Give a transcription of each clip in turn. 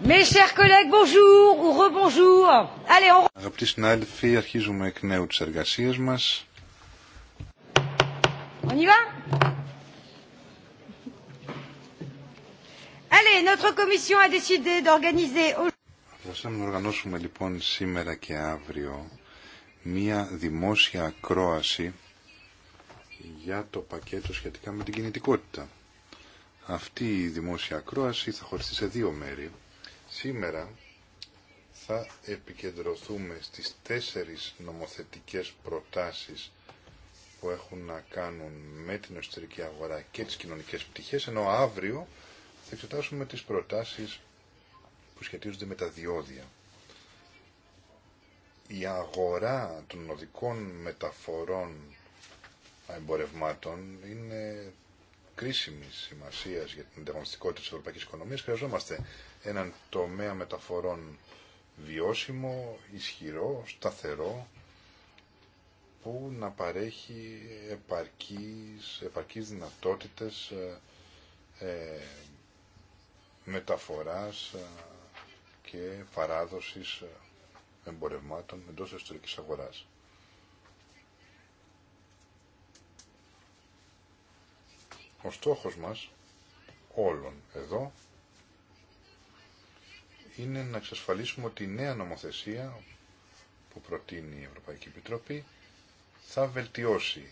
Mes chers collègues, bonjour ou rebonjour. Allez, on... Αγαπητοί συνάδελφοι, αρχίζουμε εκ νέου τις εργασίες μας. On y va Allez, notre commission a décidé d'organiser... Αποφασίσαμε να οργανώσουμε λοιπόν σήμερα και αύριο μία δημόσια ακρόαση για το πακέτο σχετικά με την κινητικότητα. Αυτή η δημόσια ακρόαση θα χωριστεί σε δύο μέρη. Σήμερα θα επικεντρωθούμε στις τέσσερις νομοθετικές προτάσεις που έχουν να κάνουν με την εσωτερική αγορά και τις κοινωνικές πτυχές, ενώ αύριο θα εξετάσουμε τις προτάσεις που σχετίζονται με τα διόδια. Η αγορά των οδικών μεταφορών εμπορευμάτων είναι κρίσιμη σημασία για την ανταγωνιστικότητα τη ευρωπαϊκή οικονομία, χρειαζόμαστε έναν τομέα μεταφορών βιώσιμο, ισχυρό, σταθερό, που να παρέχει επαρκείς, επαρκείς δυνατότητες ε, ε μεταφοράς ε, και παράδοσης ε, εμπορευμάτων εντός της αγορά. αγοράς. Ο στόχος μας, όλων εδώ, είναι να εξασφαλίσουμε ότι η νέα νομοθεσία που προτείνει η Ευρωπαϊκή Επιτροπή θα βελτιώσει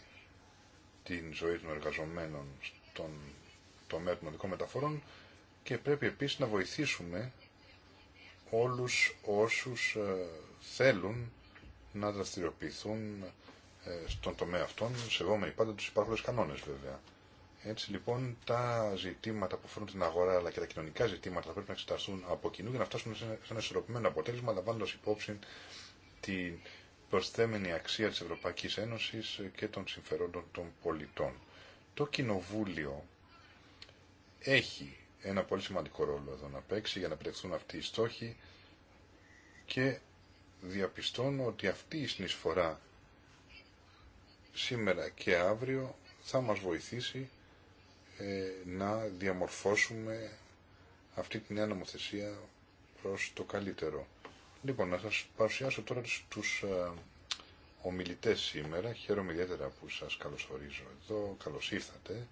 την ζωή των εργαζομένων στον τομέα των οδικών μεταφορών και πρέπει επίσης να βοηθήσουμε όλους όσους ε, θέλουν να δραστηριοποιηθούν ε, στον τομέα αυτών, σεβόμενοι πάντα τους υπάρχοντες κανόνες βέβαια. Έτσι λοιπόν τα ζητήματα που φέρουν την αγορά αλλά και τα κοινωνικά ζητήματα θα πρέπει να εξεταστούν από κοινού για να φτάσουν σε ένα ισορροπημένο αποτέλεσμα λαμβάνοντα υπόψη την προσθέμενη αξία της Ευρωπαϊκής Ένωσης και των συμφερόντων των πολιτών. Το Κοινοβούλιο έχει ένα πολύ σημαντικό ρόλο εδώ να παίξει για να επιτευχθούν αυτοί οι στόχοι και διαπιστώνω ότι αυτή η συνεισφορά σήμερα και αύριο θα μας βοηθήσει ε, να διαμορφώσουμε αυτή τη νέα νομοθεσία προς το καλύτερο. Λοιπόν, να σας παρουσιάσω τώρα τους ε, ομιλητές σήμερα. Χαίρομαι ιδιαίτερα που σας καλωσορίζω εδώ. Καλώς ήρθατε.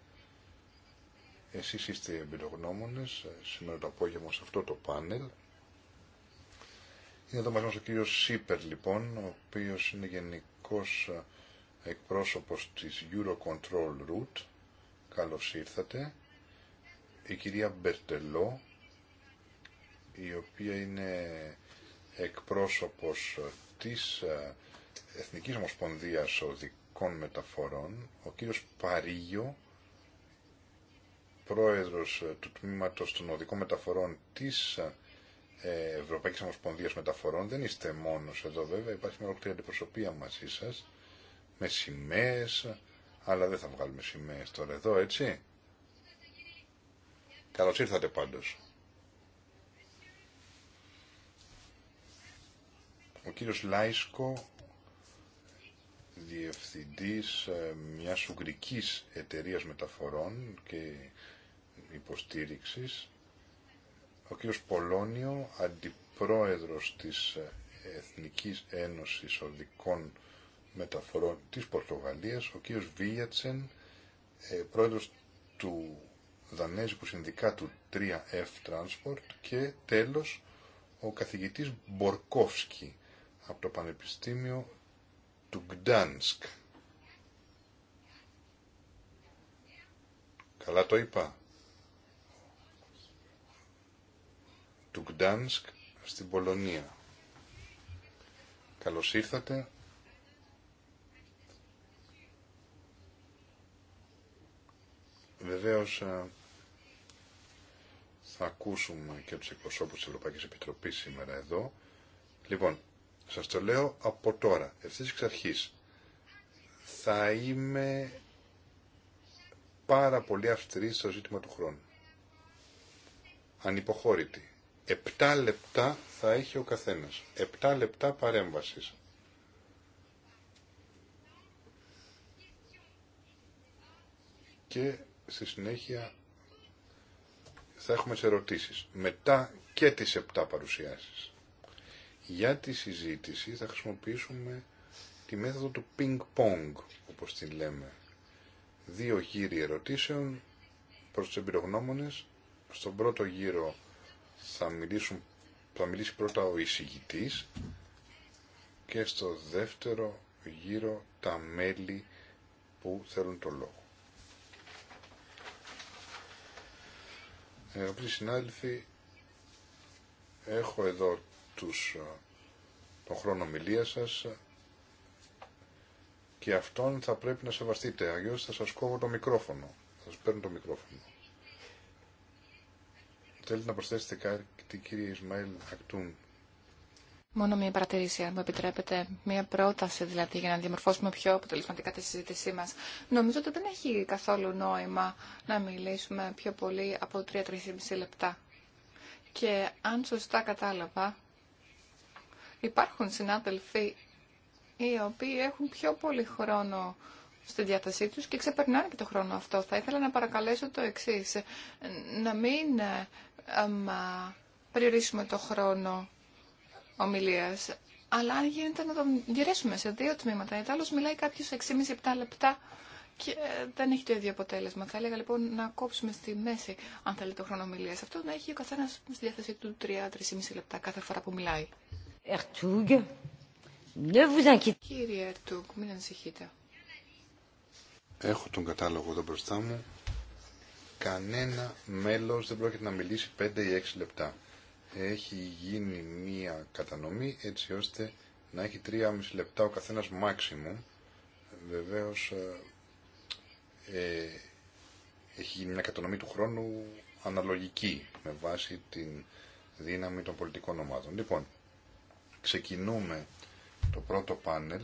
Εσείς είστε εμπειρογνώμονες ε, σήμερα το απόγευμα σε αυτό το πάνελ. Είναι εδώ μαζί μας ο κύριος Σίπερ, λοιπόν, ο οποίος είναι γενικός εκπρόσωπος της Eurocontrol Route, Καλώς ήρθατε. Η κυρία Μπερτελό, η οποία είναι εκπρόσωπος της ε, Εθνικής Ομοσπονδίας Οδικών Μεταφορών, ο κύριος Παρίγιο, πρόεδρος ε, του Τμήματος των Οδικών Μεταφορών της ε, Ευρωπαϊκής Ομοσπονδίας Μεταφορών. Δεν είστε μόνος εδώ βέβαια, υπάρχει μια ολόκληρη αντιπροσωπεία μαζί σας, με σημαίες, αλλά δεν θα βγάλουμε σημαίε τώρα εδώ, έτσι. Καλώς ήρθατε πάντως. Ο κύριος Λάισκο, διευθυντής ε, μιας ουγγρικής εταιρείας μεταφορών και υποστήριξης. Ο κύριος Πολόνιο αντιπρόεδρος της Εθνικής Ένωσης Οδικών Μεταφορών της Πορτογαλίας, ο κύριος Βίλιατσεν, ε, πρόεδρος του Δανέζικου Συνδικάτου 3F Transport και τέλος ο καθηγητής Μπορκόφσκι από το Πανεπιστήμιο του Γκτάνσκ. Καλά το είπα. Του Γκτάνσκ στην Πολωνία. Καλώς ήρθατε. Βεβαίως ε, θα ακούσουμε και τους εκπροσώπους της Ευρωπαϊκής Επιτροπής σήμερα εδώ. Λοιπόν, σας το λέω από τώρα, ευθύς εξ αρχής. Θα είμαι πάρα πολύ αυστηρή στο ζήτημα του χρόνου. Ανυποχώρητη. Επτά λεπτά θα έχει ο καθένας. Επτά λεπτά παρέμβασης. Και Στη συνέχεια θα έχουμε τις ερωτήσεις. Μετά και τις 7 παρουσιάσεις. Για τη συζήτηση θα χρησιμοποιήσουμε τη μέθοδο του ping-pong, όπως την λέμε. Δύο γύροι ερωτήσεων προς τους εμπειρογνώμονες. Στον πρώτο γύρο θα, μιλήσουν, θα μιλήσει πρώτα ο εισηγητής και στο δεύτερο γύρο τα μέλη που θέλουν το λόγο. Αγαπητοί συνάδελφοι, έχω εδώ τους, ε, τον χρόνο ομιλία σας και αυτόν θα πρέπει να σεβαστείτε, Αγιώ θα σας κόβω το μικρόφωνο. Θα σας παίρνω το μικρόφωνο. Θέλετε να προσθέσετε κάτι, κύριε Ισμαήλ Ακτούν, Μόνο μία παρατηρήση, αν μου επιτρέπετε, μία πρόταση δηλαδή για να διαμορφώσουμε πιο αποτελεσματικά τη συζήτησή μα. Νομίζω ότι δεν έχει καθόλου νόημα να μιλήσουμε πιο πολύ από 3-3,5 λεπτά. Και αν σωστά κατάλαβα, υπάρχουν συνάδελφοι οι οποίοι έχουν πιο πολύ χρόνο στη διάθεσή τους και ξεπερνάνε και το χρόνο αυτό. Θα ήθελα να παρακαλέσω το εξής, να μην ε, ε, περιορίσουμε το χρόνο ομιλία. Αλλά αν γίνεται να τον γυρίσουμε σε δύο τμήματα, Γιατί άλλος κάποιο κάποιος 6,5-7 λεπτά και ε, δεν έχει το ίδιο αποτέλεσμα. Θα έλεγα λοιπόν να κόψουμε στη μέση, αν θέλει, το χρόνο ομιλία. Αυτό να έχει ο καθένα στη διάθεσή του 3-3,5 λεπτά κάθε φορά που μιλάει. Ερτούγκ, ne vous Κύριε Ερτούγκ, μην ανησυχείτε. Έχω τον κατάλογο εδώ μπροστά μου. Κανένα μέλο δεν πρόκειται να μιλήσει 5 ή 6 λεπτά έχει γίνει μία κατανομή έτσι ώστε να έχει 3,5 λεπτά ο καθένας maximum. Βεβαίως ε, ε, έχει γίνει μια κατανομη ετσι ωστε να εχει 35 λεπτα ο καθενας μάξιμου βεβαιως εχει γινει μια κατανομη του χρόνου αναλογική με βάση την δύναμη των πολιτικών ομάδων. Λοιπόν, ξεκινούμε το πρώτο πάνελ.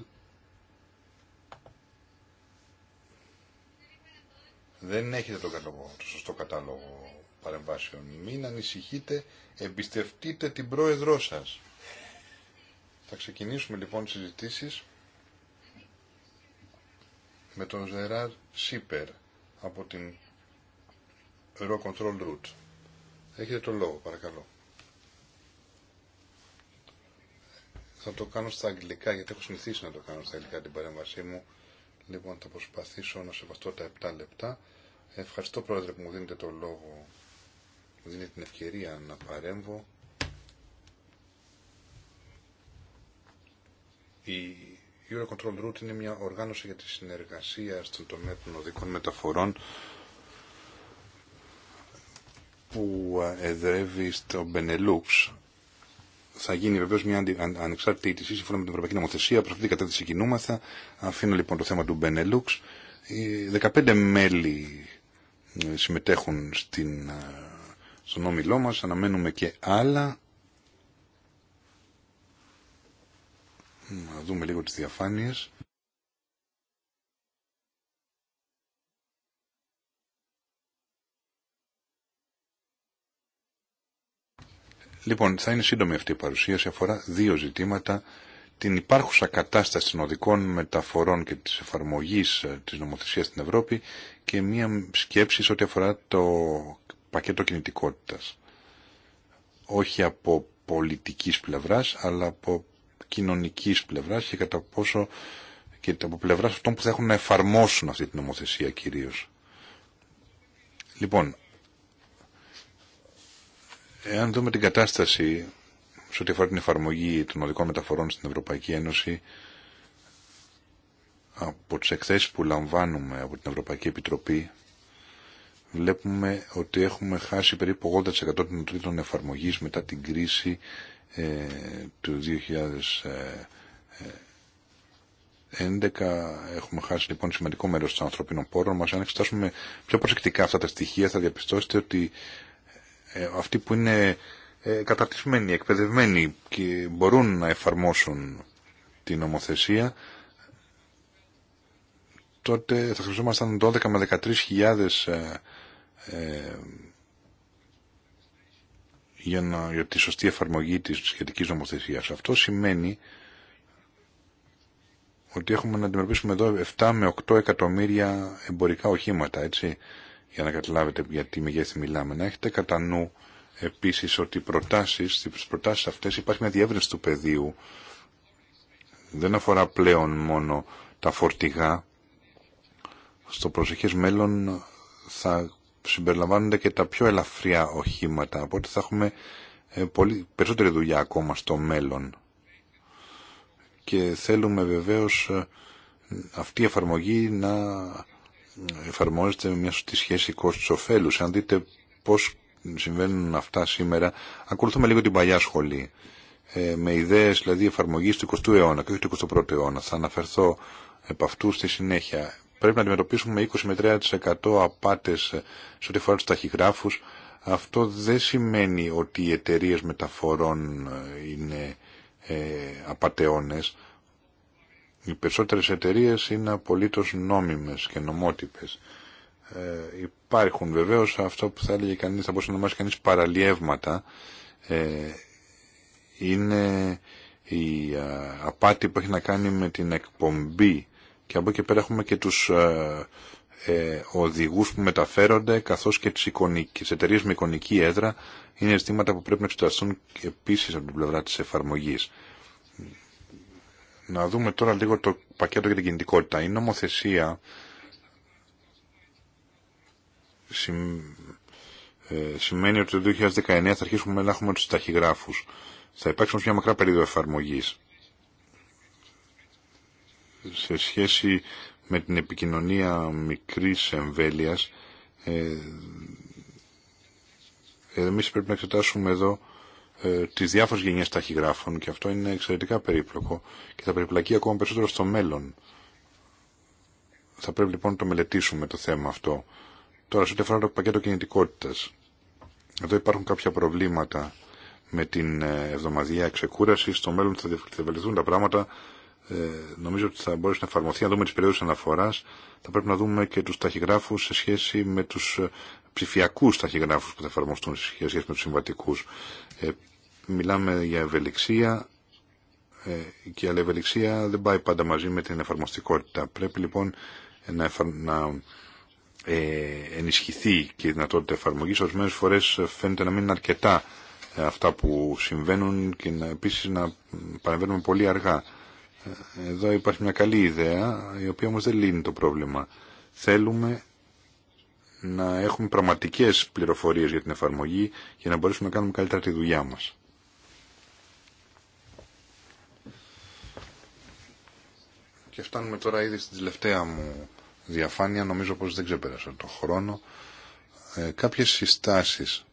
Δεν έχετε τον κατάλογο, το σωστό κατάλογο παρεμβάσεων. Μην ανησυχείτε, εμπιστευτείτε την πρόεδρό σας. Θα ξεκινήσουμε λοιπόν τις συζητήσεις με τον Ζεράρ Σίπερ από την Raw Control Route. Έχετε το λόγο, παρακαλώ. Θα το κάνω στα αγγλικά, γιατί έχω συνηθίσει να το κάνω στα αγγλικά την παρέμβασή μου. Λοιπόν, θα προσπαθήσω να σεβαστώ τα 7 λεπτά. Ευχαριστώ, Πρόεδρε, που μου δίνετε το λόγο μου δίνει την ευκαιρία να παρέμβω. Η Eurocontrol Route είναι μια οργάνωση για τη συνεργασία στον τομέα των οδικών μεταφορών που εδρεύει στο Μπενελούξ. Θα γίνει βεβαίω μια ανεξάρτητη αίτηση σύμφωνα με την Ευρωπαϊκή Νομοθεσία. Προ αυτή την κατεύθυνση Αφήνω λοιπόν το θέμα του Μπενελούξ. 15 μέλη ε, συμμετέχουν στην στον όμιλό μας, αναμένουμε και άλλα. Να δούμε λίγο τις διαφάνειες. Λοιπόν, θα είναι σύντομη αυτή η παρουσίαση, αφορά δύο ζητήματα. Την υπάρχουσα κατάσταση των οδικών μεταφορών και της εφαρμογής ε, της νομοθεσίας στην Ευρώπη και μία σκέψη σε ό,τι αφορά το πακέτο κινητικότητας. Όχι από πολιτικής πλευράς, αλλά από κοινωνικής πλευράς και κατά πόσο και από πλευράς αυτών που θα έχουν να εφαρμόσουν αυτή την νομοθεσία κυρίως. Λοιπόν, εάν δούμε την κατάσταση σε ό,τι αφορά την εφαρμογή των οδικών μεταφορών στην Ευρωπαϊκή Ένωση, από τις εκθέσεις που λαμβάνουμε από την Ευρωπαϊκή Επιτροπή, βλέπουμε ότι έχουμε χάσει περίπου 80% των τρίτων εφαρμογής μετά την κρίση ε, του 2011. Ε, ε, έχουμε χάσει λοιπόν σημαντικό μέρος των ανθρωπίνων πόρων μας. Αν εξετάσουμε πιο προσεκτικά αυτά τα στοιχεία θα διαπιστώσετε ότι ε, αυτοί που είναι ε, καταρτισμένοι, εκπαιδευμένοι και μπορούν να εφαρμόσουν την νομοθεσία τότε θα χρειαζόμασταν 12 με 13 χιλιάδες ε, για, να, για τη σωστή εφαρμογή της σχετικής νομοθεσίας. Αυτό σημαίνει ότι έχουμε να αντιμετωπίσουμε εδώ 7 με 8 εκατομμύρια εμπορικά οχήματα, έτσι, για να καταλάβετε για τι μεγέθη μιλάμε. Να έχετε κατά νου επίσης ότι προτάσεις, στις προτάσεις αυτές υπάρχει μια διεύρυνση του πεδίου. Δεν αφορά πλέον μόνο τα φορτηγά. Στο προσεχές μέλλον θα συμπεριλαμβάνονται και τα πιο ελαφριά οχήματα, οπότε θα έχουμε ε, πολύ, περισσότερη δουλειά ακόμα στο μέλλον. Και θέλουμε βεβαίως ε, αυτή η εφαρμογή να ε, εφαρμόζεται με μια σωστή σχέση κόστος ωφέλους. Αν δείτε πώς συμβαίνουν αυτά σήμερα, ακολουθούμε λίγο την παλιά σχολή. με ιδέες δηλαδή εφαρμογής του 20ου αιώνα και όχι του 21ου αιώνα. Θα αναφερθώ επ' αυτού στη συνέχεια πρέπει να αντιμετωπίσουμε 20 με 30% απάτες σε ό,τι αφορά τους ταχυγράφους. Αυτό δεν σημαίνει ότι οι εταιρείε μεταφορών ε, είναι ε, Οι περισσότερες εταιρείε είναι απολύτως νόμιμες και νομότυπες. Ε, υπάρχουν βεβαίως αυτό που θα έλεγε κανείς, θα μπορούσε να ονομάσει κανείς παραλιεύματα. Ε, είναι η ε, απάτη που έχει να κάνει με την εκπομπή και από εκεί πέρα έχουμε και τους ε, ε, οδηγούς που μεταφέρονται καθώς και τις, τις εταιρείε με εικονική έδρα είναι ζητήματα που πρέπει να εξεταστούν επίσης από την πλευρά της εφαρμογής. Να δούμε τώρα λίγο το πακέτο για την κινητικότητα. Η νομοθεσία ε, σημαίνει ότι το 2019 θα αρχίσουμε να έχουμε τους ταχυγράφους. Θα υπάρξει όμως μια μακρά περίοδο εφαρμογής σε σχέση με την επικοινωνία μικρής εμβέλειας ε, εμείς πρέπει να εξετάσουμε εδώ ε, τις διάφορες γενιές ταχυγράφων και αυτό είναι εξαιρετικά περίπλοκο και θα περιπλακεί ακόμα περισσότερο στο μέλλον. Θα πρέπει λοιπόν να το μελετήσουμε το θέμα αυτό. Τώρα, σε ό,τι αφορά το πακέτο κινητικότητας, εδώ υπάρχουν κάποια προβλήματα με την ε, εβδομαδιαία ξεκούραση. Στο μέλλον θα διευκολυνθούν τα πράγματα. Ε, νομίζω ότι θα μπορέσει να εφαρμοθεί. Αν δούμε τι περιόδου αναφορά. θα πρέπει να δούμε και του ταχυγράφου σε σχέση με του ε, ψηφιακού ταχυγράφου που θα εφαρμοστούν σε σχέση με του συμβατικού. Ε, μιλάμε για ευελιξία ε, και η ευελιξία δεν πάει πάντα μαζί με την εφαρμοστικότητα. Πρέπει λοιπόν να, να ε, ενισχυθεί και η δυνατότητα εφαρμογή. Ορισμένε φορέ φαίνεται να μην είναι αρκετά ε, αυτά που συμβαίνουν και να, επίσης να παρεμβαίνουμε πολύ αργά. Εδώ υπάρχει μια καλή ιδέα, η οποία όμως δεν λύνει το πρόβλημα. Θέλουμε να έχουμε πραγματικές πληροφορίες για την εφαρμογή για να μπορέσουμε να κάνουμε καλύτερα τη δουλειά μας. Και φτάνουμε τώρα ήδη στην τελευταία μου διαφάνεια, νομίζω πως δεν ξεπέρασα το χρόνο. Ε, κάποιες συστάσεις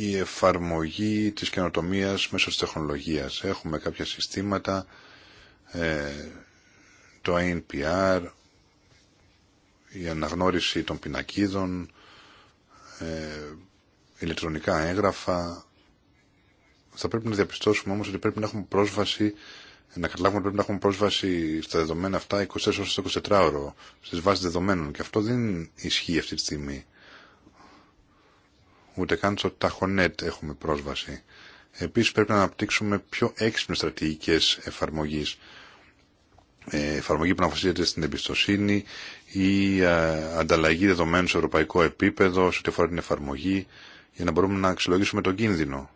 η εφαρμογή της καινοτομίας μέσω της τεχνολογίας. Έχουμε κάποια συστήματα, ε, το ANPR, η αναγνώριση των πινακίδων, ε, ηλεκτρονικά έγγραφα. Θα πρέπει να διαπιστώσουμε όμως ότι πρέπει να έχουμε πρόσβαση να καταλάβουμε πρέπει να έχουμε πρόσβαση στα δεδομένα αυτά 24 ώρες 24 ώρο, στις βάσεις δεδομένων και αυτό δεν ισχύει αυτή τη στιγμή ούτε καν στο ταχονέτ έχουμε πρόσβαση. Επίσης πρέπει να αναπτύξουμε πιο έξυπνες στρατηγικές εφαρμογής. Ε, εφαρμογή που να στην εμπιστοσύνη ή ε, ανταλλαγή δεδομένων σε ευρωπαϊκό επίπεδο σε ό,τι αφορά την εφαρμογή για να μπορούμε να αξιολογήσουμε τον κίνδυνο.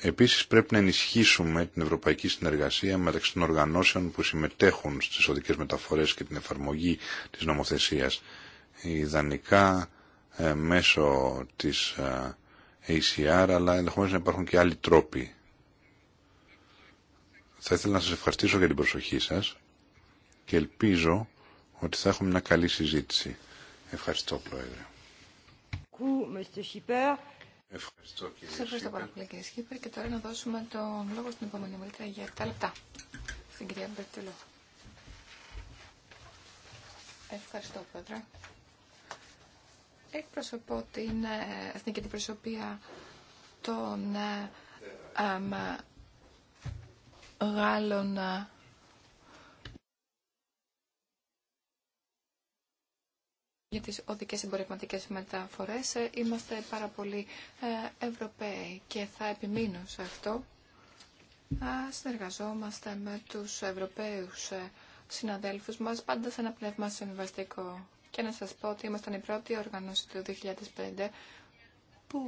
Επίσης πρέπει να ενισχύσουμε την ευρωπαϊκή συνεργασία μεταξύ των οργανώσεων που συμμετέχουν στις οδικές μεταφορές και την εφαρμογή της νομοθεσίας. Ιδανικά ε, μέσω της ε, ACR, αλλά ενδεχομένως να υπάρχουν και άλλοι τρόποι. Θα ήθελα να σας ευχαριστήσω για την προσοχή σας και ελπίζω ότι θα έχουμε μια καλή συζήτηση. Ευχαριστώ, Πρόεδρε. Ευχαριστώ, κύριε ευχαριστώ πάρα πολύ, κύριε Σκύπερ. Και τώρα να δώσουμε τον λόγο στην επόμενη μελήτρα για τα λεπτά. Στην κυρία Μπερτελό. Ευχαριστώ, Πρόεδρε εκπροσωπώ την ε, εθνική προσωπία των ε, Γάλλων ε, για τις οδικές εμπορευματικές μεταφορές. Είμαστε πάρα πολύ Ευρωπαίοι και θα επιμείνω σε αυτό. Συνεργαζόμαστε με τους Ευρωπαίους συναδέλφους μας πάντα σε ένα πνεύμα συμβαστικό και να σας πω ότι ήμασταν η πρώτη οργανώση του 2005 που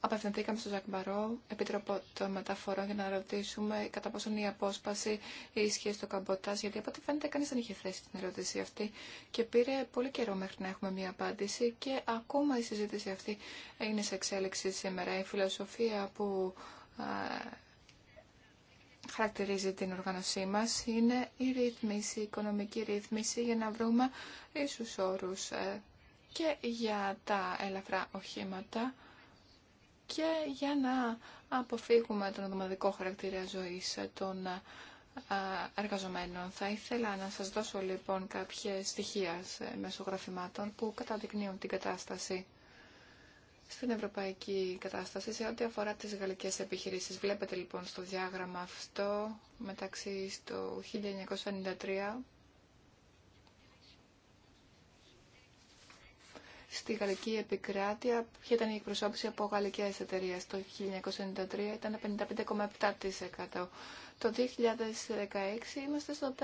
απευθυνθήκαμε στο Ζακμπαρό, Επίτροπο των Μεταφορών, για να ρωτήσουμε κατά πόσον η απόσπαση ισχύει στο Καμποτάζ, γιατί από ό,τι φαίνεται κανείς δεν είχε θέσει την ερώτηση αυτή και πήρε πολύ καιρό μέχρι να έχουμε μία απάντηση και ακόμα η συζήτηση αυτή είναι σε εξέλιξη σήμερα. Η φιλοσοφία που ε, χαρακτηρίζει την οργάνωσή μας είναι η ρύθμιση, η οικονομική ρύθμιση για να βρούμε ίσους όρους ε, και για τα ελαφρά οχήματα και για να αποφύγουμε τον οδηματικό χαρακτήρα ζωής των ε, εργαζομένων. Θα ήθελα να σας δώσω λοιπόν κάποια στοιχεία μέσω που καταδεικνύουν την κατάσταση στην ευρωπαϊκή κατάσταση σε ό,τι αφορά τις γαλλικές επιχειρήσεις. Βλέπετε λοιπόν στο διάγραμμα αυτό μεταξύ στο 1993 στη γαλλική επικράτεια, ποια ήταν η εκπροσώπηση από γαλλικέ εταιρείε. Το 1993 ήταν 55,7%. Το 2016 είμαστε στο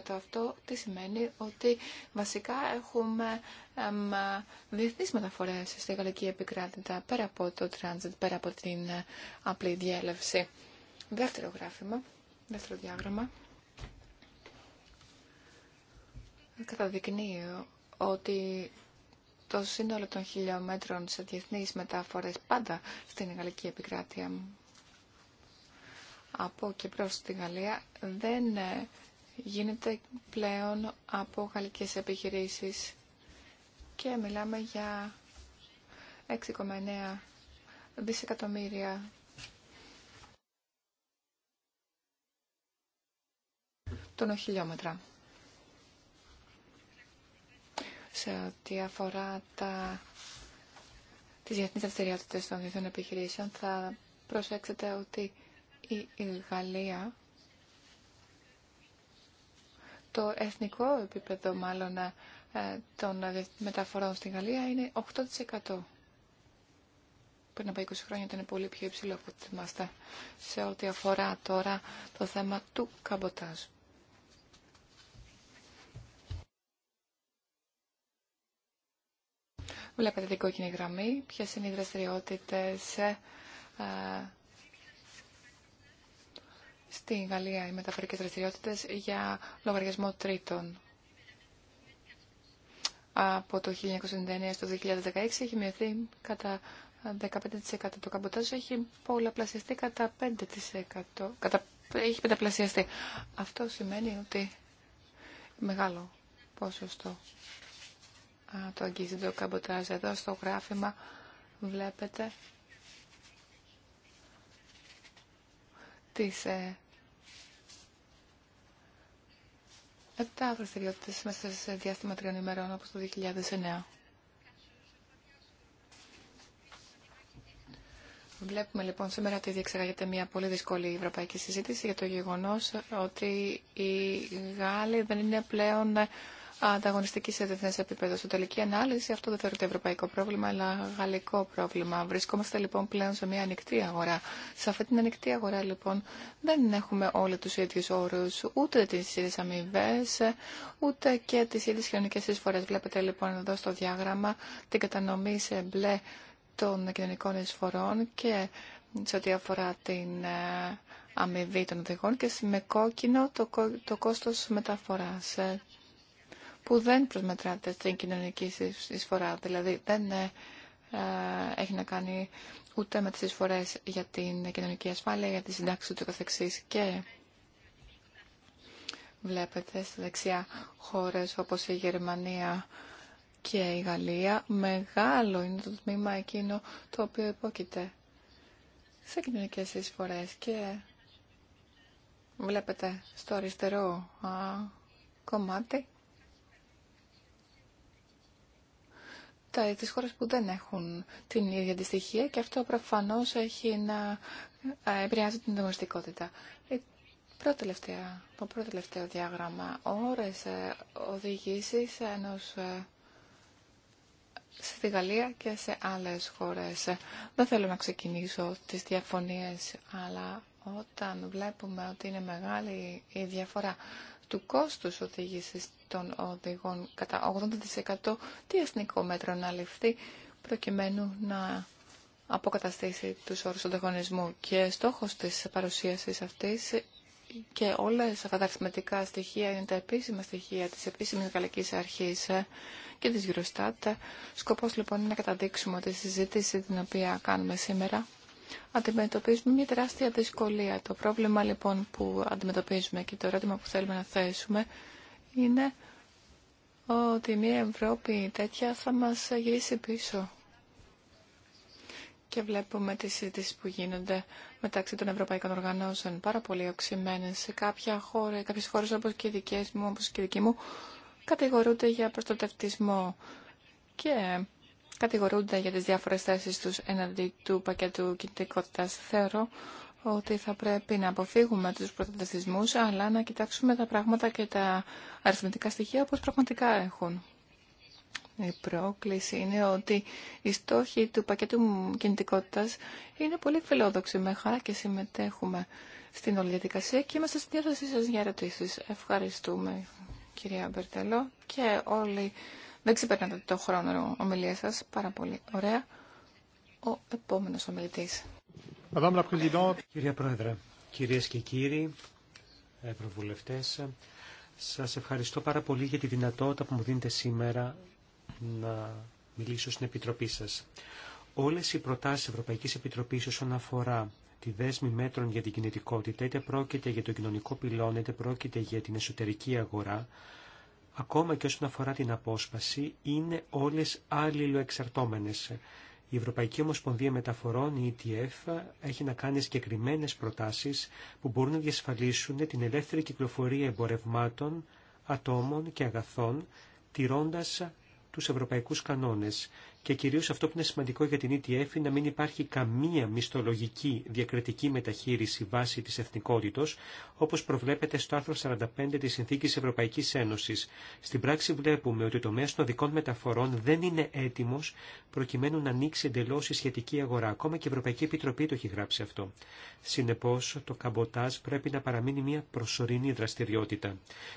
10%. Αυτό τι σημαίνει ότι βασικά έχουμε διεθνεί διεθνείς μεταφορές στη γαλλική Επικράτεια πέρα από το transit, πέρα από την ε, απλή διέλευση. Δεύτερο γράφημα, δεύτερο διάγραμμα. Καταδεικνύει ότι το σύνολο των χιλιόμετρων σε διεθνείς μετάφορες πάντα στην γαλλική επικράτεια Από και προς τη Γαλλία δεν ε, γίνεται πλέον από γαλλικές επιχειρήσεις και μιλάμε για 6,9 δισεκατομμύρια των χιλιόμετρα σε ό,τι αφορά τα... τις διεθνείς δραστηριότητες των διεθνών επιχειρήσεων, θα προσέξετε ότι η Γαλλία το εθνικό επίπεδο μάλλον ε, των μεταφορών στην Γαλλία είναι 8%. Πριν από 20 χρόνια ήταν πολύ πιο υψηλό από ό,τι θυμάστε σε ό,τι αφορά τώρα το θέμα του καμποτάζου. Βλέπετε την κόκκινη γραμμή, ποιε είναι οι δραστηριότητε ε, ε, στην Γαλλία, οι μεταφορικέ δραστηριότητε για λογαριασμό τρίτων. Από το 1999 στο 2016 έχει μειωθεί κατά 15%. Ε, το καμποτάζ έχει πολλαπλασιαστεί κατά 5%. Κατά... Έχει πενταπλασιαστεί. Αυτό σημαίνει ότι μεγάλο ποσοστό το αγγίζει το καμποτάζ εδώ στο γράφημα βλέπετε τις ε, επτά μέσα σε διάστημα τριών ημερών όπως το 2009. Βλέπουμε λοιπόν σήμερα ότι διεξεργάγεται μια πολύ δύσκολη ευρωπαϊκή συζήτηση για το γεγονός ότι οι Γάλλοι δεν είναι πλέον ε, ανταγωνιστική σε διεθνέ επίπεδο. Στο τελική ανάλυση αυτό δεν θεωρείται ευρωπαϊκό πρόβλημα, αλλά γαλλικό πρόβλημα. Βρισκόμαστε λοιπόν πλέον σε μια ανοιχτή αγορά. Σε αυτή την ανοιχτή αγορά λοιπόν δεν έχουμε όλοι του ίδιου όρου, ούτε τι ίδιε αμοιβέ, ούτε και τι ίδιε κοινωνικέ εισφορέ. Βλέπετε λοιπόν εδώ στο διάγραμμα την κατανομή σε μπλε των κοινωνικών εισφορών και σε ό,τι αφορά την ε, αμοιβή των οδηγών και με κόκκινο το, κόστος μεταφοράς που δεν προσμετράται στην κοινωνική εισφορά. Δηλαδή δεν ε, ε, έχει να κάνει ούτε με τις εισφορές για την κοινωνική ασφάλεια, για τη συντάξη του καθεξής. Και βλέπετε στα δεξιά χώρες όπως η Γερμανία και η Γαλλία, μεγάλο είναι το τμήμα εκείνο το οποίο υπόκειται σε κοινωνικές εισφορές και βλέπετε στο αριστερό κομμάτι τι χώρε που δεν έχουν την ίδια αντιστοιχεία και αυτό προφανώ έχει να ε, επηρεάζει την δημοστικότητα. Ε, το πρώτο τελευταίο διάγραμμα, ώρε οδηγήσει οδηγήσεις σε στη Γαλλία και σε άλλες χώρες. Δεν θέλω να ξεκινήσω τις διαφωνίες, αλλά όταν βλέπουμε ότι είναι μεγάλη η διαφορά του κόστου οδήγησης των οδηγών κατά 80% τι εθνικό μέτρο να ληφθεί προκειμένου να αποκαταστήσει τους όρους ανταγωνισμού. Και στόχος της παρουσίασης αυτής και όλα αυτά τα αριθμητικά στοιχεία είναι τα επίσημα στοιχεία της επίσημης Γαλλικής Αρχής και της Eurostat. Σκοπός λοιπόν είναι να καταδείξουμε ότι η συζήτηση την οποία κάνουμε σήμερα αντιμετωπίζουμε μια τεράστια δυσκολία. Το πρόβλημα λοιπόν που αντιμετωπίζουμε και το ερώτημα που θέλουμε να θέσουμε είναι ότι μια Ευρώπη τέτοια θα μας γυρίσει πίσω. Και βλέπουμε τις συζητήσεις που γίνονται μεταξύ των ευρωπαϊκών οργανώσεων, πάρα πολύ οξυμένες σε κάποια χώρα, κάποιες χώρες όπως και οι δικές μου, όπως και οι δικοί μου, κατηγορούνται για προστατευτισμό και κατηγορούνται για τις διάφορες θέσεις τους εναντί του πακέτου κινητικότητας. Θεωρώ ότι θα πρέπει να αποφύγουμε τους προτετασμούς, αλλά να κοιτάξουμε τα πράγματα και τα αριθμητικά στοιχεία όπως πραγματικά έχουν. Η πρόκληση είναι ότι οι στόχοι του πακέτου κινητικότητας είναι πολύ φιλόδοξοι. Με χαρά και συμμετέχουμε στην όλη διαδικασία και είμαστε στη διάθεσή σας για ερωτήσεις. Ευχαριστούμε κυρία Μπερτελό και όλοι δεν ξεπερνάτε το χρόνο ομιλία σας πάρα πολύ ωραία. Ο επόμενος ομιλητής. Κυρία Πρόεδρε, κυρίες και κύριοι ευρωβουλευτές, σας ευχαριστώ πάρα πολύ για τη δυνατότητα που μου δίνετε σήμερα να μιλήσω στην Επιτροπή σας. Όλες οι προτάσεις Ευρωπαϊκής Επιτροπής όσον αφορά τη δέσμη μέτρων για την κινητικότητα, είτε πρόκειται για το κοινωνικό πυλόν, είτε πρόκειται για την εσωτερική αγορά, ακόμα και όσον αφορά την απόσπαση, είναι όλες αλληλοεξαρτώμενες. Η Ευρωπαϊκή Ομοσπονδία Μεταφορών, η ETF, έχει να κάνει συγκεκριμένε προτάσεις που μπορούν να διασφαλίσουν την ελεύθερη κυκλοφορία εμπορευμάτων, ατόμων και αγαθών, τηρώντας τους ευρωπαϊκούς κανόνες και κυρίως αυτό που είναι σημαντικό για την ETF είναι να μην υπάρχει καμία μισθολογική διακριτική μεταχείριση βάσει της εθνικότητος, όπως προβλέπεται στο άρθρο 45 της Συνθήκης Ευρωπαϊκής Ένωσης. Στην πράξη βλέπουμε ότι το μέσο των δικών μεταφορών δεν είναι έτοιμος προκειμένου να ανοίξει εντελώς η σχετική αγορά. Ακόμα και η Ευρωπαϊκή Επιτροπή το έχει γράψει αυτό. Συνεπώς, το καμποτάζ πρέπει να παραμείνει μια προσωρινή δραστηριότητα.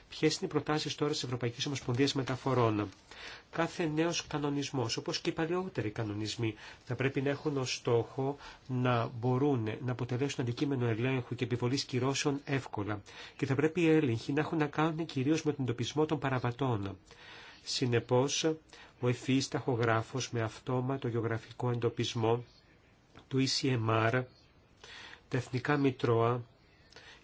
Ποιε είναι οι προτάσει τώρα τη Ευρωπαϊκής Ομοσπονδίας Μεταφορών. Κάθε νέος κανονισμός, όπως και παλαιότεροι κανονισμοί. Θα πρέπει να έχουν ως στόχο να μπορούν να αποτελέσουν αντικείμενο ελέγχου και επιβολή κυρώσεων εύκολα. Και θα πρέπει οι έλεγχοι να έχουν να κάνουν κυρίως με τον τοπισμό των παραβατών. Συνεπώς, ο ευφύης ταχογράφος με αυτόματο γεωγραφικό εντοπισμό του ECMR, τα εθνικά μητρώα,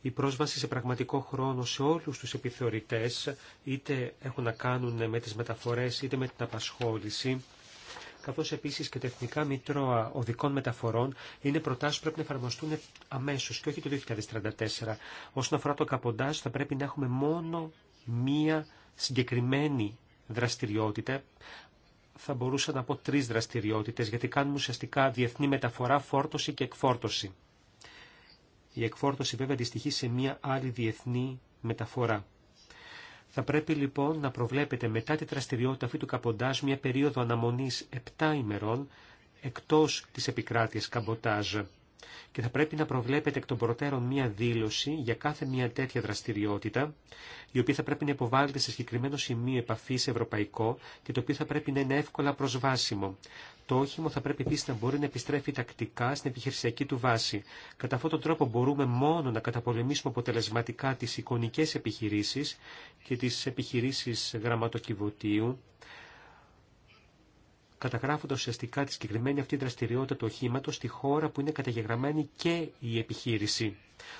η πρόσβαση σε πραγματικό χρόνο σε όλους τους επιθεωρητές, είτε έχουν να κάνουν με τις μεταφορές είτε με την απασχόληση, καθώ επίση και τα εθνικά μητρώα οδικών μεταφορών είναι προτάσει που πρέπει να εφαρμοστούν αμέσως και όχι το 2034. Όσον αφορά το καποντάζ θα πρέπει να έχουμε μόνο μία συγκεκριμένη δραστηριότητα θα μπορούσα να πω τρει δραστηριότητες, γιατί κάνουμε ουσιαστικά διεθνή μεταφορά, φόρτωση και εκφόρτωση. Η εκφόρτωση βέβαια αντιστοιχεί σε μία άλλη διεθνή μεταφορά. Θα πρέπει λοιπόν να προβλέπετε μετά τη δραστηριότητα αυτή του καποντάζ μια περίοδο αναμονής 7 ημερών εκτός της επικράτειας καμποτάζ και θα πρέπει να προβλέπετε εκ των προτέρων μία δήλωση για κάθε μία τέτοια δραστηριότητα, η οποία θα πρέπει να υποβάλλεται σε συγκεκριμένο σημείο επαφή ευρωπαϊκό και το οποίο θα πρέπει να είναι εύκολα προσβάσιμο. Το όχημα θα πρέπει επίση να μπορεί να επιστρέφει τακτικά στην επιχειρησιακή του βάση. Κατά αυτόν τον τρόπο μπορούμε μόνο να καταπολεμήσουμε αποτελεσματικά τι εικονικέ επιχειρήσει και τι επιχειρήσει γραμματοκιβωτίου, καταγράφοντα ουσιαστικά τη συγκεκριμένη αυτή δραστηριότητα του οχήματο στη χώρα που είναι καταγεγραμμένη και η επιχείρηση.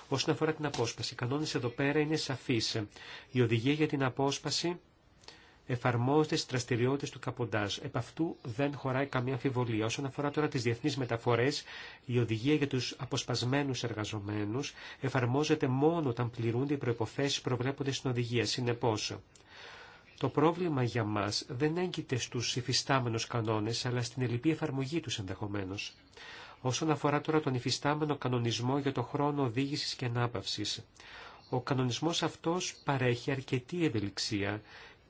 Όσον αφορά την απόσπαση, οι κανόνε εδώ πέρα είναι σαφεί. Η οδηγία για την απόσπαση εφαρμόζεται στι δραστηριότητε του καποντάζ. Επ' αυτού δεν χωράει καμία αμφιβολία. Όσον αφορά τώρα τι διεθνεί μεταφορέ, η οδηγία για του αποσπασμένου εργαζομένου εφαρμόζεται μόνο όταν πληρούνται οι προποθέσει προβλέπονται στην οδηγία. Συνεπώ, το πρόβλημα για μα δεν έγκυται στου υφιστάμενου κανόνε, αλλά στην ελληπή εφαρμογή του ενδεχομένω. Όσον αφορά τώρα τον υφιστάμενο κανονισμό για το χρόνο οδήγηση και ανάπαυση, ο κανονισμός αυτός παρέχει αρκετή ευελιξία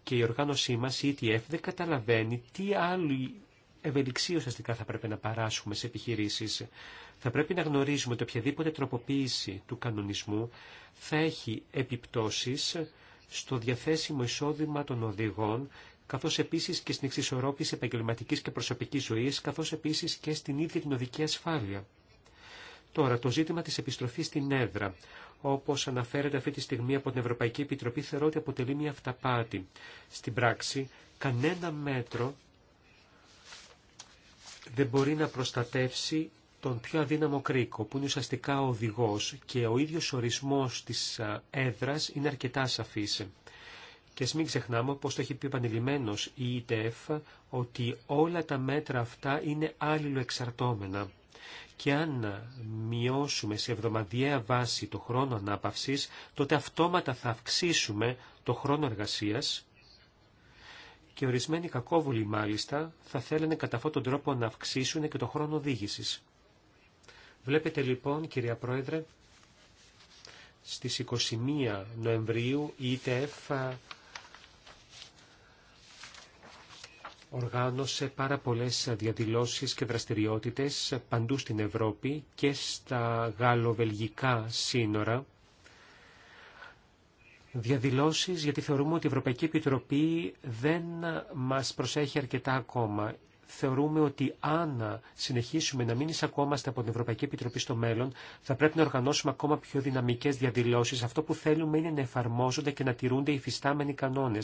και η οργάνωσή μας, η ETF, δεν καταλαβαίνει τι άλλη ευελιξία ουσιαστικά θα πρέπει να παράσχουμε σε επιχειρήσεις. Θα πρέπει να γνωρίζουμε ότι οποιαδήποτε τροποποίηση του κανονισμού θα έχει επιπτώσεις στο διαθέσιμο εισόδημα των οδηγών, καθώς επίσης και στην εξισορρόπηση επαγγελματικής και προσωπικής ζωής, καθώς επίσης και στην ίδια την οδική ασφάλεια. Τώρα, το ζήτημα της επιστροφής στην έδρα, όπως αναφέρεται αυτή τη στιγμή από την Ευρωπαϊκή Επιτροπή, θεωρώ ότι αποτελεί μια αυταπάτη. Στην πράξη, κανένα μέτρο δεν μπορεί να προστατεύσει τον πιο αδύναμο κρίκο, που είναι ουσιαστικά ο οδηγός και ο ίδιος ορισμός της έδρας είναι αρκετά σαφής. Και μην ξεχνάμε, όπως το έχει πει επανειλημμένος η ΙΤΕΦ, ότι όλα τα μέτρα αυτά είναι άλληλο εξαρτώμενα. Και αν μειώσουμε σε εβδομαδιαία βάση το χρόνο ανάπαυσης, τότε αυτόματα θα αυξήσουμε το χρόνο εργασίας και ορισμένοι κακόβουλοι μάλιστα θα θέλανε κατά αυτόν τον τρόπο να αυξήσουν και το χρόνο οδήγηση. Βλέπετε λοιπόν, κυρία Πρόεδρε, στις 21 Νοεμβρίου η ΙΤΕΦ οργάνωσε πάρα πολλές διαδηλώσεις και δραστηριότητες παντού στην Ευρώπη και στα γαλλοβελγικά σύνορα. Διαδηλώσεις γιατί θεωρούμε ότι η Ευρωπαϊκή Επιτροπή δεν μας προσέχει αρκετά ακόμα θεωρούμε ότι αν συνεχίσουμε να μην εισακόμαστε από την Ευρωπαϊκή Επιτροπή στο μέλλον, θα πρέπει να οργανώσουμε ακόμα πιο δυναμικέ διαδηλώσει. Αυτό που θέλουμε είναι να εφαρμόζονται και να τηρούνται οι φυστάμενοι κανόνε.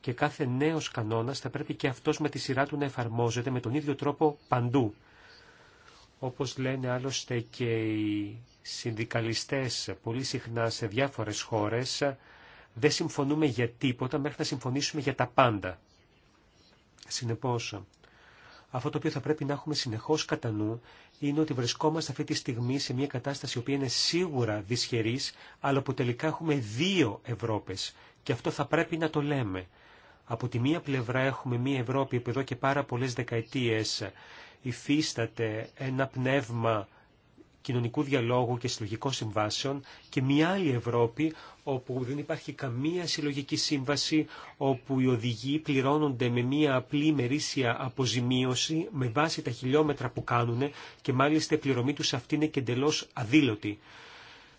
Και κάθε νέο κανόνα θα πρέπει και αυτό με τη σειρά του να εφαρμόζεται με τον ίδιο τρόπο παντού. Όπω λένε άλλωστε και οι συνδικαλιστέ πολύ συχνά σε διάφορε χώρε, δεν συμφωνούμε για τίποτα μέχρι να συμφωνήσουμε για τα πάντα. Συνεπώς, αυτό το οποίο θα πρέπει να έχουμε συνεχώς κατά νου είναι ότι βρισκόμαστε αυτή τη στιγμή σε μια κατάσταση η οποία είναι σίγουρα δυσχερής, αλλά που τελικά έχουμε δύο Ευρώπες και αυτό θα πρέπει να το λέμε. Από τη μία πλευρά έχουμε μια Ευρώπη που εδώ και πάρα πολλές δεκαετίες υφίσταται ένα πνεύμα κοινωνικού διαλόγου και συλλογικών συμβάσεων και μια άλλη Ευρώπη όπου δεν υπάρχει καμία συλλογική σύμβαση, όπου οι οδηγοί πληρώνονται με μια απλή μερίσια αποζημίωση με βάση τα χιλιόμετρα που κάνουν και μάλιστα η πληρωμή τους αυτή είναι και εντελώ αδήλωτη.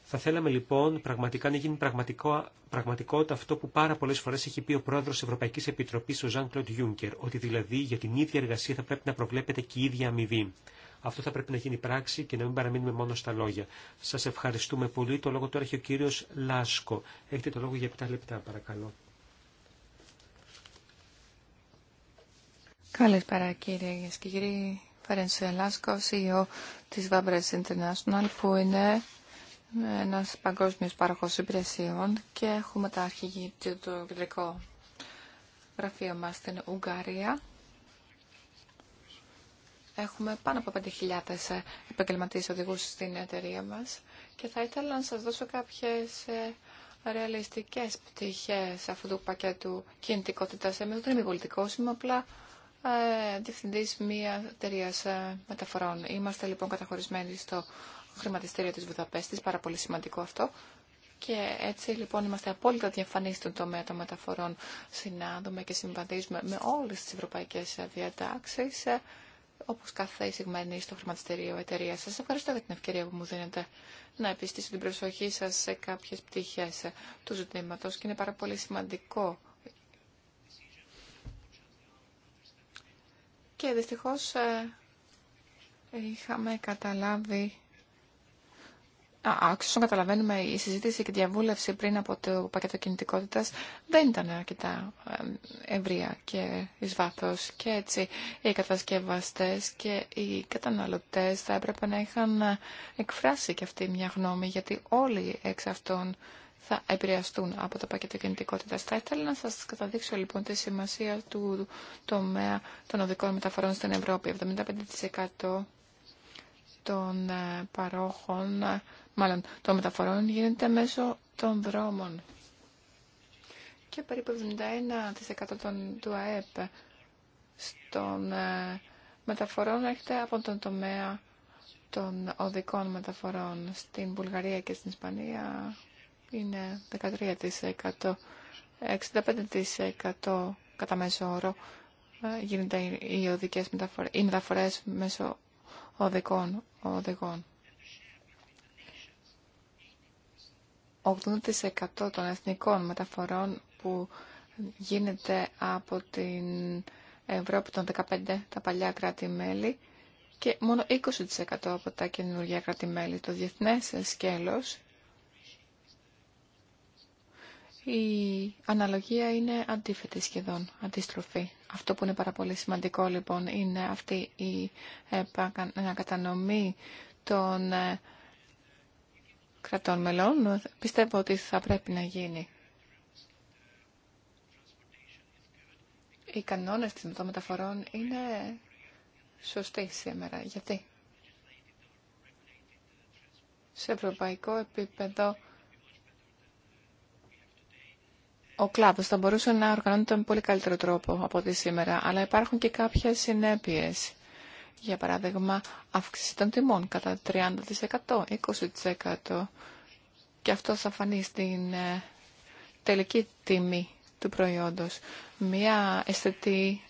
Θα θέλαμε λοιπόν πραγματικά να γίνει πραγματικό, πραγματικότητα αυτό που πάρα πολλέ φορέ έχει πει ο πρόεδρο Ευρωπαϊκή Επιτροπή, ο Ζαν Κλοντ Ιούνκερ, ότι δηλαδή για την ίδια εργασία θα πρέπει να προβλέπεται και η ίδια αμοιβή. Αυτό θα πρέπει να γίνει πράξη και να μην παραμείνουμε μόνο στα λόγια. Σας ευχαριστούμε πολύ. Το λόγο τώρα έχει ο κύριος Λάσκο. Έχετε το λόγο για 7 λεπτά παρακαλώ. Καλησπέρα κύριε και κύριοι. Φέρενσε Λάσκο, CEO της Βαμπρες International που είναι ένας παγκόσμιος παροχός υπηρεσιών και έχουμε τα αρχηγή του κεντρικού. γραφείο μας στην Ουγγαρία Έχουμε πάνω από 5.000 ε, επαγγελματίε οδηγούς στην εταιρεία μας και θα ήθελα να σας δώσω κάποιες ε, ρεαλιστικές πτυχές αυτού του πακέτου κινητικότητας. Εμείς δεν είμαι πολιτικός, είμαι απλά ε, μια εταιρεία ε, μεταφορών. Είμαστε λοιπόν καταχωρισμένοι στο χρηματιστήριο της Βουδαπέστης, πάρα πολύ σημαντικό αυτό. Και έτσι λοιπόν είμαστε απόλυτα διαφανεί στον τομέα των μεταφορών. Συνάδουμε και συμβαδίζουμε με όλες τις ευρωπαϊκές διατάξει όπως κάθε εισηγμένη στο χρηματιστήριο εταιρεία σας. Ευχαριστώ για την ευκαιρία που μου δίνετε να επιστήσω την προσοχή σας σε κάποιες πτυχές του ζητήματος και είναι πάρα πολύ σημαντικό. Και δυστυχώς ε, είχαμε καταλάβει άξιο καταλαβαίνουμε η συζήτηση και η διαβούλευση πριν από το πακέτο κινητικότητα δεν ήταν αρκετά ευρεία και ει βάθος και έτσι οι κατασκευαστέ και οι καταναλωτές θα έπρεπε να είχαν εκφράσει και αυτή μια γνώμη γιατί όλοι εξ αυτών θα επηρεαστούν από το πακέτο κινητικότητα. Θα ήθελα να σας καταδείξω λοιπόν τη σημασία του τομέα των οδικών μεταφορών στην Ευρώπη. 75% των ε, παρόχων, ε, μάλλον των μεταφορών, γίνεται μέσω των δρόμων. Και περίπου 71% του ΑΕΠ των ε, μεταφορών έρχεται από τον τομέα των οδικών μεταφορών στην Βουλγαρία και στην Ισπανία είναι 13%. 65% κατά μέσο όρο γίνονται οι, οδικές μεταφορές, οι μεταφορές μέσω οδικών οδηγών. 80% των εθνικών μεταφορών που γίνεται από την Ευρώπη των 15, τα παλιά κράτη-μέλη, και μόνο 20% από τα καινούργια κράτη-μέλη. Το διεθνές σκέλος, η αναλογία είναι αντίθετη σχεδόν, αντίστροφη. Αυτό που είναι πάρα πολύ σημαντικό λοιπόν είναι αυτή η ε, ανακατανομή ε, των ε, κρατών μελών. Πιστεύω ότι θα πρέπει να γίνει. Οι κανόνες των μεταφορών είναι σωστοί σήμερα. Γιατί? Σε ευρωπαϊκό επίπεδο ο κλάδο θα μπορούσε να οργανώνεται με πολύ καλύτερο τρόπο από ό,τι σήμερα, αλλά υπάρχουν και κάποιε συνέπειε. Για παράδειγμα, αύξηση των τιμών κατά 30%, 20% και αυτό θα φανεί στην ε, τελική τιμή του προϊόντος. Μια αισθητή,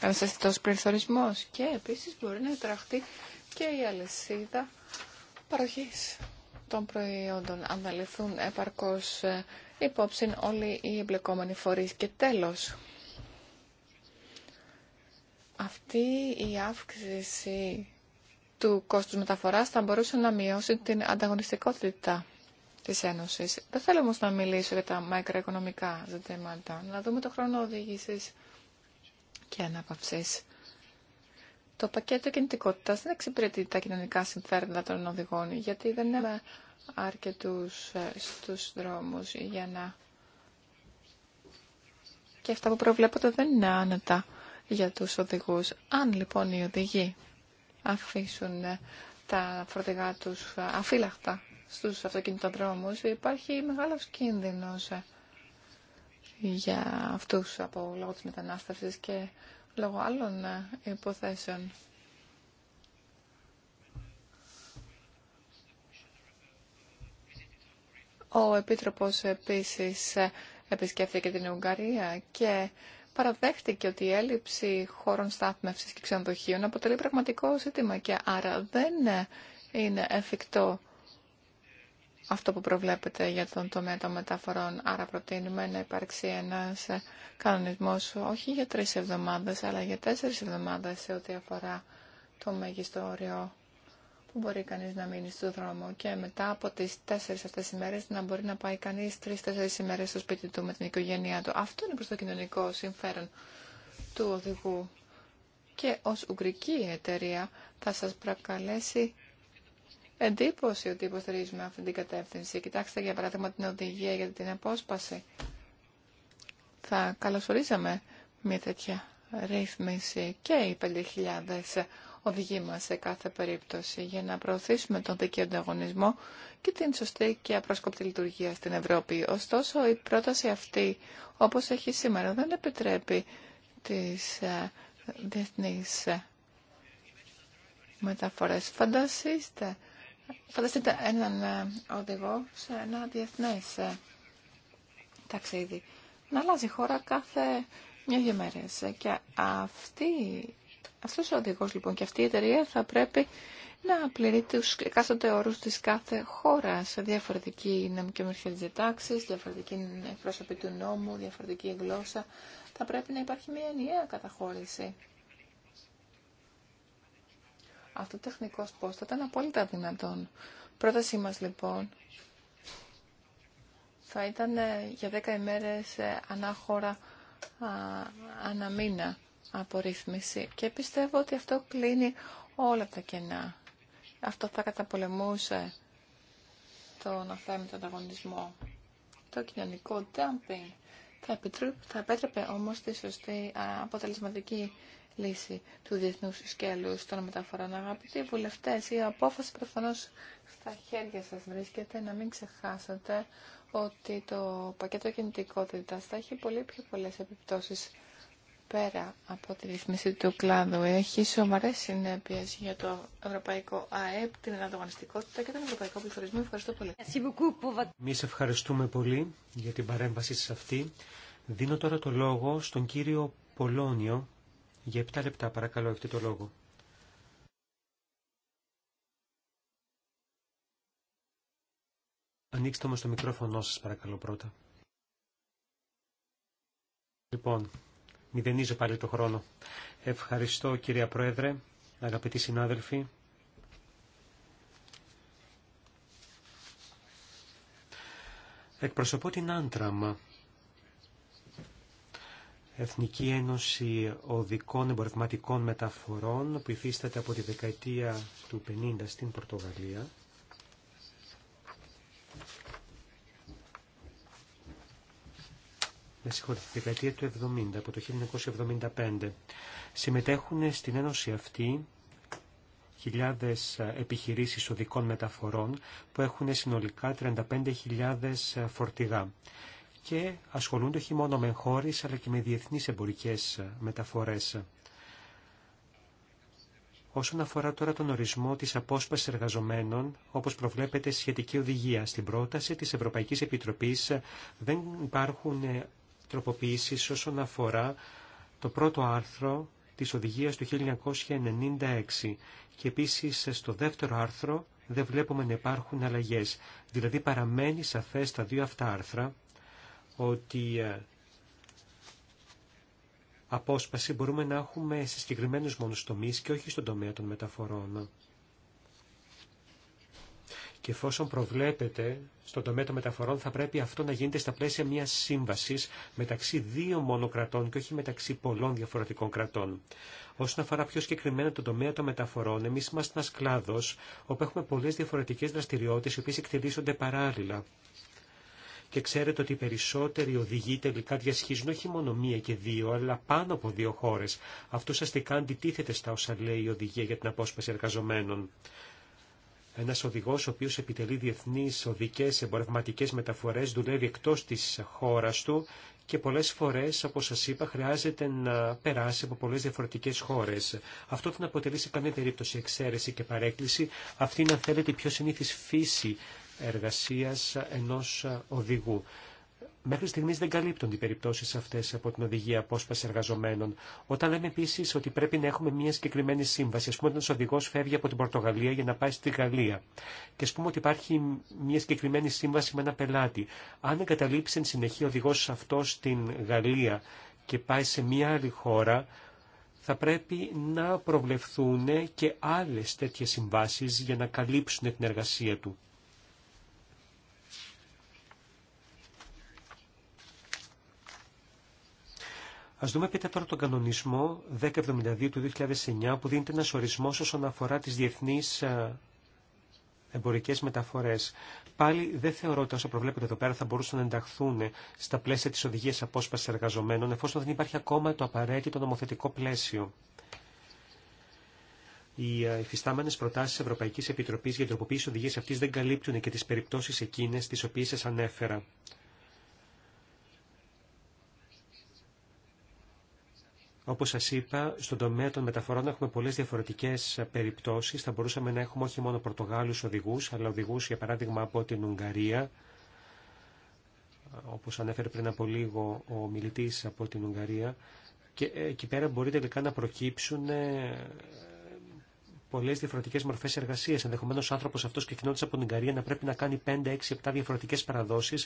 ένας αισθητός πληθωρισμός και επίσης μπορεί να τραχτεί και η αλυσίδα παροχής των προϊόντων, αν επαρκώς ε, υπόψη όλοι οι εμπλεκόμενοι φορείς. Και τέλος, αυτή η αύξηση του κόστους μεταφοράς θα μπορούσε να μειώσει την ανταγωνιστικότητα της Ένωσης. Δεν θέλω όμως να μιλήσω για τα μακροοικονομικά ζητήματα, να δούμε το χρόνο οδήγησης και ανάπαυσης το πακέτο κινητικότητα δεν εξυπηρετεί τα κοινωνικά συμφέροντα των οδηγών, γιατί δεν έχουμε αρκετού ε, στου δρόμου για να. Και αυτά που προβλέπονται δεν είναι άνετα για τους οδηγούς. Αν λοιπόν οι οδηγοί αφήσουν ε, τα φορτηγά τους ε, αφύλακτα στους αυτοκινητοδρόμους, υπάρχει μεγάλος κίνδυνος για αυτούς από λόγω της μετανάστευσης και λόγω άλλων ε, υποθέσεων. Ο Επίτροπος επίσης ε, επισκέφθηκε την Ουγγαρία και παραδέχτηκε ότι η έλλειψη χώρων στάθμευσης και ξενοδοχείων αποτελεί πραγματικό ζήτημα και άρα δεν ε, είναι εφικτό αυτό που προβλέπετε για τον τομέα των μεταφορών. Άρα προτείνουμε να υπάρξει ένας κανονισμός όχι για τρεις εβδομάδες, αλλά για τέσσερις εβδομάδες σε ό,τι αφορά το μέγιστο όριο που μπορεί κανείς να μείνει στο δρόμο και μετά από τις τέσσερις αυτές ημέρες να μπορεί να πάει κανείς τρεις-τέσσερις ημέρες στο σπίτι του με την οικογένειά του. Αυτό είναι προς το κοινωνικό συμφέρον του οδηγού. Και ως Ουγγρική εταιρεία θα σας προκαλέσει εντύπωση ότι υποστηρίζουμε αυτή την κατεύθυνση. Κοιτάξτε για παράδειγμα την οδηγία για την απόσπαση. Θα καλωσορίζαμε μια τέτοια ρύθμιση και οι 5.000 οδηγοί μας σε κάθε περίπτωση για να προωθήσουμε τον δίκαιο ανταγωνισμό και την σωστή και απρόσκοπτη λειτουργία στην Ευρώπη. Ωστόσο, η πρόταση αυτή, όπως έχει σήμερα, δεν επιτρέπει τις ε, διεθνείς μεταφορές. Φανταστείτε. Φανταστείτε έναν ε, οδηγό σε ένα διεθνέ ε, ταξίδι. Να αλλάζει χώρα κάθε μια-δύο μέρες. Ε, και αυτή, αυτός ο οδηγός λοιπόν και αυτή η εταιρεία θα πρέπει να πληρεί τους εκάστοτε όρους της κάθε χώρας. Διαφορετική νομική ομορφία της διατάξης, διαφορετική εκπρόσωπη του νόμου, διαφορετική γλώσσα. Θα πρέπει να υπάρχει μια δυο μέρε. και αυτη αυτος ο οδηγο λοιπον και αυτη η εταιρεια θα πρεπει να πληρει του εκαστοτε ορου τη καθε σε διαφορετικη νομικη ομιλια τη διαταξης διαφορετικη εκπροσωπη του νομου διαφορετικη γλωσσα θα πρεπει να υπαρχει μια ενιαια καταχωρηση αυτό το τεχνικό θα ήταν απόλυτα δυνατόν. Πρότασή μας λοιπόν θα ήταν ε, για 10 ημέρες ε, ανάχωρα αναμήνα απορρίθμιση και πιστεύω ότι αυτό κλείνει όλα τα κενά. Αυτό θα καταπολεμούσε τον αθέμητο ανταγωνισμό, το κοινωνικό dumping. Θα, επιτρέπε, θα επέτρεπε όμως τη σωστή αποτελεσματική λύση του διεθνού σκέλου των μεταφορών. Αγαπητοί βουλευτέ. η απόφαση προφανώ στα χέρια σα βρίσκεται να μην ξεχάσετε ότι το πακέτο κινητικότητα θα έχει πολύ πιο πολλέ επιπτώσει πέρα από τη ρυθμίση του κλάδου. Έχει σοβαρέ συνέπειε για το ευρωπαϊκό ΑΕΠ, την ανταγωνιστικότητα και τον ευρωπαϊκό πληθωρισμό. Ευχαριστώ πολύ. Εμεί ευχαριστούμε πολύ για την παρέμβαση σε αυτή. Δίνω τώρα το λόγο στον κύριο Πολόνιο, για 7 λεπτά παρακαλώ έχετε το λόγο. Ανοίξτε όμως το μικρόφωνο σας παρακαλώ πρώτα. Λοιπόν, μηδενίζω πάλι το χρόνο. Ευχαριστώ κυρία Πρόεδρε, αγαπητοί συνάδελφοι. Εκπροσωπώ την Άντραμα, Εθνική Ένωση Οδικών Εμπορευματικών Μεταφορών που υφίσταται από τη δεκαετία του 50 στην Πορτογαλία. Με συγχωρείτε, δεκαετία του 70, από το 1975. Συμμετέχουν στην Ένωση αυτή χιλιάδες ε, επιχειρήσεις οδικών μεταφορών που έχουν συνολικά 35.000 ε, φορτηγά και ασχολούνται όχι μόνο με χώρες αλλά και με διεθνείς εμπορικές μεταφορές. Όσον αφορά τώρα τον ορισμό της απόσπασης εργαζομένων, όπως προβλέπεται σχετική οδηγία στην πρόταση της Ευρωπαϊκής Επιτροπής, δεν υπάρχουν ε, τροποποιήσεις όσον αφορά το πρώτο άρθρο της οδηγίας του 1996 και επίσης ε, στο δεύτερο άρθρο δεν βλέπουμε να υπάρχουν αλλαγές. Δηλαδή παραμένει σαφές τα δύο αυτά άρθρα ότι ε, απόσπαση μπορούμε να έχουμε σε συγκεκριμένου μόνους τομείς και όχι στον τομέα των μεταφορών. Και εφόσον προβλέπεται στον τομέα των μεταφορών θα πρέπει αυτό να γίνεται στα πλαίσια μιας σύμβασης μεταξύ δύο μόνο κρατών και όχι μεταξύ πολλών διαφορετικών κρατών. Όσον αφορά πιο συγκεκριμένα τον τομέα των μεταφορών, εμεί είμαστε ένα κλάδο όπου έχουμε πολλέ διαφορετικέ δραστηριότητε οι οποίε εκτελήσονται παράλληλα και ξέρετε ότι οι περισσότεροι οδηγοί τελικά διασχίζουν όχι μόνο μία και δύο, αλλά πάνω από δύο χώρες. Αυτό ουσιαστικά αντιτίθεται στα όσα λέει η οδηγία για την απόσπαση εργαζομένων. Ένα οδηγό ο οποίο επιτελεί διεθνεί οδικέ εμπορευματικέ μεταφορέ δουλεύει εκτό τη χώρα του και πολλέ φορέ, όπω σα είπα, χρειάζεται να περάσει από πολλέ διαφορετικέ χώρε. Αυτό δεν αποτελεί σε καμία περίπτωση εξαίρεση και παρέκκληση. Αυτή είναι, αν θέλετε, η πιο συνήθι φύση εργασίας ενός οδηγού. Μέχρι στιγμή δεν καλύπτονται οι περιπτώσει αυτέ από την οδηγία απόσπαση εργαζομένων. Όταν λέμε επίση ότι πρέπει να έχουμε μια συγκεκριμένη σύμβαση, α πούμε, ότι ένα οδηγό φεύγει από την Πορτογαλία για να πάει στη Γαλλία και α πούμε ότι υπάρχει μια συγκεκριμένη σύμβαση με ένα πελάτη. Αν εγκαταλείψει εν συνεχή ο οδηγό αυτό στην Γαλλία και πάει σε μια άλλη χώρα, θα πρέπει να προβλεφθούν και άλλε τέτοιε συμβάσει για να καλύψουν την εργασία του. Α δούμε πείτε τώρα τον κανονισμό 1072 του 2009 που δίνεται ένα ορισμό όσον αφορά τι διεθνεί ε, εμπορικέ μεταφορέ. Πάλι δεν θεωρώ ότι όσα προβλέπετε εδώ πέρα θα μπορούσαν να ενταχθούν στα πλαίσια τη οδηγία απόσπαση εργαζομένων εφόσον δεν υπάρχει ακόμα το απαραίτητο νομοθετικό πλαίσιο. Οι ε, υφιστάμενε προτάσει Ευρωπαϊκή Επιτροπή για την τροποποίηση οδηγία αυτή δεν καλύπτουν και τι περιπτώσει εκείνε τι οποίε σα ανέφερα. Όπως σας είπα, στον τομέα των μεταφορών έχουμε πολλές διαφορετικές περιπτώσεις. Θα μπορούσαμε να έχουμε όχι μόνο Πορτογάλους οδηγούς, αλλά οδηγούς, για παράδειγμα, από την Ουγγαρία, όπως ανέφερε πριν από λίγο ο μιλητής από την Ουγγαρία. Και ε, εκεί πέρα μπορεί τελικά να προκύψουν ε, πολλέ διαφορετικέ μορφέ εργασία. Ενδεχομένω ο άνθρωπο αυτό ξεκινώντα από την Ουγγαρία να πρέπει να κάνει 5, 6, 7 διαφορετικέ παραδόσει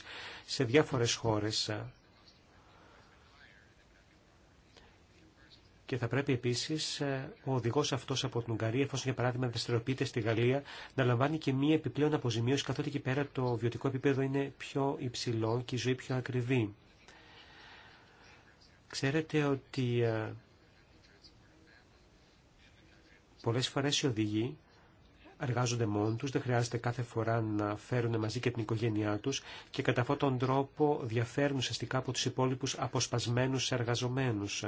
σε διάφορε χώρε και θα πρέπει επίση ε, ο οδηγό αυτό από την Ουγγαρία, εφόσον για παράδειγμα δραστηριοποιείται στη Γαλλία, να λαμβάνει και μία επιπλέον αποζημίωση, καθότι εκεί πέρα το βιωτικό επίπεδο είναι πιο υψηλό και η ζωή πιο ακριβή. Ξέρετε ότι ε, πολλέ φορέ οι οδηγοί εργάζονται μόνοι τους, δεν χρειάζεται κάθε φορά να φέρουν μαζί και την οικογένειά τους και κατά αυτόν τον τρόπο διαφέρουν ουσιαστικά από τους υπόλοιπους αποσπασμένους εργαζομένους.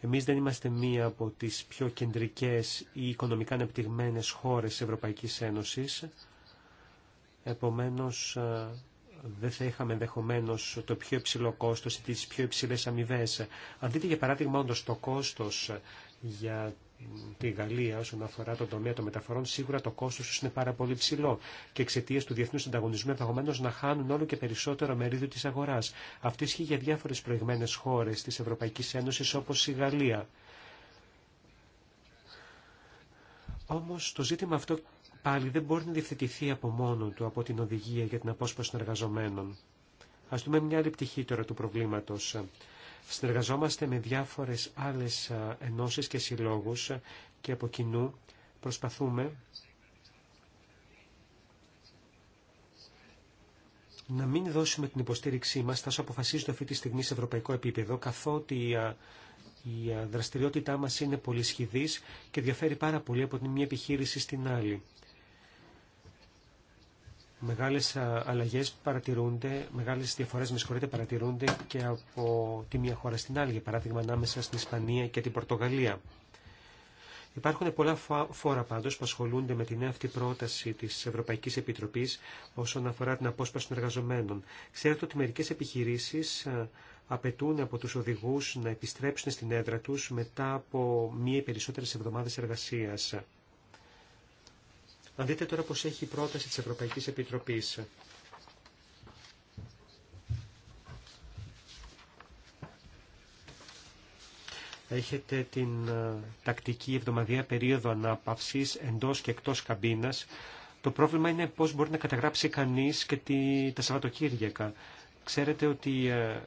Εμείς δεν είμαστε μία από τις πιο κεντρικές ή οικονομικά ανεπτυγμένες χώρες της Ευρωπαϊκής Ένωσης. Επομένως, δεν θα είχαμε ενδεχομένω το πιο υψηλό κόστος ή τις πιο υψηλές αμοιβέ. Αν δείτε για παράδειγμα όντως το κόστος για τη Γαλλία όσον αφορά τον τομέα των μεταφορών, σίγουρα το κόστο του είναι πάρα πολύ ψηλό και εξαιτία του διεθνού ανταγωνισμού ενδεχομένω να χάνουν όλο και περισσότερο μερίδιο τη αγορά. Αυτό ισχύει για διάφορε προηγμένε χώρε τη Ευρωπαϊκή Ένωση όπω η Γαλλία. Όμω το ζήτημα αυτό πάλι δεν μπορεί να διευθετηθεί από μόνο του από την οδηγία για την απόσπαση των εργαζομένων. Α δούμε μια άλλη πτυχή τώρα του προβλήματο. Συνεργαζόμαστε με διάφορες άλλες ενώσεις και συλλόγους και από κοινού προσπαθούμε να μην δώσουμε την υποστήριξή μας, θα αποφασίζεται αυτή τη στιγμή σε ευρωπαϊκό επίπεδο, καθότι η δραστηριότητά μας είναι πολύ σχηδής και διαφέρει πάρα πολύ από την μία επιχείρηση στην άλλη. Μεγάλες αλλαγές παρατηρούνται, μεγάλες διαφορές με συγχωρείτε παρατηρούνται και από τη μία χώρα στην άλλη, για παράδειγμα ανάμεσα στην Ισπανία και την Πορτογαλία. Υπάρχουν πολλά φόρα πάντως που ασχολούνται με την αυτή πρόταση της Ευρωπαϊκής Επιτροπής όσον αφορά την απόσπαση των εργαζομένων. Ξέρετε ότι μερικές επιχειρήσεις απαιτούν από τους οδηγούς να επιστρέψουν στην έδρα τους μετά από μία ή περισσότερες εβδομάδες εργασίας. Να δείτε τώρα πώς έχει η πρόταση της Ευρωπαϊκής Επιτροπής. Έχετε την ε, τακτική εβδομαδιαία περίοδο ανάπαυσης εντός και εκτός καμπίνας. Το πρόβλημα είναι πώς μπορεί να καταγράψει κανείς και τη, τα Σαββατοκύριακα. Ξέρετε ότι ε, ε,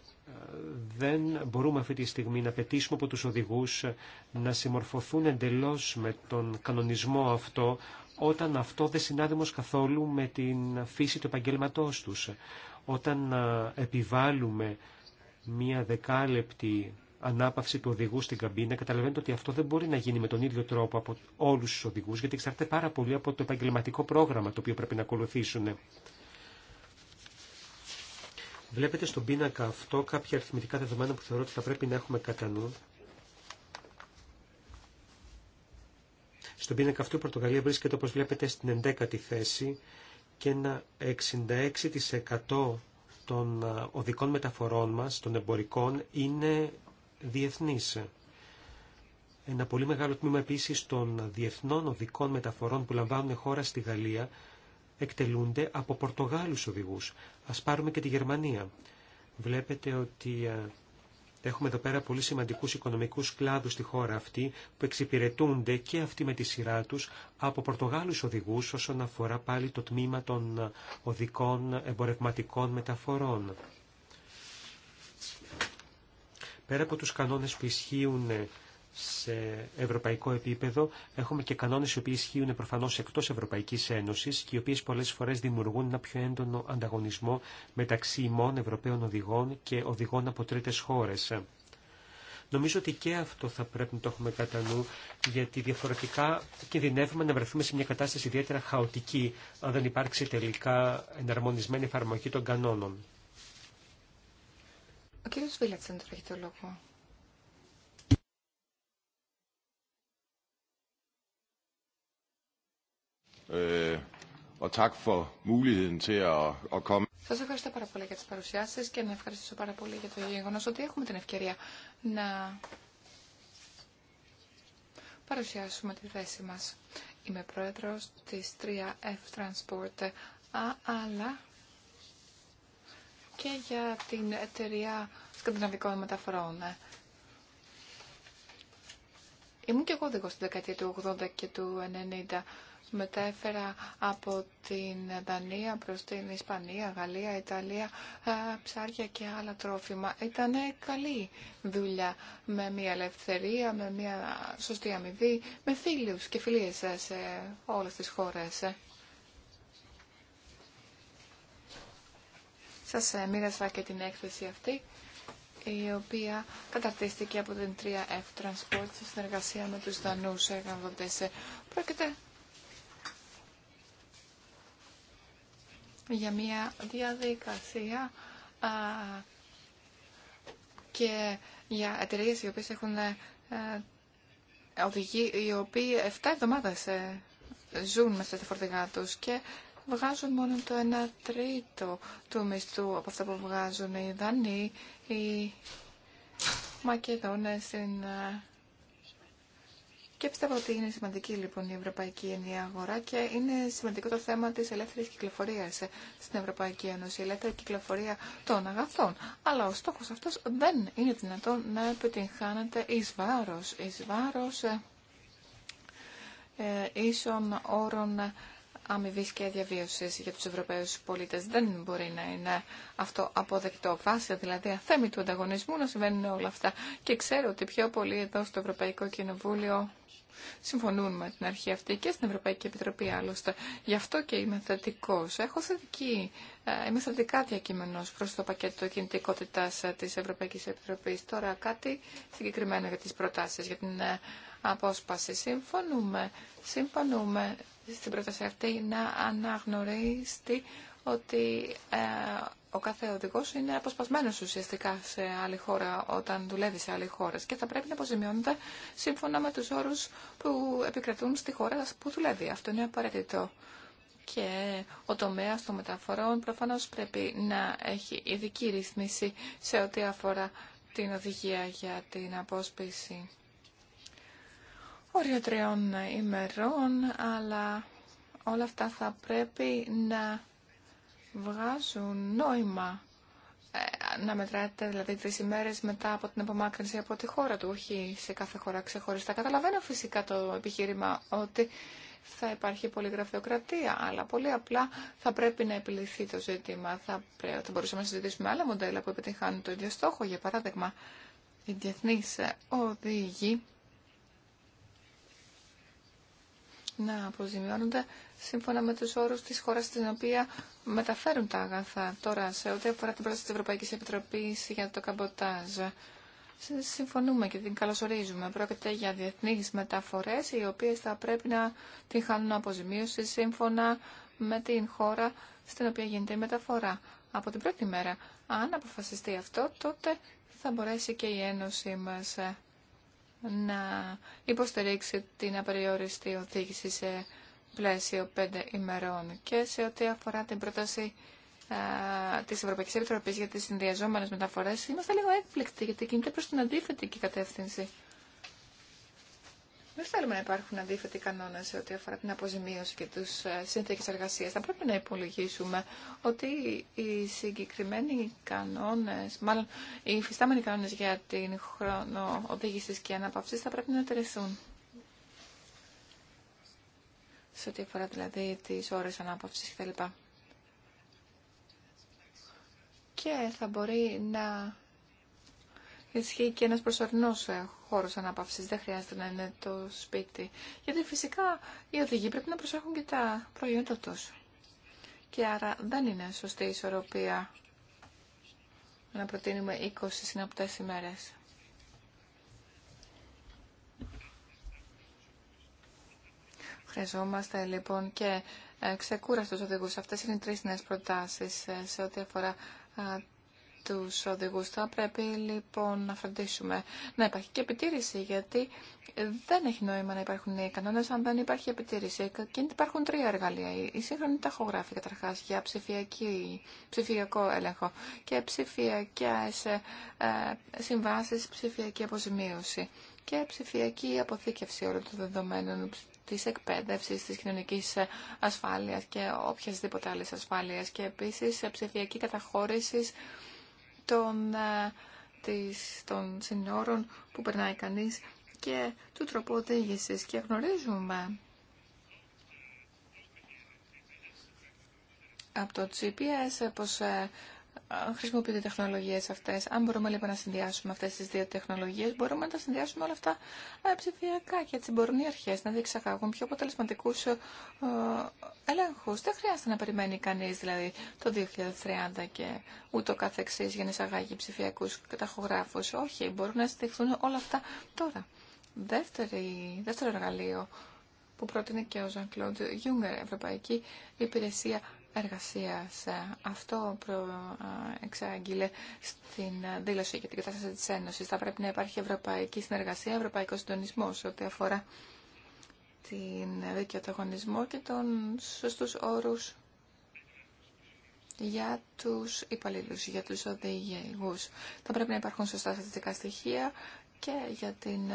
δεν μπορούμε αυτή τη στιγμή να πετύσουμε από τους οδηγούς να συμμορφωθούν εντελώς με τον κανονισμό αυτό όταν αυτό δεν συνάδει καθόλου με την φύση του επαγγελματό τους. Όταν επιβάλλουμε μία δεκάλεπτη ανάπαυση του οδηγού στην καμπίνα, καταλαβαίνετε ότι αυτό δεν μπορεί να γίνει με τον ίδιο τρόπο από όλους τους οδηγούς, γιατί εξαρτάται πάρα πολύ από το επαγγελματικό πρόγραμμα το οποίο πρέπει να ακολουθήσουν. Βλέπετε στον πίνακα αυτό κάποια αριθμητικά δεδομένα που θεωρώ ότι θα πρέπει να έχουμε κατά νου Στον πίνακα αυτού η Πορτογαλία βρίσκεται όπως βλέπετε στην 11η θέση και ένα 66% των οδικών μεταφορών μας, των εμπορικών, είναι διεθνείς. Ένα πολύ μεγάλο τμήμα επίσης των διεθνών οδικών μεταφορών που λαμβάνουν χώρα στη Γαλλία εκτελούνται από Πορτογάλους οδηγούς. Ας πάρουμε και τη Γερμανία. Βλέπετε ότι Έχουμε εδώ πέρα πολύ σημαντικούς οικονομικούς κλάδους στη χώρα αυτή που εξυπηρετούνται και αυτοί με τη σειρά τους από Πορτογάλους οδηγούς όσον αφορά πάλι το τμήμα των οδικών εμπορευματικών μεταφορών. Πέρα από τους κανόνες που ισχύουν σε ευρωπαϊκό επίπεδο έχουμε και κανόνες οι οποίοι ισχύουν προφανώς εκτός Ευρωπαϊκής Ένωσης και οι οποίες πολλές φορές δημιουργούν ένα πιο έντονο ανταγωνισμό μεταξύ ημών Ευρωπαίων οδηγών και οδηγών από τρίτες χώρες. Νομίζω ότι και αυτό θα πρέπει να το έχουμε κατά νου, γιατί διαφορετικά κινδυνεύουμε να βρεθούμε σε μια κατάσταση ιδιαίτερα χαοτική, αν δεν υπάρξει τελικά εναρμονισμένη εφαρμογή των κανόνων. Ο Βίλατσεν το λόγο. Øh, Σα ευχαριστώ πάρα πολύ για τι παρουσιάσει και να ευχαριστήσω πάρα πολύ για το γεγονό ότι έχουμε την ευκαιρία να παρουσιάσουμε τη θέση μα. Είμαι πρόεδρο τη 3F Transport, αλλά και για την εταιρεία σκανδιναβικών μεταφορών. Ήμουν και εγώ οδηγό στην δεκαετία του 80 και του 90 μετέφερα από την Δανία προς την Ισπανία, Γαλλία, Ιταλία, ψάρια και άλλα τρόφιμα. Ήταν καλή δουλειά με μια ελευθερία, με μια σωστή αμοιβή, με φίλους και φιλίες σε όλες τις χώρες. Σας ε, μοίρασα και την έκθεση αυτή η οποία καταρτίστηκε από την 3F Transport σε συνεργασία με τους Δανούς εργαζοντές. Πρόκειται για μια διαδικασία α, και για εταιρείε οι οποίε έχουν α, ε, οδηγοί οι οποίοι 7 εβδομάδε ε, ζουν μέσα στα φορτηγά του και βγάζουν μόνο το 1 τρίτο του μισθού από αυτά που βγάζουν οι Δανείοι, οι Μακεδόνε στην και πιστεύω ότι είναι σημαντική λοιπόν η Ευρωπαϊκή Ενιαία Αγορά και είναι σημαντικό το θέμα τη ελεύθερη κυκλοφορία στην Ευρωπαϊκή Ένωση, η ελεύθερη κυκλοφορία των αγαθών. Αλλά ο στόχο αυτό δεν είναι δυνατόν να επιτυγχάνεται ει βάρο εις ε, ε, ίσων όρων αμοιβή και διαβίωση για του Ευρωπαίου πολίτε. Δεν μπορεί να είναι αυτό αποδεκτό. Βάσει δηλαδή αθέμη του ανταγωνισμού να συμβαίνουν όλα αυτά. Και ξέρω ότι πιο πολύ εδώ στο Ευρωπαϊκό Κοινοβούλιο συμφωνούν με την αρχή αυτή και στην Ευρωπαϊκή Επιτροπή άλλωστε. Γι' αυτό και είμαι θετικό. Έχω θετική, ε, είμαι θετικά διακείμενο προ το πακέτο κινητικότητα ε, τη Ευρωπαϊκή Επιτροπή. Τώρα κάτι συγκεκριμένο για τι προτάσει, για την ε, απόσπαση. Συμφωνούμε, συμφωνούμε στην πρόταση αυτή να αναγνωρίσει ότι ε, ο κάθε οδηγό είναι αποσπασμένο ουσιαστικά σε άλλη χώρα όταν δουλεύει σε άλλη χώρα και θα πρέπει να αποζημιώνεται σύμφωνα με του όρου που επικρατούν στη χώρα που δουλεύει. Αυτό είναι απαραίτητο. Και ο τομέα των μεταφορών προφανώ πρέπει να έχει ειδική ρυθμίση σε ό,τι αφορά την οδηγία για την απόσπιση οριοτριών ημερών, αλλά όλα αυτά θα πρέπει να βγάζουν νόημα ε, να μετράτε δηλαδή τρεις ημέρες μετά από την απομάκρυνση από τη χώρα του, όχι σε κάθε χώρα ξεχωριστά. Καταλαβαίνω φυσικά το επιχείρημα ότι θα υπάρχει πολυγραφειοκρατία, γραφειοκρατία, αλλά πολύ απλά θα πρέπει να επιληθεί το ζήτημα. Θα, πρέ... θα μπορούσαμε να συζητήσουμε άλλα μοντέλα που επιτυχάνουν το ίδιο στόχο. Για παράδειγμα, η διεθνεί ε, οδηγοί να αποζημιώνονται σύμφωνα με τους όρους της χώρας στην οποία μεταφέρουν τα αγαθά. Τώρα, σε ό,τι αφορά την πρόταση της Ευρωπαϊκής Επιτροπής για το καμποτάζ, συμφωνούμε και την καλωσορίζουμε. Πρόκειται για διεθνείς μεταφορές, οι οποίες θα πρέπει να την χάνουν αποζημίωση σύμφωνα με την χώρα στην οποία γίνεται η μεταφορά. Από την πρώτη μέρα, αν αποφασιστεί αυτό, τότε θα μπορέσει και η Ένωση μας να υποστηρίξει την απεριόριστη οδήγηση σε πλαίσιο πέντε ημερών και σε ό,τι αφορά την πρόταση τη Ευρωπαϊκή Επιτροπή για τι συνδυαζόμενε μεταφορέ, είμαστε λίγο έκπληκτοι γιατί κινείται προ την αντίθετη κατεύθυνση. Δεν θέλουμε να υπάρχουν αντίθετοι κανόνε σε ό,τι αφορά την αποζημίωση και του ε, συνθήκε εργασία. Θα πρέπει να υπολογίσουμε ότι οι συγκεκριμένοι κανόνε, μάλλον οι υφιστάμενοι κανόνε για την χρόνο οδήγηση και αναπαυση θα πρέπει να τηρηθούν. Σε ό,τι αφορά δηλαδή τι ώρε ανάπαυση κτλ. Και θα μπορεί να ισχύει και ένας προσωρινός ε, χώρος ανάπαυση δεν χρειάζεται να είναι το σπίτι. Γιατί φυσικά οι οδηγοί πρέπει να προσέχουν και τα προϊόντα του. Και άρα δεν είναι σωστή η ισορροπία να προτείνουμε 20 συναπτέ ημέρε. Χρειαζόμαστε λοιπόν και ε, ξεκούραστους οδηγού. Αυτές είναι οι τρεις νέες προτάσεις ε, σε ό,τι αφορά τους οδηγούς. Θα πρέπει λοιπόν να φροντίσουμε να υπάρχει και επιτήρηση, γιατί δεν έχει νόημα να υπάρχουν οι κανόνες αν δεν υπάρχει επιτήρηση. Και υπάρχουν τρία εργαλεία. Η σύγχρονη ταχογράφη καταρχάς για ψηφιακή, ψηφιακό έλεγχο και ψηφιακές ε, συμβάσεις, ψηφιακή αποζημίωση και ψηφιακή αποθήκευση όλων των δεδομένων της εκπαίδευσης, της κοινωνικής ε, ασφάλειας και οποιασδήποτε άλλη ασφάλεια και επίσης ε, ψηφιακή καταχώρηση των, ε, της, των συνόρων που περνάει κανείς και του τρόπου οδήγηση και γνωρίζουμε από το GPS πως ε, χρησιμοποιούνται τεχνολογίες αυτές. Αν μπορούμε λοιπόν να συνδυάσουμε αυτές τις δύο τεχνολογίες, μπορούμε να τα συνδυάσουμε όλα αυτά ε, ψηφιακά και έτσι μπορούν οι αρχές να διεξαγάγουν πιο αποτελεσματικούς ε, ε ελέγχους. Δεν χρειάζεται να περιμένει κανείς δηλαδή το 2030 και ούτω καθεξής για να εισαγάγει ψηφιακούς ταχογράφους. Όχι, μπορούν να συνδυαστούν όλα αυτά τώρα. Δεύτερη, δεύτερο εργαλείο που πρότεινε και ο Ζαν Κλοντ Γιούγκερ, Ευρωπαϊκή Υπηρεσία εργασίας. Ε, αυτό ε, εξάγγειλε στην ε, δήλωση για την κατάσταση της Ένωσης. Θα πρέπει να υπάρχει ευρωπαϊκή συνεργασία, ευρωπαϊκό συντονισμό σε ό,τι αφορά την δίκαιο ανταγωνισμό και τον σωστούς όρους για τους υπαλλήλους, για τους οδηγούς. Θα πρέπει να υπάρχουν σωστά στατιστικά στοιχεία και για την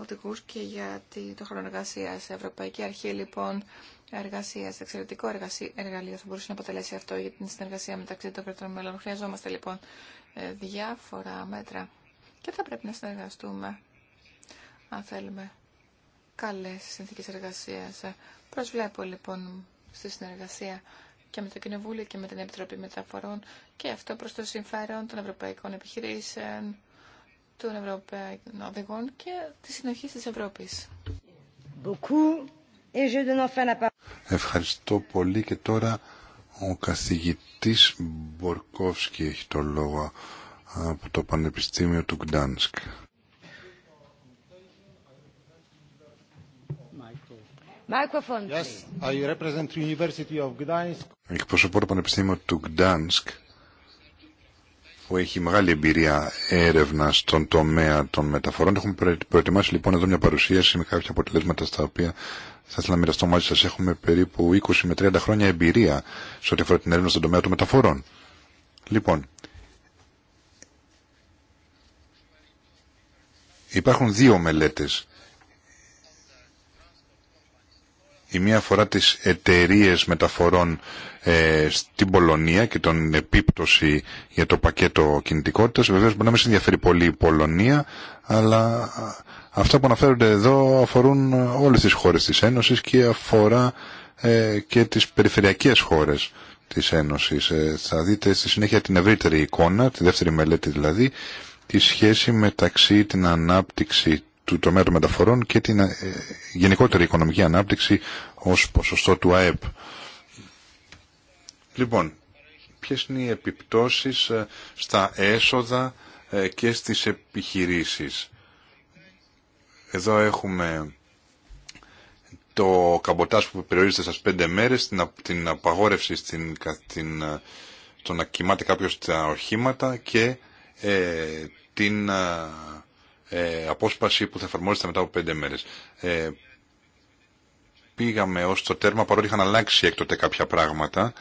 οδηγούς και για το χρόνο εργασία. Ευρωπαϊκή Αρχή λοιπόν εργασία, εξαιρετικό εργαλείο θα μπορούσε να αποτελέσει αυτό για την συνεργασία μεταξύ των κρατών μελών. Χρειαζόμαστε λοιπόν ε, διάφορα μέτρα και θα πρέπει να συνεργαστούμε αν θέλουμε καλέ συνθήκε εργασία. Προσβλέπω λοιπόν στη συνεργασία και με το Κοινοβούλιο και με την Επιτροπή Μεταφορών και αυτό προ το συμφέρον των ευρωπαϊκών επιχειρήσεων, των ευρωπαϊκών οδηγών και τη συνοχή τη Ευρώπη. Ευχαριστώ πολύ και τώρα ο καθηγητής Μπορκόφσκι έχει το λόγο από το Πανεπιστήμιο του Γκτάνσκ. Yes, I Εκπροσωπώ το Πανεπιστήμιο του Γκτάνσκ που έχει μεγάλη εμπειρία έρευνα στον τομέα των μεταφορών. Έχουμε προετοιμάσει λοιπόν εδώ μια παρουσίαση με κάποια αποτελέσματα στα οποία θα ήθελα να μοιραστώ μαζί σα. Έχουμε περίπου 20 με 30 χρόνια εμπειρία σε ό,τι αφορά την έρευνα στον τομέα των μεταφορών. Λοιπόν, υπάρχουν δύο μελέτες Η μία αφορά τις εταιρείε μεταφορών ε, στην Πολωνία και τον επίπτωση για το πακέτο κινητικότητας. Βεβαίως μπορεί να μην πολύ η Πολωνία, αλλά αυτά που αναφέρονται εδώ αφορούν όλες τις χώρες της Ένωσης και αφορά ε, και τις περιφερειακές χώρες της Ένωσης. Ε, θα δείτε στη συνέχεια την ευρύτερη εικόνα, τη δεύτερη μελέτη δηλαδή, τη σχέση μεταξύ την ανάπτυξη του τομέα των μεταφορών και την ε, γενικότερη οικονομική ανάπτυξη ως ποσοστό του ΑΕΠ. Λοιπόν, ποιες είναι οι επιπτώσεις ε, στα έσοδα ε, και στις επιχειρήσεις. Εδώ έχουμε το καμποτάζ που περιορίζεται στις πέντε μέρες, την απαγόρευση στην, την, να κοιμάται κάποιος τα οχήματα και την ε, απόσπαση που θα εφαρμόζεται μετά από πέντε μέρες. Ε, πήγαμε ως το τέρμα, παρότι είχαν αλλάξει έκτοτε κάποια πράγματα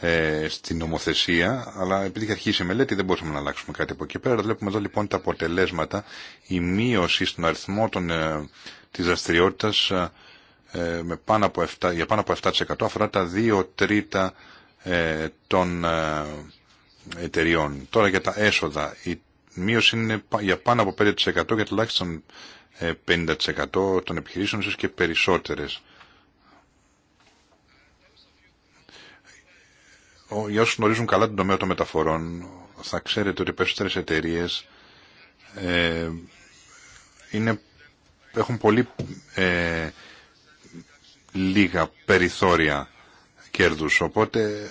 ε, στην νομοθεσία, αλλά επειδή είχε αρχίσει η μελέτη δεν μπορούσαμε να αλλάξουμε κάτι από εκεί πέρα. Βλέπουμε εδώ λοιπόν τα αποτελέσματα, η μείωση στον αριθμό των, ε, της δραστηριότητα ε, για πάνω από 7% αφορά τα 2 τρίτα ε, των ε, εταιριών. Τώρα για τα έσοδα. Η μείωση είναι για πάνω από 5% και τουλάχιστον 50% ε, των επιχειρήσεων, ίσως και περισσότερες. Για όσους γνωρίζουν καλά τον τομέα των μεταφορών, θα ξέρετε ότι οι περισσότερες εταιρείε ε, έχουν πολύ ε, λίγα περιθώρια κέρδους. Οπότε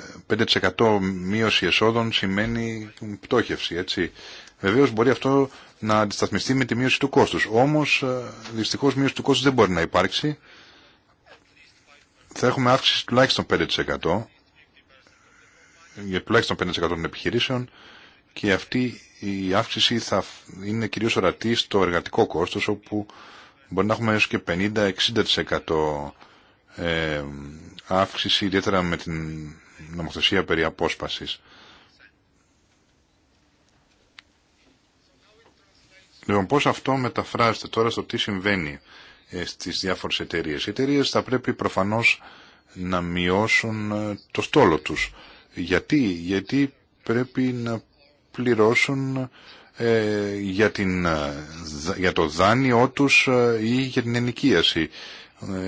5% μείωση εσόδων σημαίνει πτώχευση, έτσι. Βεβαίω μπορεί αυτό να αντισταθμιστεί με τη μείωση του κόστου. Όμω ε, δυστυχώ μείωση του κόστου δεν μπορεί να υπάρξει. Θα έχουμε αύξηση τουλάχιστον 5% για τουλάχιστον 5% των επιχειρήσεων και αυτή η αύξηση θα είναι κυρίως ορατή στο εργατικό κόστος όπου μπορεί να έχουμε έω και 50-60% ε, αύξηση ιδιαίτερα με την νομοθεσία περί απόσπασης. Λοιπόν, πώς αυτό μεταφράζεται τώρα στο τι συμβαίνει ε, στις διάφορες εταιρείε. Οι εταιρείε θα πρέπει προφανώς να μειώσουν ε, το στόλο τους. Γιατί, γιατί πρέπει να πληρώσουν ε, για, την, για το δάνειό τους ή για την ενοικίαση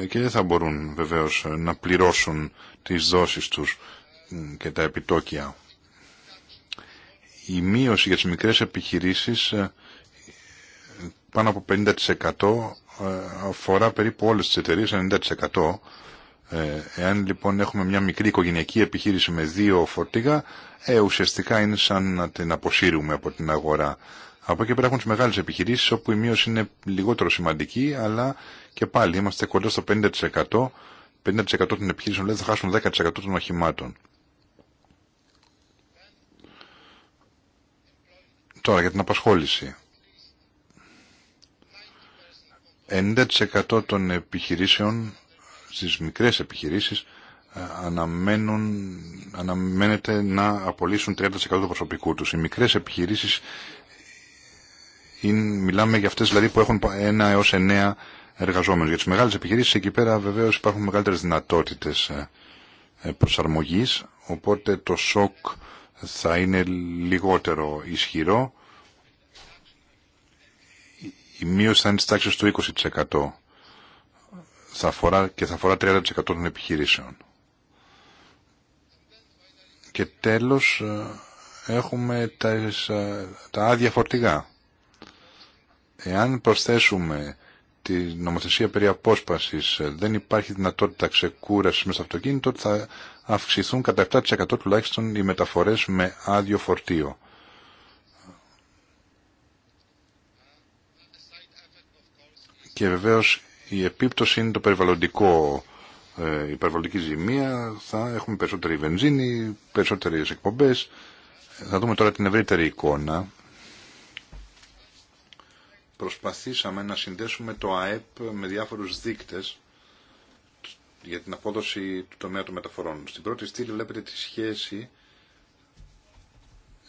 και δεν θα μπορούν βεβαίως να πληρώσουν τις δόσεις τους και τα επιτόκια. Η μείωση για τις μικρές επιχειρήσεις πάνω από 50% ε, αφορά περίπου όλες τις εταιρείες, 90%. Ε, εάν λοιπόν έχουμε μια μικρή οικογενειακή επιχείρηση με δύο φορτίγα, ε, ουσιαστικά είναι σαν να την αποσύρουμε από την αγορά. Από εκεί πέρα έχουν τις μεγάλες επιχειρήσεις όπου η μείωση είναι λιγότερο σημαντική, αλλά και πάλι είμαστε κοντά στο 50%. 50% των επιχειρήσεων λέει δηλαδή, θα χάσουν 10% των οχημάτων. Τώρα για την απασχόληση. 90% των επιχειρήσεων στις μικρές επιχειρήσεις ε, αναμένουν, αναμένεται να απολύσουν 30% του προσωπικού τους. Οι μικρές επιχειρήσεις είναι, μιλάμε για αυτές δηλαδή που έχουν 1 έως 9 εργαζόμενους. Για τις μεγάλες επιχειρήσεις εκεί πέρα βεβαίως υπάρχουν μεγαλύτερες δυνατότητες ε, ε, προσαρμογής, οπότε το σοκ θα είναι λιγότερο ισχυρό η μείωση θα είναι της τάξης του 20% θα και θα αφορά 30% των επιχειρήσεων. Και τέλος ε, έχουμε τα, ε, τα άδεια φορτηγά. Εάν προσθέσουμε τη νομοθεσία περί απόσπασης ε, δεν υπάρχει δυνατότητα ξεκούρασης μέσα στο αυτοκίνητο, θα αυξηθούν κατά 7% τουλάχιστον οι μεταφορές με άδειο φορτίο. και βεβαίως η επίπτωση είναι το περιβαλλοντικό ε, η περιβαλλοντική ζημία, θα έχουμε περισσότερη βενζίνη, περισσότερες εκπομπές. Θα δούμε τώρα την ευρύτερη εικόνα. Προσπαθήσαμε να συνδέσουμε το ΑΕΠ με διάφορους δείκτες για την απόδοση του τομέα των μεταφορών. Στην πρώτη στήλη βλέπετε τη σχέση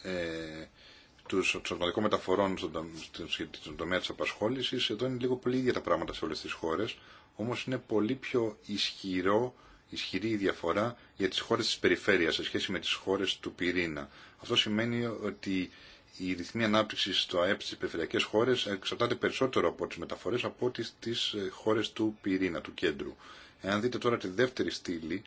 ε, του σωματικών μεταφορών στον τομέα τη απασχόληση, εδώ είναι λίγο πολύ ίδια τα πράγματα σε όλε τι χώρε. Όμω είναι πολύ πιο ισχυρό, ισχυρή η διαφορά για τι χώρε τη περιφέρεια σε σχέση με τι χώρε του πυρήνα. Αυτό σημαίνει ότι η ρυθμή ανάπτυξη στο ΑΕΠ στι περιφερειακέ χώρε εξαρτάται περισσότερο από τι μεταφορέ από ό,τι στι ε, χώρε του πυρήνα, του κέντρου. Εάν δείτε τώρα τη δεύτερη στήλη,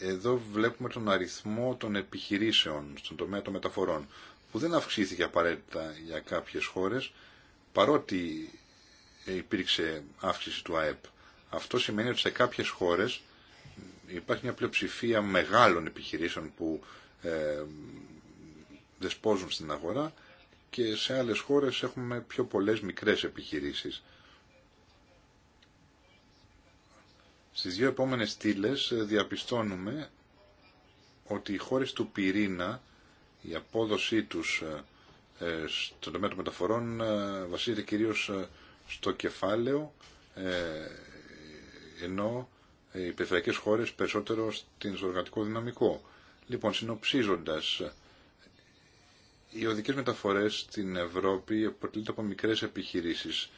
εδώ βλέπουμε τον αριθμό των επιχειρήσεων στον τομέα των μεταφορών που δεν αυξήθηκε απαραίτητα για κάποιες χώρες παρότι υπήρξε αύξηση του ΑΕΠ. Αυτό σημαίνει ότι σε κάποιες χώρες υπάρχει μια πλειοψηφία μεγάλων επιχειρήσεων που ε, δεσπόζουν στην αγορά και σε άλλες χώρες έχουμε πιο πολλές μικρές επιχειρήσεις. Στις δύο επόμενες στήλε διαπιστώνουμε ότι οι χώρες του πυρήνα η απόδοσή τους ε, ε, στον τομέα των μεταφορών ε, βασίζεται κυρίως στο κεφάλαιο ενώ οι περιφερειακές χώρες περισσότερο στην εργατικό δυναμικό. Λοιπόν, συνοψίζοντας, οι οδικές μεταφορές στην Ευρώπη αποτελείται από μικρές επιχειρήσεις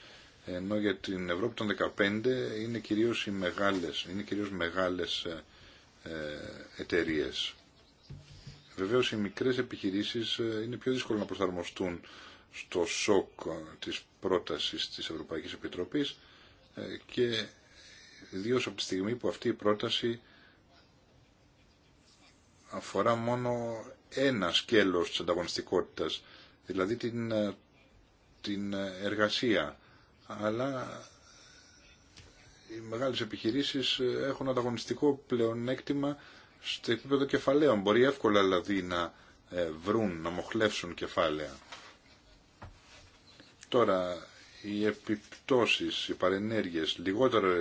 ενώ για την Ευρώπη των 15 είναι κυρίως οι μεγάλες, είναι κυρίως μεγάλες εταιρείες. Βεβαίω οι μικρέ επιχειρήσει ε, είναι πιο δύσκολο να προσαρμοστούν στο σοκ ε, τη πρόταση τη Ευρωπαϊκή Επιτροπή ε, και ιδίω από τη στιγμή που αυτή η πρόταση αφορά μόνο ένα σκέλος της ανταγωνιστικότητας, δηλαδή την, την εργασία. Αλλά οι μεγάλες επιχειρήσεις έχουν ανταγωνιστικό πλεονέκτημα στο επίπεδο κεφαλαίων. Μπορεί εύκολα δηλαδή να ε, βρουν, να μοχλεύσουν κεφάλαια. Τώρα, οι επιπτώσεις, οι παρενέργειες, λιγότερο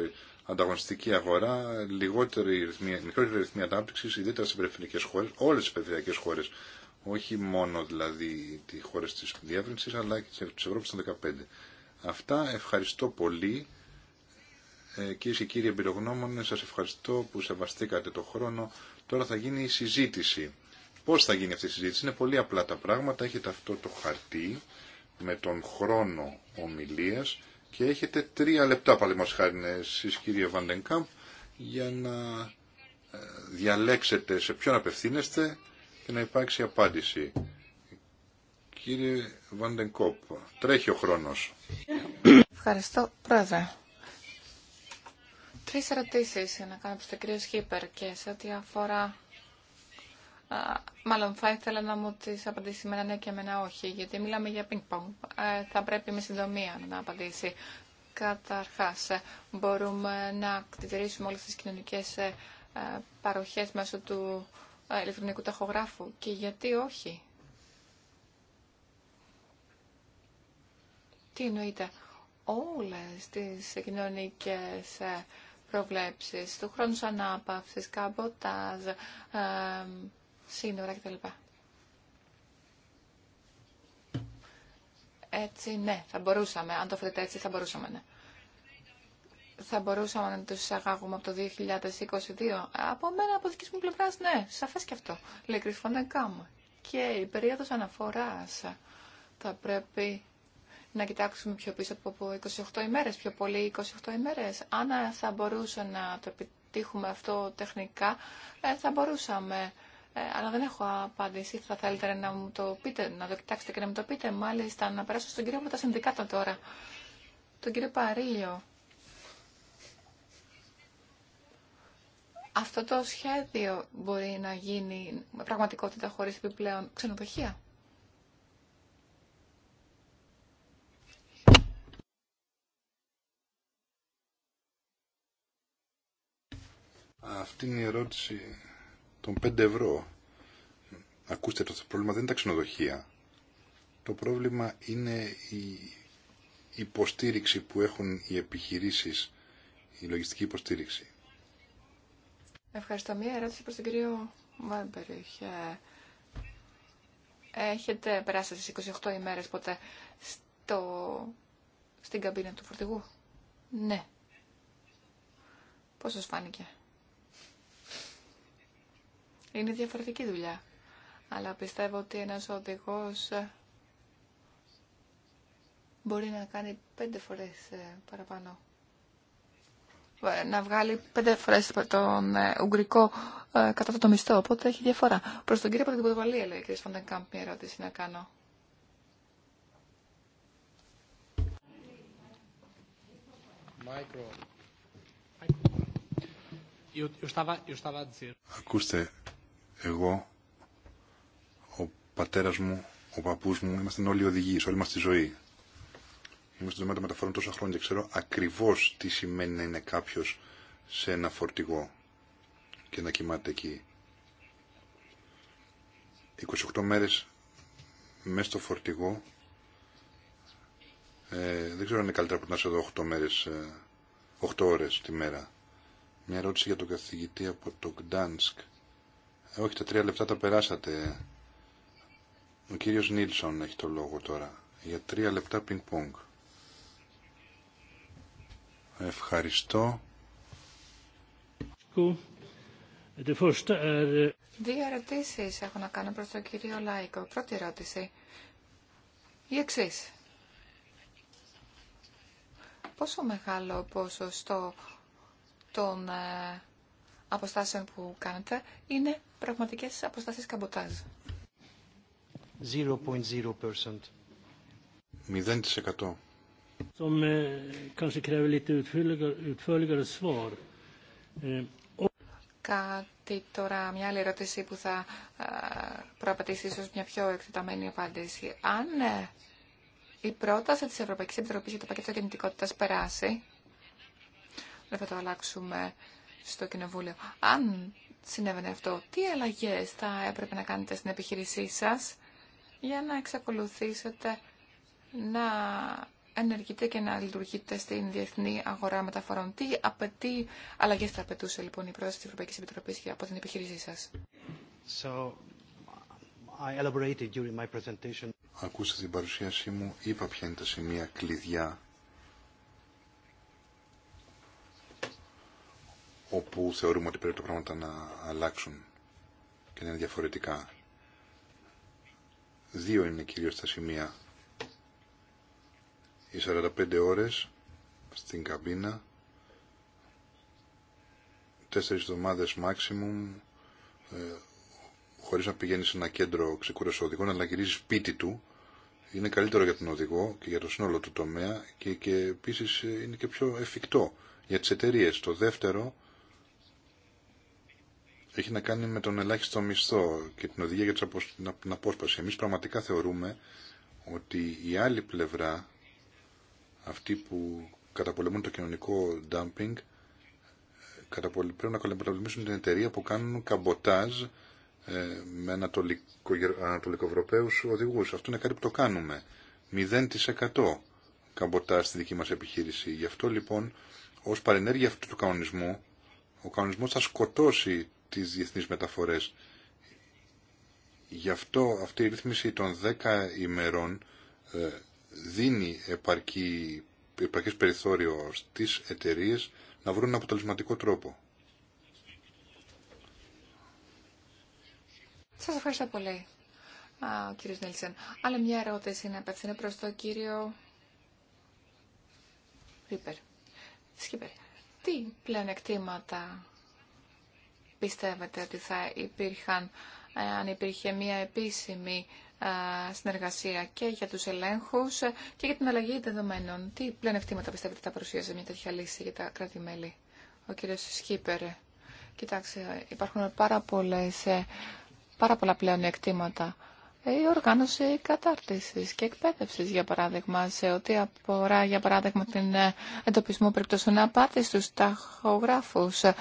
ανταγωνιστική αγορά, λιγότερη ρυθμία, μικρότερη ρυθμία ανάπτυξη, ιδιαίτερα στι περιφερειακέ χώρε, όλε τι περιφερειακέ χώρε. Όχι μόνο δηλαδή τι χώρε τη διεύρυνση, αλλά και τη Ευρώπη των 15. Αυτά ευχαριστώ πολύ. Ε, κυρίε και κύριοι εμπειρογνώμονε, σα ευχαριστώ που σεβαστήκατε το χρόνο. Τώρα θα γίνει η συζήτηση. Πώς θα γίνει αυτή η συζήτηση. Είναι πολύ απλά τα πράγματα. Έχετε αυτό το χαρτί με τον χρόνο ομιλίας και έχετε τρία λεπτά μας χάρη ναι, εσείς κύριε Βαντενκάμπ για να ε, διαλέξετε σε ποιον απευθύνεστε και να υπάρξει απάντηση. Κύριε Βαντενκόπ, τρέχει ο χρόνος. Ευχαριστώ, Πρόεδρε τρεις ερωτήσει να κάνω προς τον κύριο Σχίπερ και σε ό,τι αφορά... Α, μάλλον θα ήθελα να μου τις απαντήσει με ένα ναι και με ένα όχι, γιατί μιλάμε για πινκ-πονγκ. Ε, θα πρέπει με συντομία να απαντήσει. Καταρχάς, ε, μπορούμε να κτιτηρήσουμε όλες τις κοινωνικές παροχέ ε, παροχές μέσω του ηλεκτρονικού ταχογράφου και γιατί όχι. Τι εννοείται, όλες τις κοινωνικές προβλέψεις, του χρόνου ανάπαυσης, καμποτάζ, ε, σύνορα κτλ. Έτσι, ναι, θα μπορούσαμε. Αν το φέρετε έτσι, θα μπορούσαμε, ναι. Θα μπορούσαμε να τους εισαγάγουμε από το 2022. Από μένα, από δική μου πλευρά, ναι, Σαφέ και αυτό. Λέει ναι, μου. Και η περίοδο αναφορά θα πρέπει να κοιτάξουμε πιο πίσω από 28 ημέρες, πιο πολύ 28 ημέρες. Αν θα μπορούσαμε να το επιτύχουμε αυτό τεχνικά, ε, θα μπορούσαμε. Ε, αλλά δεν έχω απάντηση. Θα θέλετε να μου το πείτε, να το κοιτάξετε και να μου το πείτε. Μάλιστα, να περάσω στον κύριο από τα τώρα. Τον κύριο Παρίλιο. Αυτό το σχέδιο μπορεί να γίνει πραγματικότητα χωρίς επιπλέον ξενοδοχεία. Αυτή είναι η ερώτηση των 5 ευρώ. Ακούστε, το πρόβλημα δεν είναι τα ξενοδοχεία. Το πρόβλημα είναι η υποστήριξη που έχουν οι επιχειρήσεις, η λογιστική υποστήριξη. Ευχαριστώ. Μία ερώτηση προς τον κύριο Βάμπεριχ. Έχετε περάσει στις 28 ημέρες ποτέ στο... στην καμπίνα του φορτηγού. Ναι. Πώς σας φάνηκε. Είναι διαφορετική δουλειά. Αλλά πιστεύω ότι ένας οδηγός ε, μπορεί να κάνει πέντε φορές ε, παραπάνω. Ε, να βγάλει πέντε φορές τον ουγγρικό κατά το μισθό, οπότε έχει διαφορά. Προς τον κύριο Πρωτοβουλία, λέει ο κ. Φοντεγκάμπ, μια ερώτηση να κάνω. Ακούστε, εγώ, ο πατέρας μου, ο παππούς μου, είμαστε όλοι οδηγοί, όλη μας τη ζωή. Είμαστε στο τομέα μεταφορών τόσα χρόνια και ξέρω ακριβώς τι σημαίνει να είναι κάποιος σε ένα φορτηγό και να κοιμάται εκεί. 28 μέρες μέσα στο φορτηγό ε, δεν ξέρω αν είναι καλύτερα που να είσαι εδώ 8 μέρες 8 ε, ώρες τη μέρα. Μια ερώτηση για τον καθηγητή από το Gdansk. Ε, όχι, τα τρία λεπτά τα περάσατε. Ο κύριος Νίλσον έχει το λόγο τώρα. Για τρία λεπτά πινκ-πονγκ. Ευχαριστώ. Uh, Δύο ερωτήσει έχω να κάνω προς τον κύριο Λάικο. Πρώτη ερώτηση. Η εξή. Πόσο μεγάλο ποσοστό των ε, αποστάσεων που κάνετε είναι πραγματικές αποστάσεις καμποτάζ. 0%. Eh, eh, Κάτι τώρα, μια άλλη ερώτηση που θα ε, προαπαιτήσει ίσως μια πιο εκτεταμένη απάντηση. Αν ε, η πρόταση της Ευρωπαϊκής Επιτροπής για το πακέτο κινητικότητας περάσει, δεν θα το αλλάξουμε στο Κοινοβούλιο. Αν συνέβαινε αυτό, τι αλλαγέ θα έπρεπε να κάνετε στην επιχείρησή σα, για να εξακολουθήσετε να ενεργείτε και να λειτουργείτε στην διεθνή αγορά μεταφορών. Τι, απαιτεί, αλλαγές θα απαιτούσε λοιπόν η πρόταση τη Ευρωπαϊκή Επιτροπή από την επιχείρησή σα. So, την παρουσίασή μου, είπα ποια είναι τα σημεία κλειδιά όπου θεωρούμε ότι πρέπει τα πράγματα να αλλάξουν και να είναι διαφορετικά. Δύο είναι κυρίως τα σημεία. Οι 45 ώρες στην καμπίνα, τέσσερις εβδομάδες maximum, ε, χωρίς να πηγαίνει σε ένα κέντρο ξεκούρασης οδηγών, αλλά να γυρίζει σπίτι του, είναι καλύτερο για τον οδηγό και για το σύνολο του τομέα και, και επίσης ε, είναι και πιο εφικτό για τις εταιρείε. Το δεύτερο έχει να κάνει με τον ελάχιστο μισθό και την οδηγία για την απόσπαση. Εμείς πραγματικά θεωρούμε ότι η άλλη πλευρά, αυτοί που καταπολεμούν το κοινωνικό dumping, πρέπει να καταπολεμήσουν την εταιρεία που κάνουν καμποτάζ ε, με το ανατολικοευρωπαίους οδηγούς. Αυτό είναι κάτι που το κάνουμε. 0% καμποτάζ στη δική μας επιχείρηση. Γι' αυτό λοιπόν ως παρενέργεια αυτού του κανονισμού ο κανονισμός θα σκοτώσει τις διεθνείς μεταφορές. Γι' αυτό αυτή η ρύθμιση των 10 ημερών ε, δίνει επαρκή, περιθώριο στις εταιρείες να βρουν αποτελεσματικό τρόπο. Σας ευχαριστώ πολύ, ο κύριος Νίλσεν. Άλλη μια ερώτηση είναι απευθύνω προς το κύριο Ρίπερ. Σκύπερ. Τι πλέον εκτήματα, πιστεύετε ότι θα υπήρχαν, ε, αν υπήρχε μία επίσημη ε, συνεργασία και για τους ελέγχους ε, και για την αλλαγή δεδομένων. Τι πλεονεκτήματα πιστεύετε τα παρουσίαζε μια τέτοια λύση για τα κράτη-μέλη. Ο κύριος Σκύπερ, Κοιτάξτε, υπάρχουν πάρα, πολλές, πάρα πολλά πλέον εκτήματα η οργάνωση κατάρτισης και εκπαίδευσης, για παράδειγμα, σε ό,τι αφορά, για παράδειγμα, την ε, εντοπισμό περιπτώσεων απάτη στους ταχογράφους, ε,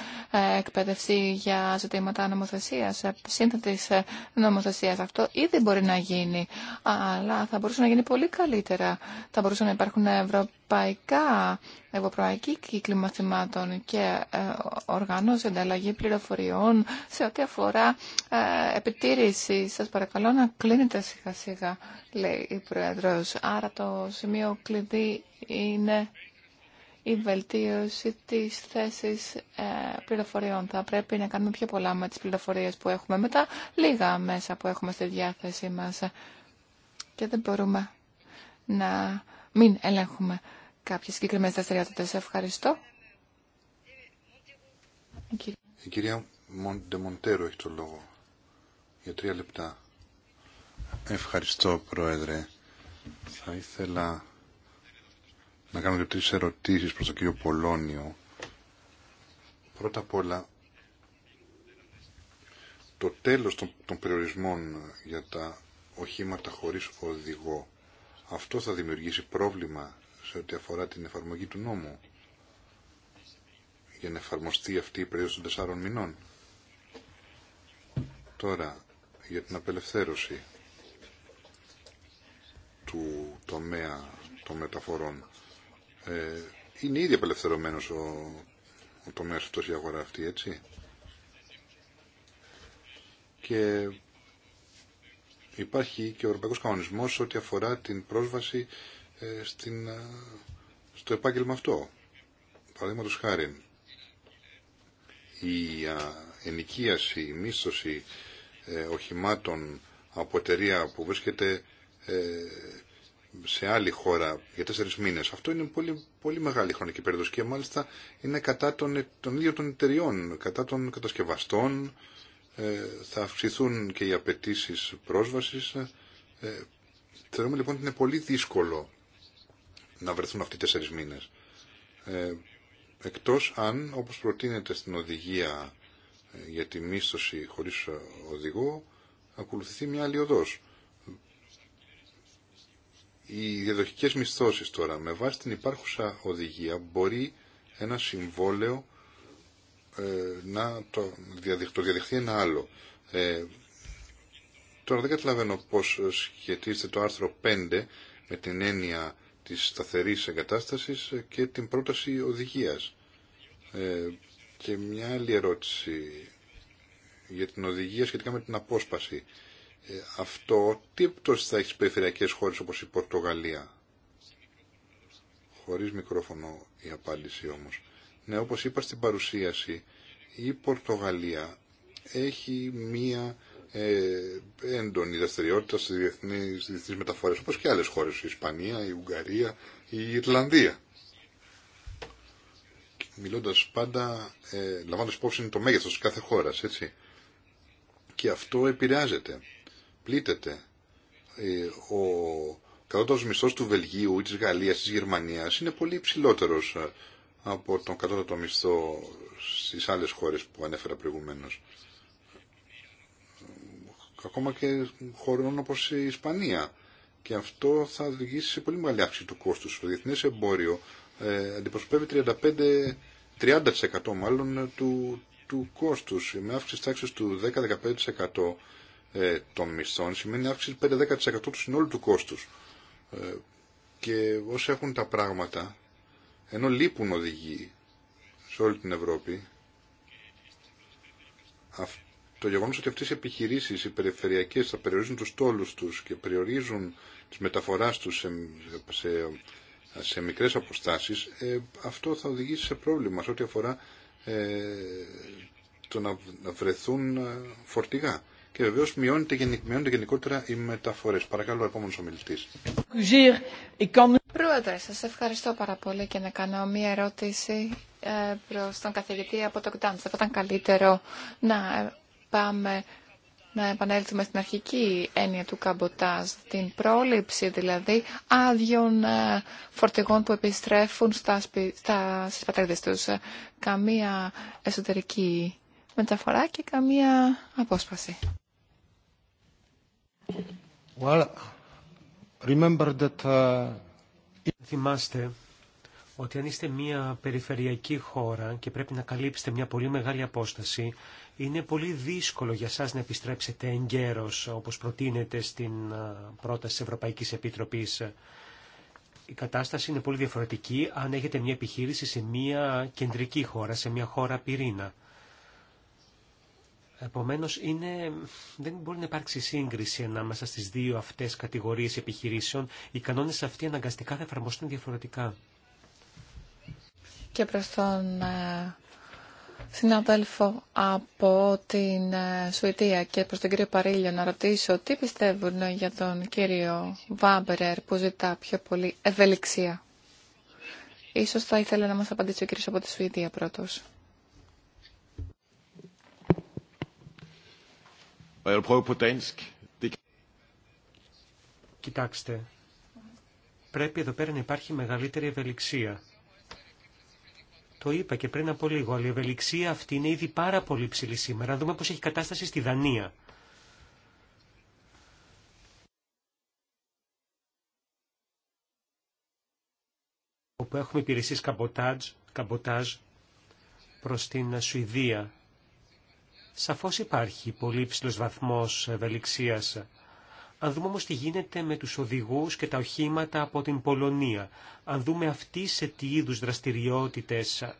εκπαίδευση για ζητήματα νομοθεσίας, ε, σύνθετης νομοθεσίας. Αυτό ήδη μπορεί να γίνει, αλλά θα μπορούσε να γίνει πολύ καλύτερα. Θα μπορούσαν να υπάρχουν ευρώ ευρωπαϊκά, ευρωπαϊκή κύκλη μαθημάτων και ε, οργανώσει ανταλλαγή πληροφοριών σε ό,τι αφορά ε, επιτήρηση. Σας παρακαλώ να κλείνετε σιγά σιγά, λέει η Πρόεδρος. Άρα το σημείο κλειδί είναι η βελτίωση της θέσης ε, πληροφοριών. Θα πρέπει να κάνουμε πιο πολλά με τις πληροφορίες που έχουμε με τα λίγα μέσα που έχουμε στη διάθεσή μας και δεν μπορούμε να μην ελέγχουμε κάποιες συγκεκριμένες δραστηριότητες. Ευχαριστώ. Η κυρία Μοντεμοντέρο έχει το λόγο για τρία λεπτά. Ευχαριστώ, Πρόεδρε. Θα ήθελα να κάνω και τρεις ερωτήσεις προς τον κύριο Πολώνιο. Πρώτα απ' όλα, το τέλος των, των περιορισμών για τα οχήματα χωρίς οδηγό αυτό θα δημιουργήσει πρόβλημα σε ό,τι αφορά την εφαρμογή του νόμου για να εφαρμοστεί αυτή η περίοδος των τεσσάρων μηνών. Τώρα, για την απελευθέρωση του τομέα των μεταφορών. Ε, είναι ήδη απελευθερωμένος ο, ο τομέας αυτός η αγορά αυτή, έτσι. Και υπάρχει και ο Ευρωπαϊκός Κανονισμός ό,τι αφορά την πρόσβαση ε, στην, ε, στο επάγγελμα αυτό. Παραδείγματο χάρη, η ενοικίαση, η μίσθωση ε, οχημάτων από εταιρεία που βρίσκεται σε άλλη χώρα για τέσσερι μήνε. Αυτό είναι πολύ, πολύ μεγάλη χρονική περίοδο και μάλιστα είναι κατά των, των ίδιων των εταιριών, κατά των κατασκευαστών, ε, θα αυξηθούν και οι απαιτήσει πρόσβασης. Ε, θεωρούμε λοιπόν ότι είναι πολύ δύσκολο να βρεθούν αυτοί οι τέσσερις μήνες. Ε, εκτός αν, όπως προτείνεται στην οδηγία για τη μίσθωση χωρίς οδηγό, ακολουθηθεί μια άλλη οδός. Οι διαδοχικές μισθώσεις τώρα, με βάση την υπάρχουσα οδηγία, μπορεί ένα συμβόλαιο ε, να το, το διαδεχθεί ένα άλλο. Ε, τώρα δεν καταλαβαίνω πώς σχετίζεται το άρθρο 5 με την έννοια της σταθερής εγκατάστασης και την πρόταση οδηγίας. Ε, και μια άλλη ερώτηση για την οδηγία σχετικά με την απόσπαση. Ε, αυτό τι επιπτώσεις θα έχει στις περιφερειακές χώρες όπως η Πορτογαλία. Χωρίς μικρόφωνο η απάντηση όμως. Ναι, όπως είπα στην παρουσίαση, η Πορτογαλία έχει μία ε, έντονη δραστηριότητα στις διεθνείς, διεθνείς μεταφορές, όπως και άλλες χώρες, η Ισπανία, η Ουγγαρία, η Ιρλανδία. Μιλώντας πάντα, ε, λαμβάνοντας υπόψη είναι το μέγεθος της κάθε χώρας, έτσι. Και αυτό επηρεάζεται, πλήττεται. Ε, ο κατώτατος μισθός του Βελγίου ή της Γαλλίας, της Γερμανίας είναι πολύ υψηλότερος ε, από τον κατώτατο μισθό στις άλλες χώρες που ανέφερα προηγουμένως. Ακόμα και χωρών όπως η Ισπανία. Και αυτό θα οδηγήσει σε πολύ μεγάλη αύξηση του κόστου. Το διεθνέ εμπόριο ε, αντιπροσωπεύει 35, 30% μάλλον του, του κόστου. Με αύξηση τάξη του 10-15% ε, των μισθών σημαίνει αύξηση 5-10% του συνόλου του κόστου. Ε, και όσοι έχουν τα πράγματα ενώ λείπουν οδηγοί σε όλη την Ευρώπη, το γεγονός ότι αυτές οι επιχειρήσεις, οι περιφερειακές, θα περιορίζουν τους τόλους τους και περιορίζουν τις μεταφοράς τους σε, σε, μικρές αποστάσεις, ε, αυτό θα οδηγήσει σε πρόβλημα σε ό,τι αφορά ε, το να βρεθούν ε, φορτηγά και βεβαίω μειώνεται, γενικότερα οι μεταφορέ. Παρακαλώ, επόμενο ομιλητή. Πρόεδρε, σα ευχαριστώ πάρα πολύ και να κάνω μία ερώτηση ε, προ τον καθηγητή από το Κτάντ. Θα ήταν καλύτερο να ε, πάμε να επανέλθουμε στην αρχική έννοια του καμποτάζ, την πρόληψη δηλαδή άδειων ε, φορτηγών που επιστρέφουν στα, σπι... στα... στις πατρίδες τους. Καμία εσωτερική μεταφορά και καμία απόσπαση. Well, uh, Θυμάστε ότι αν είστε μια περιφερειακή χώρα και πρέπει να καλύψετε μια πολύ μεγάλη απόσταση, είναι πολύ δύσκολο για σας να επιστρέψετε εγκαίρως, όπως προτείνεται στην πρόταση της Ευρωπαϊκής Επιτροπής. Η κατάσταση είναι πολύ διαφορετική αν έχετε μια επιχείρηση σε μια κεντρική χώρα, σε μια χώρα πυρήνα. Επομένως, είναι, δεν μπορεί να υπάρξει σύγκριση ανάμεσα στις δύο αυτές κατηγορίες επιχειρήσεων. Οι κανόνες αυτοί αναγκαστικά θα εφαρμοστούν διαφορετικά. Και προς τον ε, συναδέλφο από την ε, Σουηδία και προς τον κύριο Παρίλιο να ρωτήσω τι πιστεύουν για τον κύριο Βάμπερερ που ζητά πιο πολύ ευελιξία. Ίσως θα ήθελα να μας απαντήσει ο κύριος από τη Σουηδία πρώτος. Κοιτάξτε, πρέπει εδώ πέρα να υπάρχει μεγαλύτερη ευελιξία. Το είπα και πριν από λίγο, αλλά η ευελιξία αυτή είναι ήδη πάρα πολύ ψηλή σήμερα. δούμε πώς έχει κατάσταση στη Δανία. Όπου έχουμε υπηρεσίες καμποτάζ, καμποτάζ προς την Σουηδία, Σαφώς υπάρχει πολύ ψηλό βαθμός ευελιξίας. Αν δούμε όμως τι γίνεται με τους οδηγούς και τα οχήματα από την Πολωνία, αν δούμε αυτοί σε τι είδους δραστηριότητες, ε,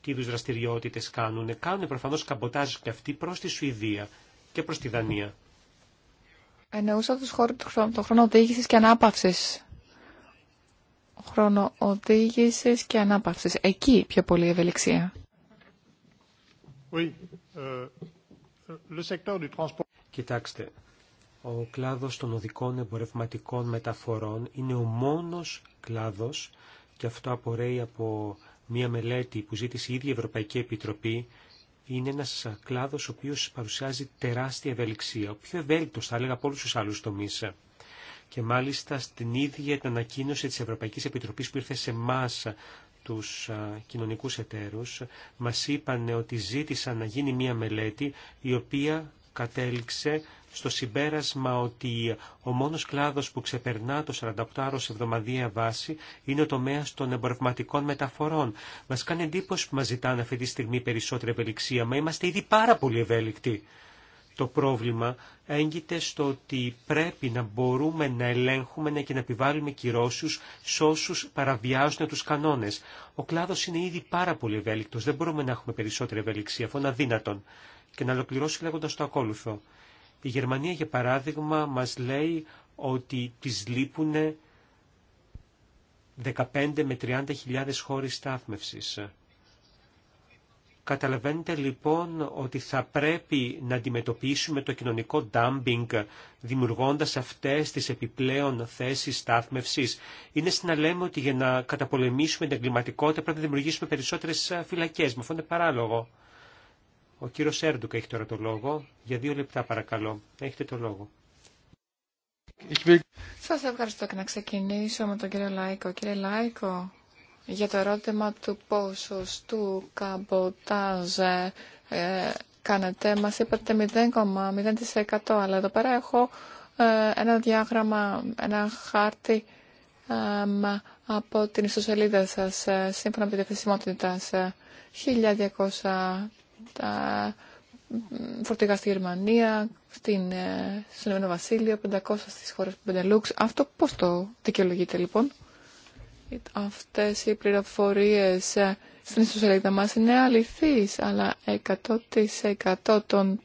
τι είδους δραστηριότητες κάνουν, κάνουν προφανώς καμποτάζ και αυτοί προς τη Σουηδία και προς τη Δανία. Εννοούσα τους χώρους, το χρόνο οδήγησης και ανάπαυσης. Χρόνο οδήγησης και ανάπαυσης. Εκεί πιο πολύ ευελιξία. Euh, Κοιτάξτε, ο κλάδος των οδικών εμπορευματικών μεταφορών είναι ο μόνος κλάδος και αυτό απορρέει από μια μελέτη που ζήτησε η ίδια η Ευρωπαϊκή Επιτροπή είναι ένας κλάδος ο οποίος παρουσιάζει τεράστια ευελιξία, ο πιο ευέλικτος θα έλεγα από όλους τους άλλους τομείς. Και μάλιστα στην ίδια την ανακοίνωση της Ευρωπαϊκής Επιτροπής που ήρθε σε εμά τους κοινωνικούς εταίρους, μας είπαν ότι ζήτησαν να γίνει μία μελέτη η οποία κατέληξε στο συμπέρασμα ότι ο μόνος κλάδος που ξεπερνά το 48ωρο σε βάση είναι ο τομέας των εμπορευματικών μεταφορών. Μας κάνει εντύπωση που μας ζητάνε αυτή τη στιγμή περισσότερη ευελιξία, μα είμαστε ήδη πάρα πολύ ευέλικτοι. Το πρόβλημα έγκυται στο ότι πρέπει να μπορούμε να ελέγχουμε και να επιβάλλουμε κυρώσεις σε όσους παραβιάζουν τους κανόνες. Ο κλάδος είναι ήδη πάρα πολύ ευέλικτος, δεν μπορούμε να έχουμε περισσότερη ευελιξία, αφού είναι αδύνατον. Και να ολοκληρώσω λέγοντα το ακόλουθο. Η Γερμανία, για παράδειγμα, μας λέει ότι τις λείπουν 15 με 30 χιλιάδες χώρες στάθμευσης. Καταλαβαίνετε λοιπόν ότι θα πρέπει να αντιμετωπίσουμε το κοινωνικό dumping δημιουργώντας αυτές τις επιπλέον θέσεις στάθμευσης. Είναι σαν να λέμε ότι για να καταπολεμήσουμε την εγκληματικότητα πρέπει να δημιουργήσουμε περισσότερες φυλακές. αυτό είναι παράλογο. Ο κύριος Έρντουκ έχει τώρα το λόγο. Για δύο λεπτά παρακαλώ. Έχετε το λόγο. Σας ευχαριστώ και να ξεκινήσω με τον κύριο Λάικο. Κύριε Λάικο, για το ερώτημα του ποσοστού καμποτάζ ε, κάνετε. Μας είπατε 0,0% αλλά εδώ πέρα έχω ε, ένα διάγραμμα, ένα χάρτη ε, από την ιστοσελίδα σας ε, σύμφωνα με τη διαθεσιμότητά σε 1.200 τα φορτηγά στη Γερμανία, στην, στον Βασίλειο, 500 στις χώρες Πεντελούξ. Αυτό πώς το δικαιολογείτε λοιπόν αυτές οι πληροφορίες ε, στην ιστοσελίδα μας είναι αληθείς, αλλά 100% των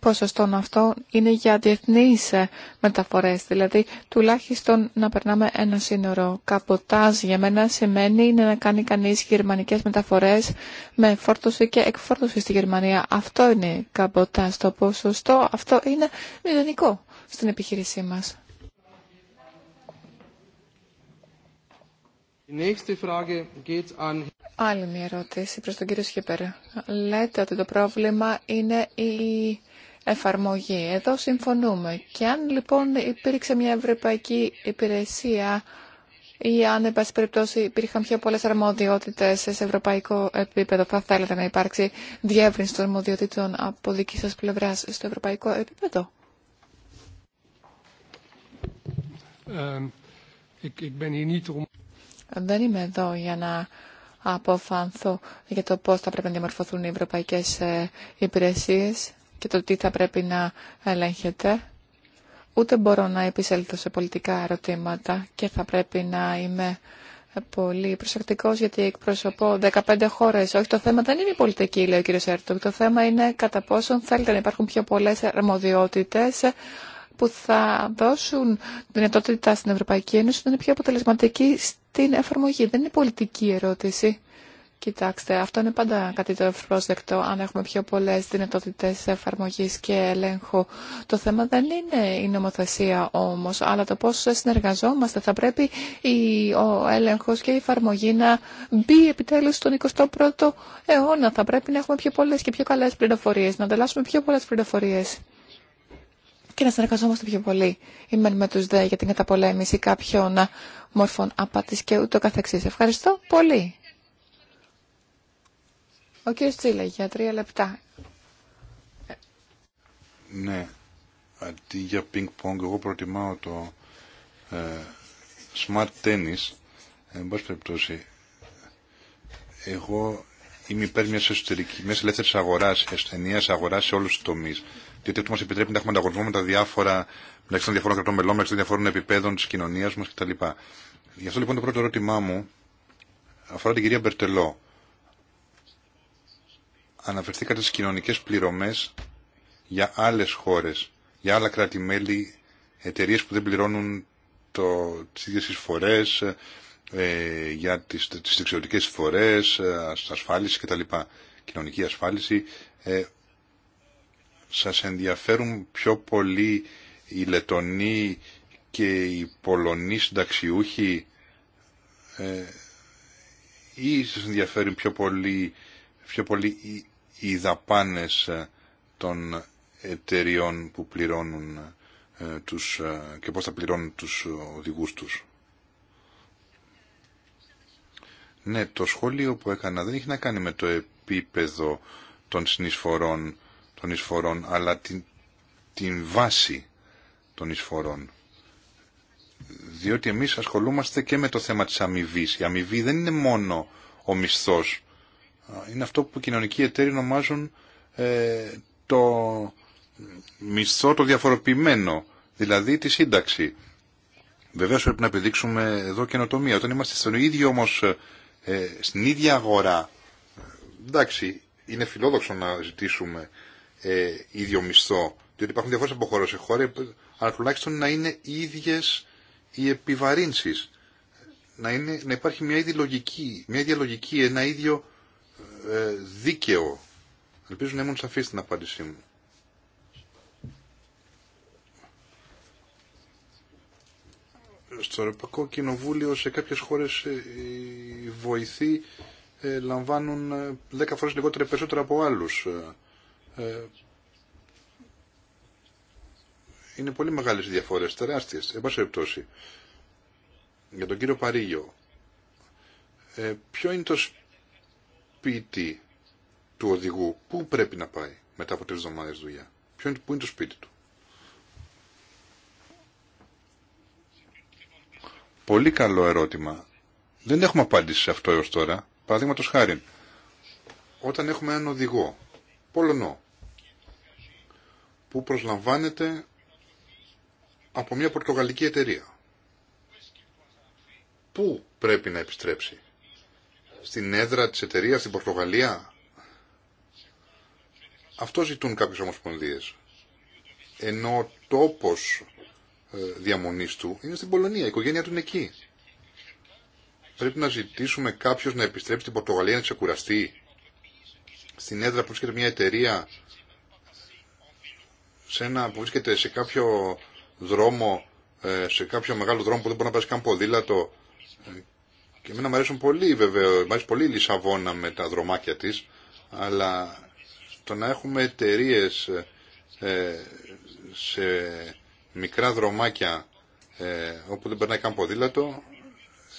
ποσοστών αυτών είναι για διεθνείς ε, μεταφορές, δηλαδή τουλάχιστον να περνάμε ένα σύνορο. Καποτάζ για μένα σημαίνει να κάνει κανείς γερμανικές μεταφορές με φόρτωση και εκφόρτωση στη Γερμανία. Αυτό είναι καποτάζ, το ποσοστό αυτό είναι μηδενικό στην επιχείρησή μας. Άλλη μια ερώτηση προς τον κύριο Σχίπερ. Λέτε ότι το πρόβλημα είναι η εφαρμογή. Εδώ συμφωνούμε. Και αν λοιπόν υπήρξε μια ευρωπαϊκή υπηρεσία ή αν, εν πάση περιπτώσει, υπήρχαν πιο πολλές αρμοδιότητες σε ευρωπαϊκό επίπεδο, θα θέλετε να υπάρξει διεύρυνση των αρμοδιοτήτων από δική σας πλευράς στο ευρωπαϊκό επίπεδο. Δεν είμαι εδώ για να αποφανθώ για το πώς θα πρέπει να διαμορφωθούν οι ευρωπαϊκές ε, υπηρεσίες και το τι θα πρέπει να ελέγχεται. Ούτε μπορώ να επισέλθω σε πολιτικά ερωτήματα και θα πρέπει να είμαι πολύ προσεκτικός γιατί εκπροσωπώ 15 χώρες. Όχι, το θέμα δεν είναι η πολιτική, λέει ο κύριος Έρτογκ. Το θέμα είναι κατά πόσον θέλετε να υπάρχουν πιο πολλές αρμοδιότητες που θα δώσουν δυνατότητα στην Ευρωπαϊκή Ένωση να είναι πιο αποτελεσματική στην εφαρμογή. Δεν είναι πολιτική ερώτηση. Κοιτάξτε, αυτό είναι πάντα κάτι το ευπρόσδεκτο, αν έχουμε πιο πολλές δυνατότητες εφαρμογής και ελέγχου. Το θέμα δεν είναι η νομοθεσία όμως, αλλά το πώς συνεργαζόμαστε. Θα πρέπει η, ο έλεγχος και η εφαρμογή να μπει επιτέλους στον 21ο αιώνα. Θα πρέπει να έχουμε πιο πολλές και πιο καλές πληροφορίες, να ανταλλάσσουμε πιο πολλές πληροφορίες και να συνεργαζόμαστε πιο πολύ είμαι με τους ΔΕ για την καταπολέμηση κάποιων μόρφων απάτης και ούτω καθεξής. Ευχαριστώ πολύ. Ο κύριο Τσίλε για τρία λεπτά. Ναι, αντί για πινκ πονγκ εγώ προτιμάω το ε, smart tennis. Ε, εν περιπτώσει, εγώ είμαι υπέρ μιας εσωτερικής, μια ελεύθερης αγοράς, ασθενεία αγοράς σε όλους τους τομείς γιατί αυτό μα επιτρέπει να έχουμε ανταγωνισμό με τα διάφορα, μεταξύ των διαφορών κρατών μελών, μεταξύ των διαφορών επιπέδων τη κοινωνία μα κτλ. Γι' αυτό λοιπόν το πρώτο ερώτημά μου αφορά την κυρία Μπερτελό. Αναφερθήκατε στι κοινωνικέ πληρωμέ για άλλε χώρε, για άλλα κράτη-μέλη, εταιρείε που δεν πληρώνουν τι ίδιε εισφορέ, ε, για τις, τις δεξιωτικές φορές, ε, ασφάλιση κτλ. Κοινωνική ασφάλιση. Ε, σας ενδιαφέρουν πιο πολύ οι Λετονοί και οι Πολωνοί συνταξιούχοι ε, ή σας ενδιαφέρουν πιο πολύ, πιο πολύ οι, οι δαπάνες ε, των εταιριών που πληρώνουν ε, τους, ε, και πώς θα πληρώνουν τους οδηγούς τους. Ναι, το σχόλιο που έκανα δεν έχει να κάνει με το επίπεδο των συνεισφορών των εισφορών, αλλά την, την βάση των εισφορών. Διότι εμείς ασχολούμαστε και με το θέμα της αμοιβή. Η αμοιβή δεν είναι μόνο ο μισθός. Είναι αυτό που οι κοινωνικοί εταίροι ονομάζουν ε, το μισθό το διαφοροποιημένο, δηλαδή τη σύνταξη. Βεβαίως πρέπει να επιδείξουμε εδώ καινοτομία. Όταν είμαστε στον ίδιο όμως, ε, στην ίδια αγορά, εντάξει, είναι φιλόδοξο να ζητήσουμε ε, ίδιο μισθό. Διότι υπάρχουν διαφορέ από χώρα σε χώρα, αλλά τουλάχιστον να είναι οι οι επιβαρύνσεις. Να, είναι, να υπάρχει μια ίδια λογική, μια ίδια λογική ένα ίδιο ε, δίκαιο. Ελπίζω να ήμουν σαφή στην απάντησή μου. Στο Ευρωπαϊκό Κοινοβούλιο σε κάποιες χώρες ε, οι βοηθοί ε, λαμβάνουν 10 ε, φορές λιγότερα περισσότερα από άλλους. Ε, είναι πολύ μεγάλες διαφορές, τεράστιες. Εν πάση για τον κύριο Παρίγιο, ε, ποιο είναι το σπίτι του οδηγού, πού πρέπει να πάει μετά από τρεις εβδομάδες δουλειά, ποιο είναι, πού είναι το σπίτι του. Πολύ καλό ερώτημα. Δεν έχουμε απάντηση σε αυτό έως τώρα. Παραδείγματο χάρη, όταν έχουμε έναν οδηγό, Πολωνό, που προσλαμβάνεται από μια πορτογαλική εταιρεία. Πού πρέπει να επιστρέψει. Στην έδρα της εταιρείας στην Πορτογαλία. Αυτό ζητούν κάποιες ομοσπονδίες. Ενώ ο τόπος ε, διαμονής του είναι στην Πολωνία. Η οικογένεια του είναι εκεί. Πρέπει να ζητήσουμε κάποιος να επιστρέψει στην Πορτογαλία να ξεκουραστεί. Στην έδρα που βρίσκεται μια εταιρεία σε ένα, που βρίσκεται σε κάποιο δρόμο, ε, σε κάποιο μεγάλο δρόμο που δεν μπορεί να πάρει καν ποδήλατο. Ε, και εμένα μου αρέσουν πολύ βέβαια, μου αρέσει πολύ η Λισαβόνα με τα δρομάκια τη, αλλά το να έχουμε εταιρείε ε, σε μικρά δρομάκια όπου δεν περνάει καν ποδήλατο,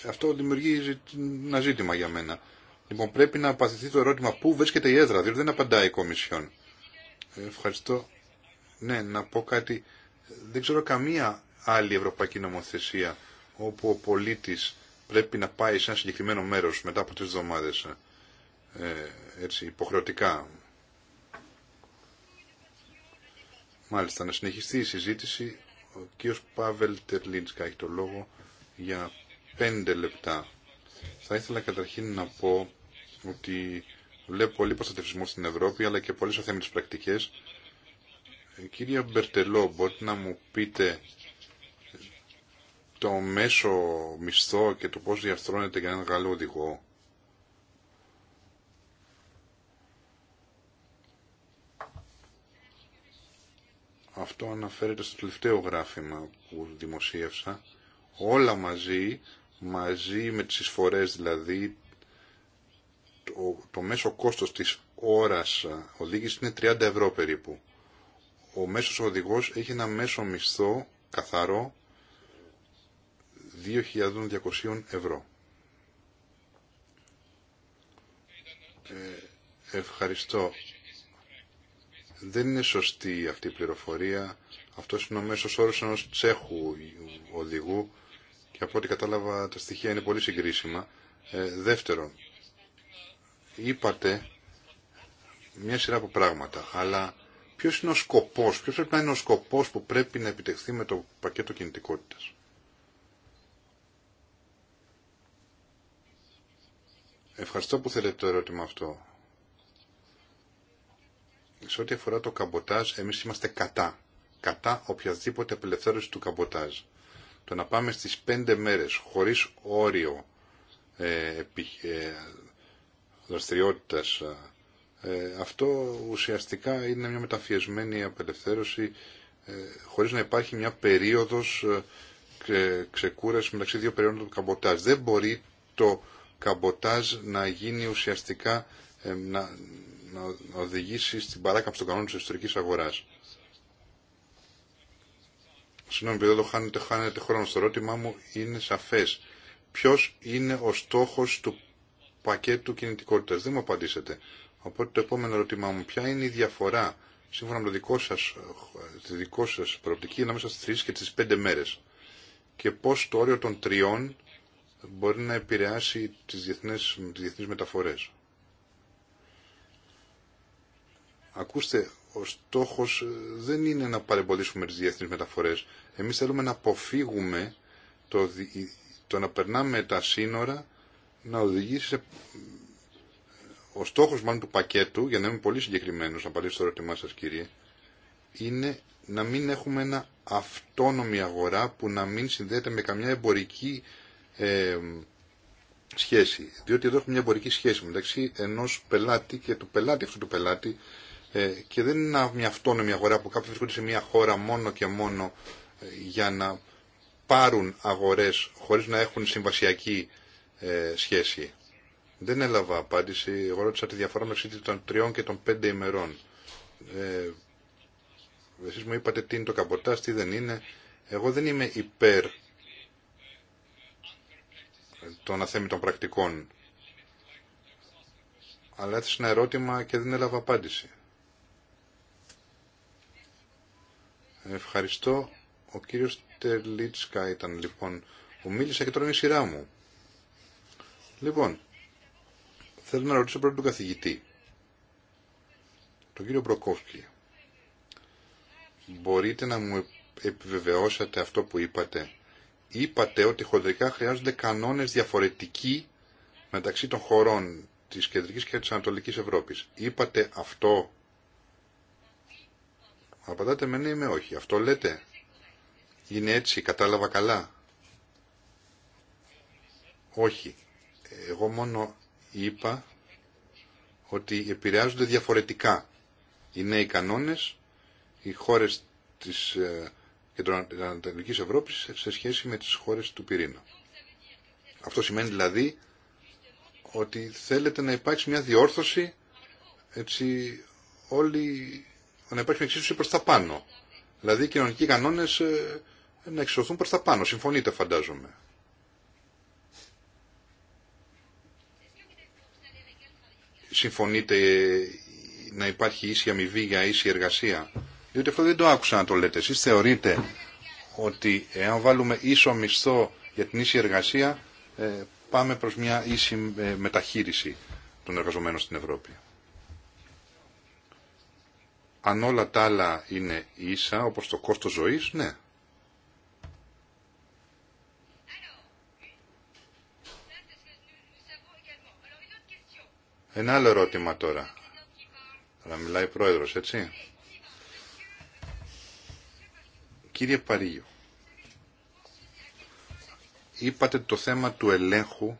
αυτό δημιουργεί ένα ζήτημα για μένα. Λοιπόν, πρέπει να απαντηθεί το ερώτημα πού βρίσκεται η έδρα, διότι δεν απαντάει η Κομισιόν. Ευχαριστώ. Ναι, να πω κάτι. Δεν ξέρω καμία άλλη ευρωπαϊκή νομοθεσία όπου ο πολίτης πρέπει να πάει σε ένα συγκεκριμένο μέρος μετά από τρεις εβδομάδες. Ε, ε, υποχρεωτικά. Μάλιστα, να συνεχιστεί η συζήτηση. Ο κ. Πάβελ Τερλίντσκα έχει το λόγο για πέντε λεπτά. Θα ήθελα καταρχήν να πω ότι βλέπω πολύ προστατευσμό στην Ευρώπη αλλά και πολλές αθέμενε πρακτικές ε, κύριε Μπερτελό, μπορείτε να μου πείτε το μέσο μισθό και το πώς διαρθρώνεται για έναν καλό οδηγό. Αυτό αναφέρεται στο τελευταίο γράφημα που δημοσίευσα. Όλα μαζί, μαζί με τις εισφορές δηλαδή, το, το μέσο κόστος της ώρας οδήγησης είναι 30 ευρώ περίπου ο μέσος οδηγός έχει ένα μέσο μισθό καθαρό 2.200 ευρώ. Ε, ευχαριστώ. Δεν είναι σωστή αυτή η πληροφορία. Αυτός είναι ο μέσος όρος ενός τσέχου οδηγού και από ό,τι κατάλαβα τα στοιχεία είναι πολύ συγκρίσιμα. Ε, δεύτερον, είπατε μια σειρά από πράγματα, αλλά ποιος είναι ο σκοπός, ποιος πρέπει να είναι ο σκοπός που πρέπει να επιτευχθεί με το πακέτο κινητικότητας. Ευχαριστώ που θέλετε το ερώτημα αυτό. Σε ό,τι αφορά το καμποτάζ, εμείς είμαστε κατά. Κατά οποιασδήποτε απελευθέρωση του καμποτάζ. Το να πάμε στις πέντε μέρες χωρίς όριο ε, ε δραστηριότητας ε, ε, αυτό ουσιαστικά είναι μια μεταφιεσμένη απελευθέρωση ε, χωρίς να υπάρχει μια περίοδος ε, ξεκούραση μεταξύ δύο περιόδων του καμποτάζ. Δεν μπορεί το καμποτάζ να γίνει ουσιαστικά να, να οδηγήσει στην παράκαμψη των κανόνων της ιστορικής αγοράς. Συγγνώμη, χάνετε, χάνετε χρόνο στο ερώτημά μου, είναι σαφές. Ποιος είναι ο στόχος του πακέτου κινητικότητας. Δεν μου απαντήσετε. Οπότε το επόμενο ερώτημά μου, ποια είναι η διαφορά σύμφωνα με το δικό σας, τη δικό σας προοπτική ανάμεσα στις τρεις και τις πέντε μέρες και πώς το όριο των τριών μπορεί να επηρεάσει τις διεθνείς, τις μεταφορές. Ακούστε, ο στόχος δεν είναι να παρεμποδίσουμε τις διεθνείς μεταφορές. Εμείς θέλουμε να αποφύγουμε το, το να περνάμε τα σύνορα να οδηγήσει σε ο στόχο μάλλον του πακέτου, για να είμαι πολύ συγκεκριμένο, να απαντήσω στο ερώτημά σα κύριε, είναι να μην έχουμε ένα αυτόνομη αγορά που να μην συνδέεται με καμιά εμπορική ε, σχέση. Διότι εδώ έχουμε μια εμπορική σχέση μεταξύ ενό πελάτη και του πελάτη αυτού του πελάτη ε, και δεν είναι μια αυτόνομη αγορά που κάποιοι βρίσκονται σε μια χώρα μόνο και μόνο ε, για να πάρουν αγορές χωρίς να έχουν συμβασιακή ε, σχέση. Δεν έλαβα απάντηση. Εγώ ρώτησα τη διαφορά μεταξύ των τριών και των πέντε ημερών. Ε, εσείς μου είπατε τι είναι το καμποτάς, τι δεν είναι. Εγώ δεν είμαι υπέρ των αθέμητων πρακτικών. Αλλά έθεσε ένα ερώτημα και δεν έλαβα απάντηση. Ευχαριστώ. Ο κύριος Τελίτσκα ήταν λοιπόν που μίλησε και τώρα είναι η σειρά μου. Λοιπόν, Θέλω να ρωτήσω πρώτα τον καθηγητή, τον κύριο Μπροκόφσκι. Μπορείτε να μου επιβεβαιώσετε αυτό που είπατε. Είπατε ότι χοντρικά χρειάζονται κανόνες διαφορετικοί μεταξύ των χωρών της Κεντρικής και της Ανατολικής Ευρώπης. Είπατε αυτό. Απαντάτε με ναι ή με όχι. Αυτό λέτε. Είναι έτσι. Κατάλαβα καλά. Όχι. Εγώ μόνο είπα ότι επηρεάζονται διαφορετικά οι νέοι κανόνες, οι χώρες της ε, Κεντροανατολικής Ευρώπης σε σχέση με τις χώρες του πυρήνα. Αυτό σημαίνει δηλαδή ότι θέλετε να υπάρξει μια διόρθωση έτσι όλοι να υπάρχει εξίσωση προς τα πάνω. Δηλαδή οι κοινωνικοί κανόνες ε, να εξισωθούν προς τα πάνω. Συμφωνείτε φαντάζομαι. συμφωνείτε να υπάρχει ίση αμοιβή για ίση εργασία. Διότι αυτό δεν το άκουσα να το λέτε. Εσείς θεωρείτε ότι εάν βάλουμε ίσο μισθό για την ίση εργασία ε, πάμε προς μια ίση ε, μεταχείριση των εργαζομένων στην Ευρώπη. Αν όλα τα άλλα είναι ίσα, όπως το κόστος ζωής, ναι. Ένα άλλο ερώτημα τώρα. Αλλά μιλάει πρόεδρος, έτσι. Κύριε Παρίγιο, είπατε το θέμα του ελέγχου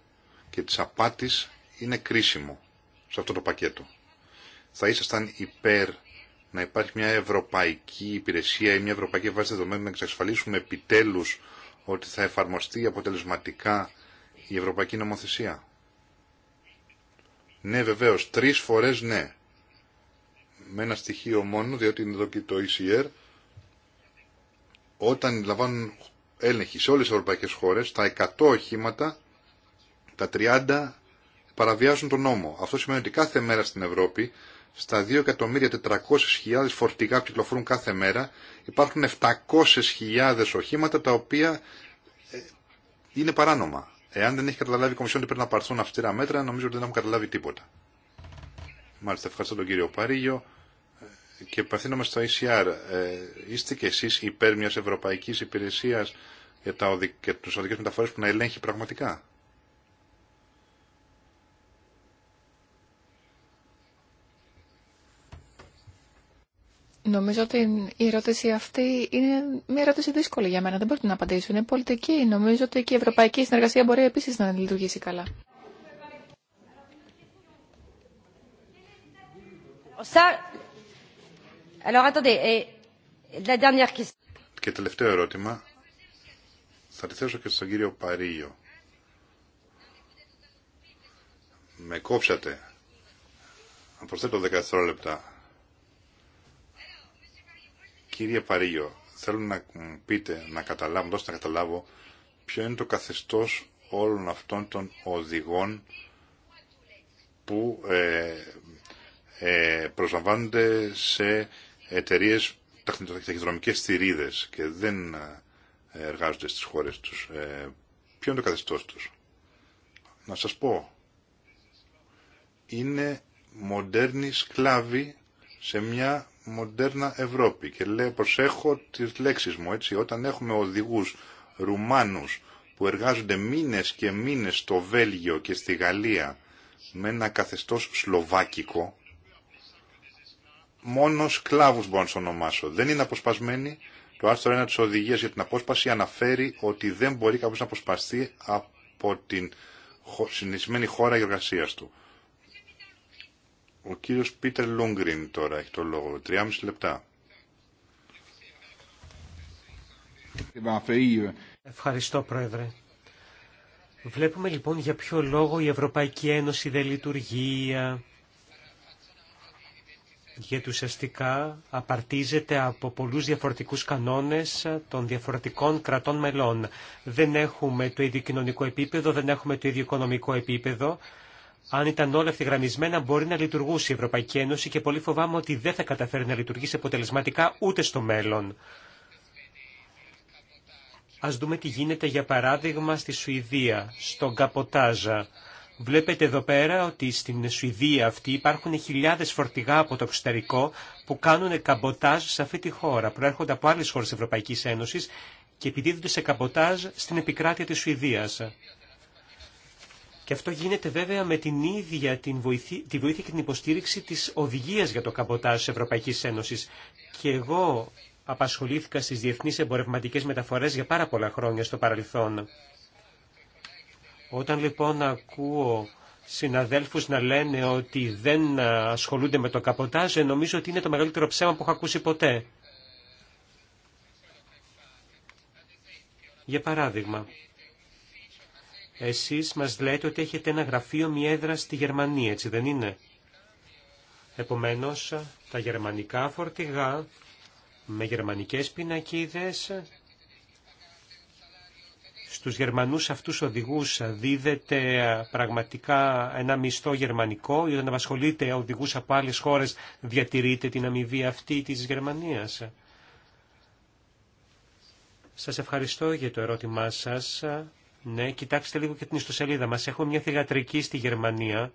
και της απάτης είναι κρίσιμο σε αυτό το πακέτο. Θα ήσασταν υπέρ να υπάρχει μια ευρωπαϊκή υπηρεσία ή μια ευρωπαϊκή βάση δεδομένων να εξασφαλίσουμε επιτέλους ότι θα εφαρμοστεί αποτελεσματικά η ευρωπαϊκή νομοθεσία. Ναι, βεβαίως, τρεις φορές ναι. Με ένα στοιχείο μόνο, διότι είναι εδώ και το ECR, όταν λαμβάνουν έλεγχοι σε όλες τις ευρωπαϊκές χώρες, τα 100 οχήματα, τα 30 παραβιάζουν τον νόμο. Αυτό σημαίνει ότι κάθε μέρα στην Ευρώπη, στα 2.400.000 φορτηγά που κυκλοφορούν κάθε μέρα, υπάρχουν 700.000 οχήματα τα οποία ε, είναι παράνομα. Εάν δεν έχει καταλάβει η Κομισιόν ότι πρέπει να πάρθουν αυστηρά μέτρα, νομίζω ότι δεν έχουν καταλάβει τίποτα. Μάλιστα, ευχαριστώ τον κύριο Παρίγιο. Και επαφήνομαι στο ECR. Ε, είστε και εσεί υπέρ μια Ευρωπαϊκή Υπηρεσία για, τα οδικ... για οδικές μεταφορές που να ελέγχει πραγματικά. Νομίζω ότι η ερώτηση αυτή είναι μια ερώτηση δύσκολη για μένα. Δεν μπορείτε να απαντήσω. Είναι πολιτική. Νομίζω ότι και η ευρωπαϊκή συνεργασία μπορεί επίσης να λειτουργήσει καλά. Και τελευταίο ερώτημα. Θα τη θέσω και στον κύριο Παρίγιο. Με κόψατε. Αν προσθέτω 14 λεπτά. Κύριε Παρίγιο, θέλω να πείτε, να καταλάβω, δώστε να καταλάβω, ποιο είναι το καθεστώς όλων αυτών των οδηγών που ε, ε, προσλαμβάνονται σε εταιρείες ταχυδρομικές θηρίδες και δεν ε, εργάζονται στις χώρες τους. Ε, ποιο είναι το καθεστώς τους. Να σας πω. Είναι μοντέρνοι σκλάβοι σε μια μοντέρνα Ευρώπη. Και λέει, προσέχω τις λέξεις μου, έτσι, όταν έχουμε οδηγούς Ρουμάνους που εργάζονται μήνες και μήνες στο Βέλγιο και στη Γαλλία με ένα καθεστώς σλοβάκικο, μόνο σκλάβου μπορώ να του ονομάσω. Δεν είναι αποσπασμένοι. Το άρθρο 1 τη οδηγία για την απόσπαση αναφέρει ότι δεν μπορεί κάποιο να αποσπαστεί από την συνηθισμένη χώρα εργασία του. Ο κύριος Πίτερ Λούγκριν τώρα έχει το λόγο. 3,5 λεπτά. Ευχαριστώ Πρόεδρε. Βλέπουμε λοιπόν για ποιο λόγο η Ευρωπαϊκή Ένωση δεν λειτουργεί, γιατί ουσιαστικά απαρτίζεται από πολλούς διαφορετικούς κανόνες των διαφορετικών κρατών μελών. Δεν έχουμε το ίδιο κοινωνικό επίπεδο, δεν έχουμε το ίδιο οικονομικό επίπεδο, αν ήταν όλα ευθυγραμμισμένα, μπορεί να λειτουργούσε η Ευρωπαϊκή Ένωση και πολύ φοβάμαι ότι δεν θα καταφέρει να λειτουργήσει αποτελεσματικά ούτε στο μέλλον. Ας δούμε τι γίνεται για παράδειγμα στη Σουηδία, στον Καποτάζα. Βλέπετε εδώ πέρα ότι στην Σουηδία αυτή υπάρχουν χιλιάδες φορτηγά από το εξωτερικό που κάνουν καμποτάζ σε αυτή τη χώρα. Προέρχονται από άλλες χώρες Ευρωπαϊκής Ένωσης και επιδίδονται σε καμποτάζ στην επικράτεια της Σουηδίας. Και αυτό γίνεται βέβαια με την ίδια την τη βοήθεια και την υποστήριξη της οδηγίας για το καμποτάζ της Ευρωπαϊκής Ένωσης. Και εγώ απασχολήθηκα στις διεθνείς εμπορευματικές μεταφορές για πάρα πολλά χρόνια στο παρελθόν. Όταν λοιπόν ακούω συναδέλφους να λένε ότι δεν ασχολούνται με το καποτάζ, νομίζω ότι είναι το μεγαλύτερο ψέμα που έχω ακούσει ποτέ. Για παράδειγμα, εσείς μας λέτε ότι έχετε ένα γραφείο, μη στη Γερμανία, έτσι δεν είναι. Επομένως, τα γερμανικά φορτηγά με γερμανικές πινακίδες στους Γερμανούς αυτούς οδηγούς δίδεται πραγματικά ένα μισθό γερμανικό ή όταν απασχολείται οδηγούς από άλλες χώρες διατηρείται την αμοιβή αυτή της Γερμανίας. Σας ευχαριστώ για το ερώτημά σας. Ναι, κοιτάξτε λίγο και την ιστοσελίδα μας. Έχουμε μια θηγατρική στη Γερμανία,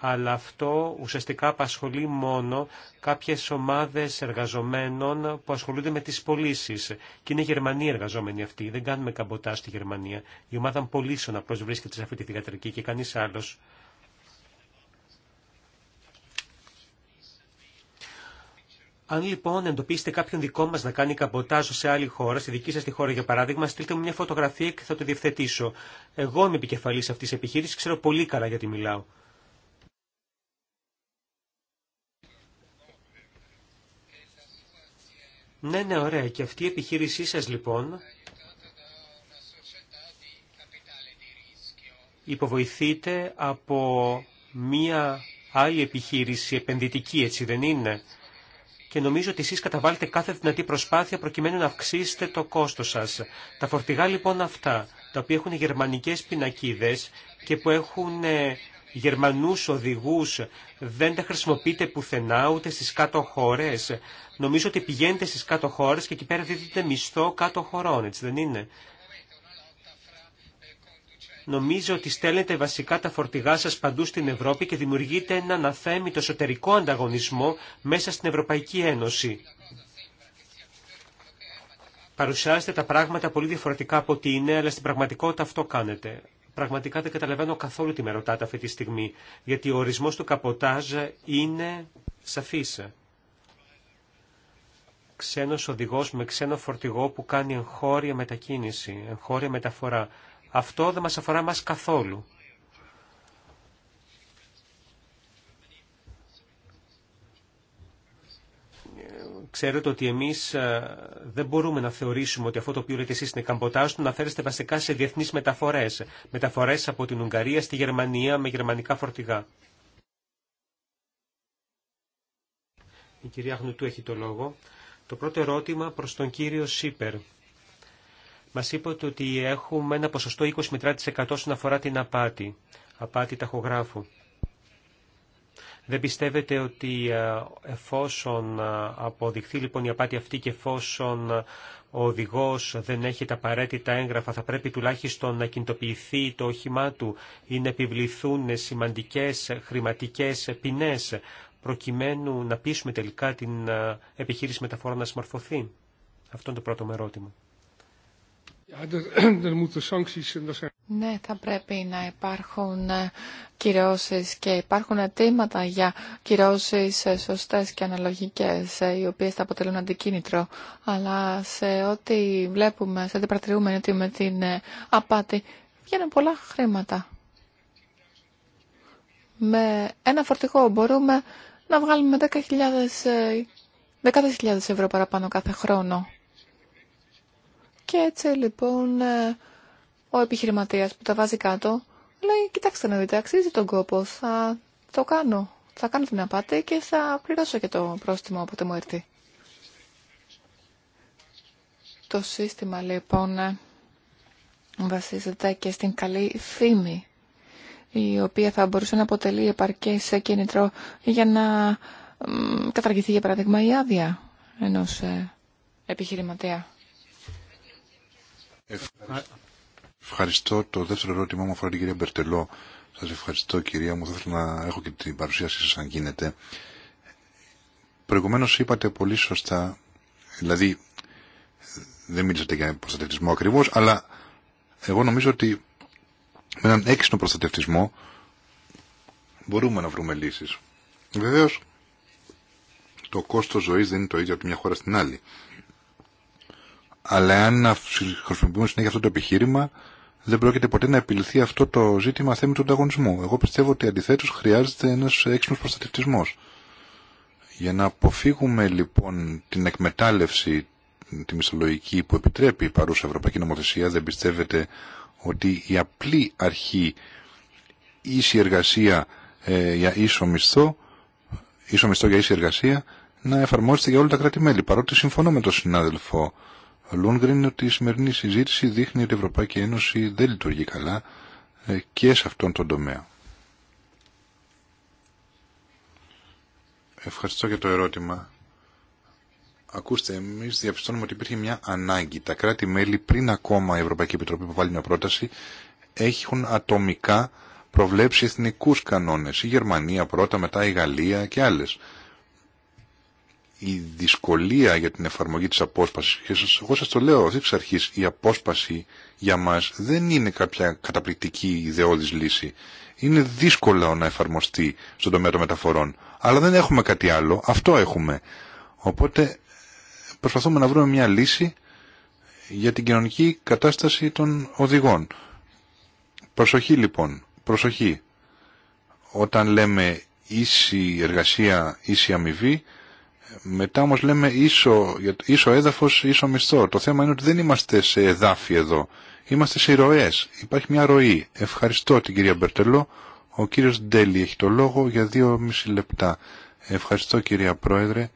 αλλά αυτό ουσιαστικά απασχολεί μόνο κάποιες ομάδες εργαζομένων που ασχολούνται με τις πωλήσει. Και είναι Γερμανοί εργαζόμενοι αυτοί, δεν κάνουμε καμποτά στη Γερμανία. Η ομάδα πωλήσεων απλώς βρίσκεται σε αυτή τη θηγατρική και κανείς άλλος. Αν λοιπόν εντοπίσετε κάποιον δικό μα να κάνει καμποτάζ σε άλλη χώρα, στη δική σα τη χώρα για παράδειγμα, στείλτε μου μια φωτογραφία και θα το διευθετήσω. Εγώ είμαι επικεφαλή αυτή τη επιχείρηση, ξέρω πολύ καλά γιατί μιλάω. Ναι, ναι, ωραία. Και αυτή η επιχείρησή σα, λοιπόν υποβοηθείται από μία άλλη επιχείρηση επενδυτική, έτσι δεν είναι, και νομίζω ότι εσείς καταβάλλετε κάθε δυνατή προσπάθεια προκειμένου να αυξήσετε το κόστος σας. Τα φορτηγά λοιπόν αυτά, τα οποία έχουν γερμανικές πινακίδες και που έχουν ε, Γερμανούς οδηγούς δεν τα χρησιμοποιείτε πουθενά ούτε στις κάτω χώρες. Νομίζω ότι πηγαίνετε στις κάτω χώρες και εκεί πέρα δίδετε μισθό κάτω χωρών, έτσι δεν είναι νομίζω ότι στέλνετε βασικά τα φορτηγά σας παντού στην Ευρώπη και δημιουργείτε έναν αθέμητο εσωτερικό ανταγωνισμό μέσα στην Ευρωπαϊκή Ένωση. Παρουσιάζετε τα πράγματα πολύ διαφορετικά από ό,τι είναι, αλλά στην πραγματικότητα αυτό κάνετε. Πραγματικά δεν καταλαβαίνω καθόλου τι με ρωτάτε αυτή τη στιγμή, γιατί ο ορισμός του καποτάζ είναι σαφής. Ξένος οδηγός με ξένο φορτηγό που κάνει εγχώρια μετακίνηση, εγχώρια μεταφορά αυτό δεν μας αφορά μας καθόλου. Ξέρετε ότι εμείς ε, δεν μπορούμε να θεωρήσουμε ότι αυτό το οποίο λέτε εσείς είναι καμποτάζ του να φέρεστε βασικά σε διεθνείς μεταφορές. Μεταφορές από την Ουγγαρία στη Γερμανία με γερμανικά φορτηγά. Η κυρία Αγνουτού έχει το λόγο. Το πρώτο ερώτημα προς τον κύριο Σίπερ μα είπατε ότι έχουμε ένα ποσοστό 20 με 30% αφορά την απάτη, απάτη ταχογράφου. Δεν πιστεύετε ότι ε, εφόσον ε, αποδειχθεί λοιπόν η απάτη αυτή και εφόσον ε, ο οδηγός δεν έχει τα απαραίτητα έγγραφα θα πρέπει τουλάχιστον να κινητοποιηθεί το όχημά του ή να επιβληθούν σημαντικές χρηματικές ποινές προκειμένου να πείσουμε τελικά την επιχείρηση μεταφορά να συμμορφωθεί. Αυτό είναι το πρώτο μου ερώτημα. Er ναι, θα πρέπει να υπάρχουν ε, κυρώσεις και υπάρχουν αιτήματα για κυρώσεις ε, σωστές και αναλογικές, ε, οι οποίες θα αποτελούν αντικίνητρο. Αλλά σε ό,τι βλέπουμε, σε ό,τι παρατηρούμε, είναι ότι με την απάτη βγαίνουν πολλά χρήματα. Με ένα φορτηγό μπορούμε να βγάλουμε 10.000 ευρώ παραπάνω κάθε χρόνο. Και έτσι λοιπόν ε, ο επιχειρηματίας που τα βάζει κάτω λέει κοιτάξτε να δείτε αξίζει τον κόπο, θα το κάνω. Θα κάνω την απάτη και θα πληρώσω και το πρόστιμο όποτε μου έρθει. Το σύστημα λοιπόν ε, βασίζεται και στην καλή φήμη η οποία θα μπορούσε να αποτελεί επαρκές κίνητρο για να καταργηθεί για παράδειγμα η άδεια ενός ε, επιχειρηματία. Ευχαριστώ. Το δεύτερο ερώτημά μου αφορά την κυρία Μπερτελό. Σας ευχαριστώ κυρία μου. Θα ήθελα να έχω και την παρουσίασή σας αν γίνεται. Προηγουμένως είπατε πολύ σωστά, δηλαδή δεν μίλησατε για προστατευτισμό ακριβώς, αλλά εγώ νομίζω ότι με έναν έξινο προστατευτισμό μπορούμε να βρούμε λύσεις. Βεβαίως το κόστος ζωής δεν είναι το ίδιο από μια χώρα στην άλλη. Αλλά αν χρησιμοποιούμε συνέχεια αυτό το επιχείρημα, δεν πρόκειται ποτέ να επιληθεί αυτό το ζήτημα θέμη του ανταγωνισμού. Εγώ πιστεύω ότι αντιθέτω χρειάζεται ένα έξυπνο προστατευτισμό. Για να αποφύγουμε λοιπόν την εκμετάλλευση τη μισθολογική που επιτρέπει η παρούσα Ευρωπαϊκή Νομοθεσία, δεν πιστεύετε ότι η απλή αρχή ίση εργασία ε, για ίσο μισθό, ίσο μισθό για ίση εργασία, να εφαρμόζεται για όλα τα κράτη-μέλη. Παρότι συμφωνώ με τον συνάδελφο Λούνγκριν, ότι η σημερινή συζήτηση δείχνει ότι η Ευρωπαϊκή Ένωση δεν λειτουργεί καλά ε, και σε αυτόν τον τομέα. Ευχαριστώ για το ερώτημα. Ακούστε, εμεί διαπιστώνουμε ότι υπήρχε μια ανάγκη. Τα κράτη-μέλη, πριν ακόμα η Ευρωπαϊκή Επιτροπή που βάλει μια πρόταση, έχουν ατομικά προβλέψει εθνικού κανόνε. Η Γερμανία πρώτα, μετά η Γαλλία και άλλε η δυσκολία για την εφαρμογή της απόσπασης. Και σας, εγώ σας το λέω αυτή αρχής, η απόσπαση για μας δεν είναι κάποια καταπληκτική ιδεώδης λύση. Είναι δύσκολο να εφαρμοστεί στον τομέα των μεταφορών. Αλλά δεν έχουμε κάτι άλλο, αυτό έχουμε. Οπότε προσπαθούμε να βρούμε μια λύση για την κοινωνική κατάσταση των οδηγών. Προσοχή λοιπόν, προσοχή. Όταν λέμε ίση εργασία, ίση αμοιβή, μετά όμως λέμε ίσο, ίσο έδαφος, ίσο μισθό. Το θέμα είναι ότι δεν είμαστε σε εδάφη εδώ. Είμαστε σε ροές. Υπάρχει μια ροή. Ευχαριστώ την κυρία Μπερτελό. Ο κύριος Ντέλη έχει το λόγο για δύο μισή λεπτά. Ευχαριστώ κυρία Πρόεδρε.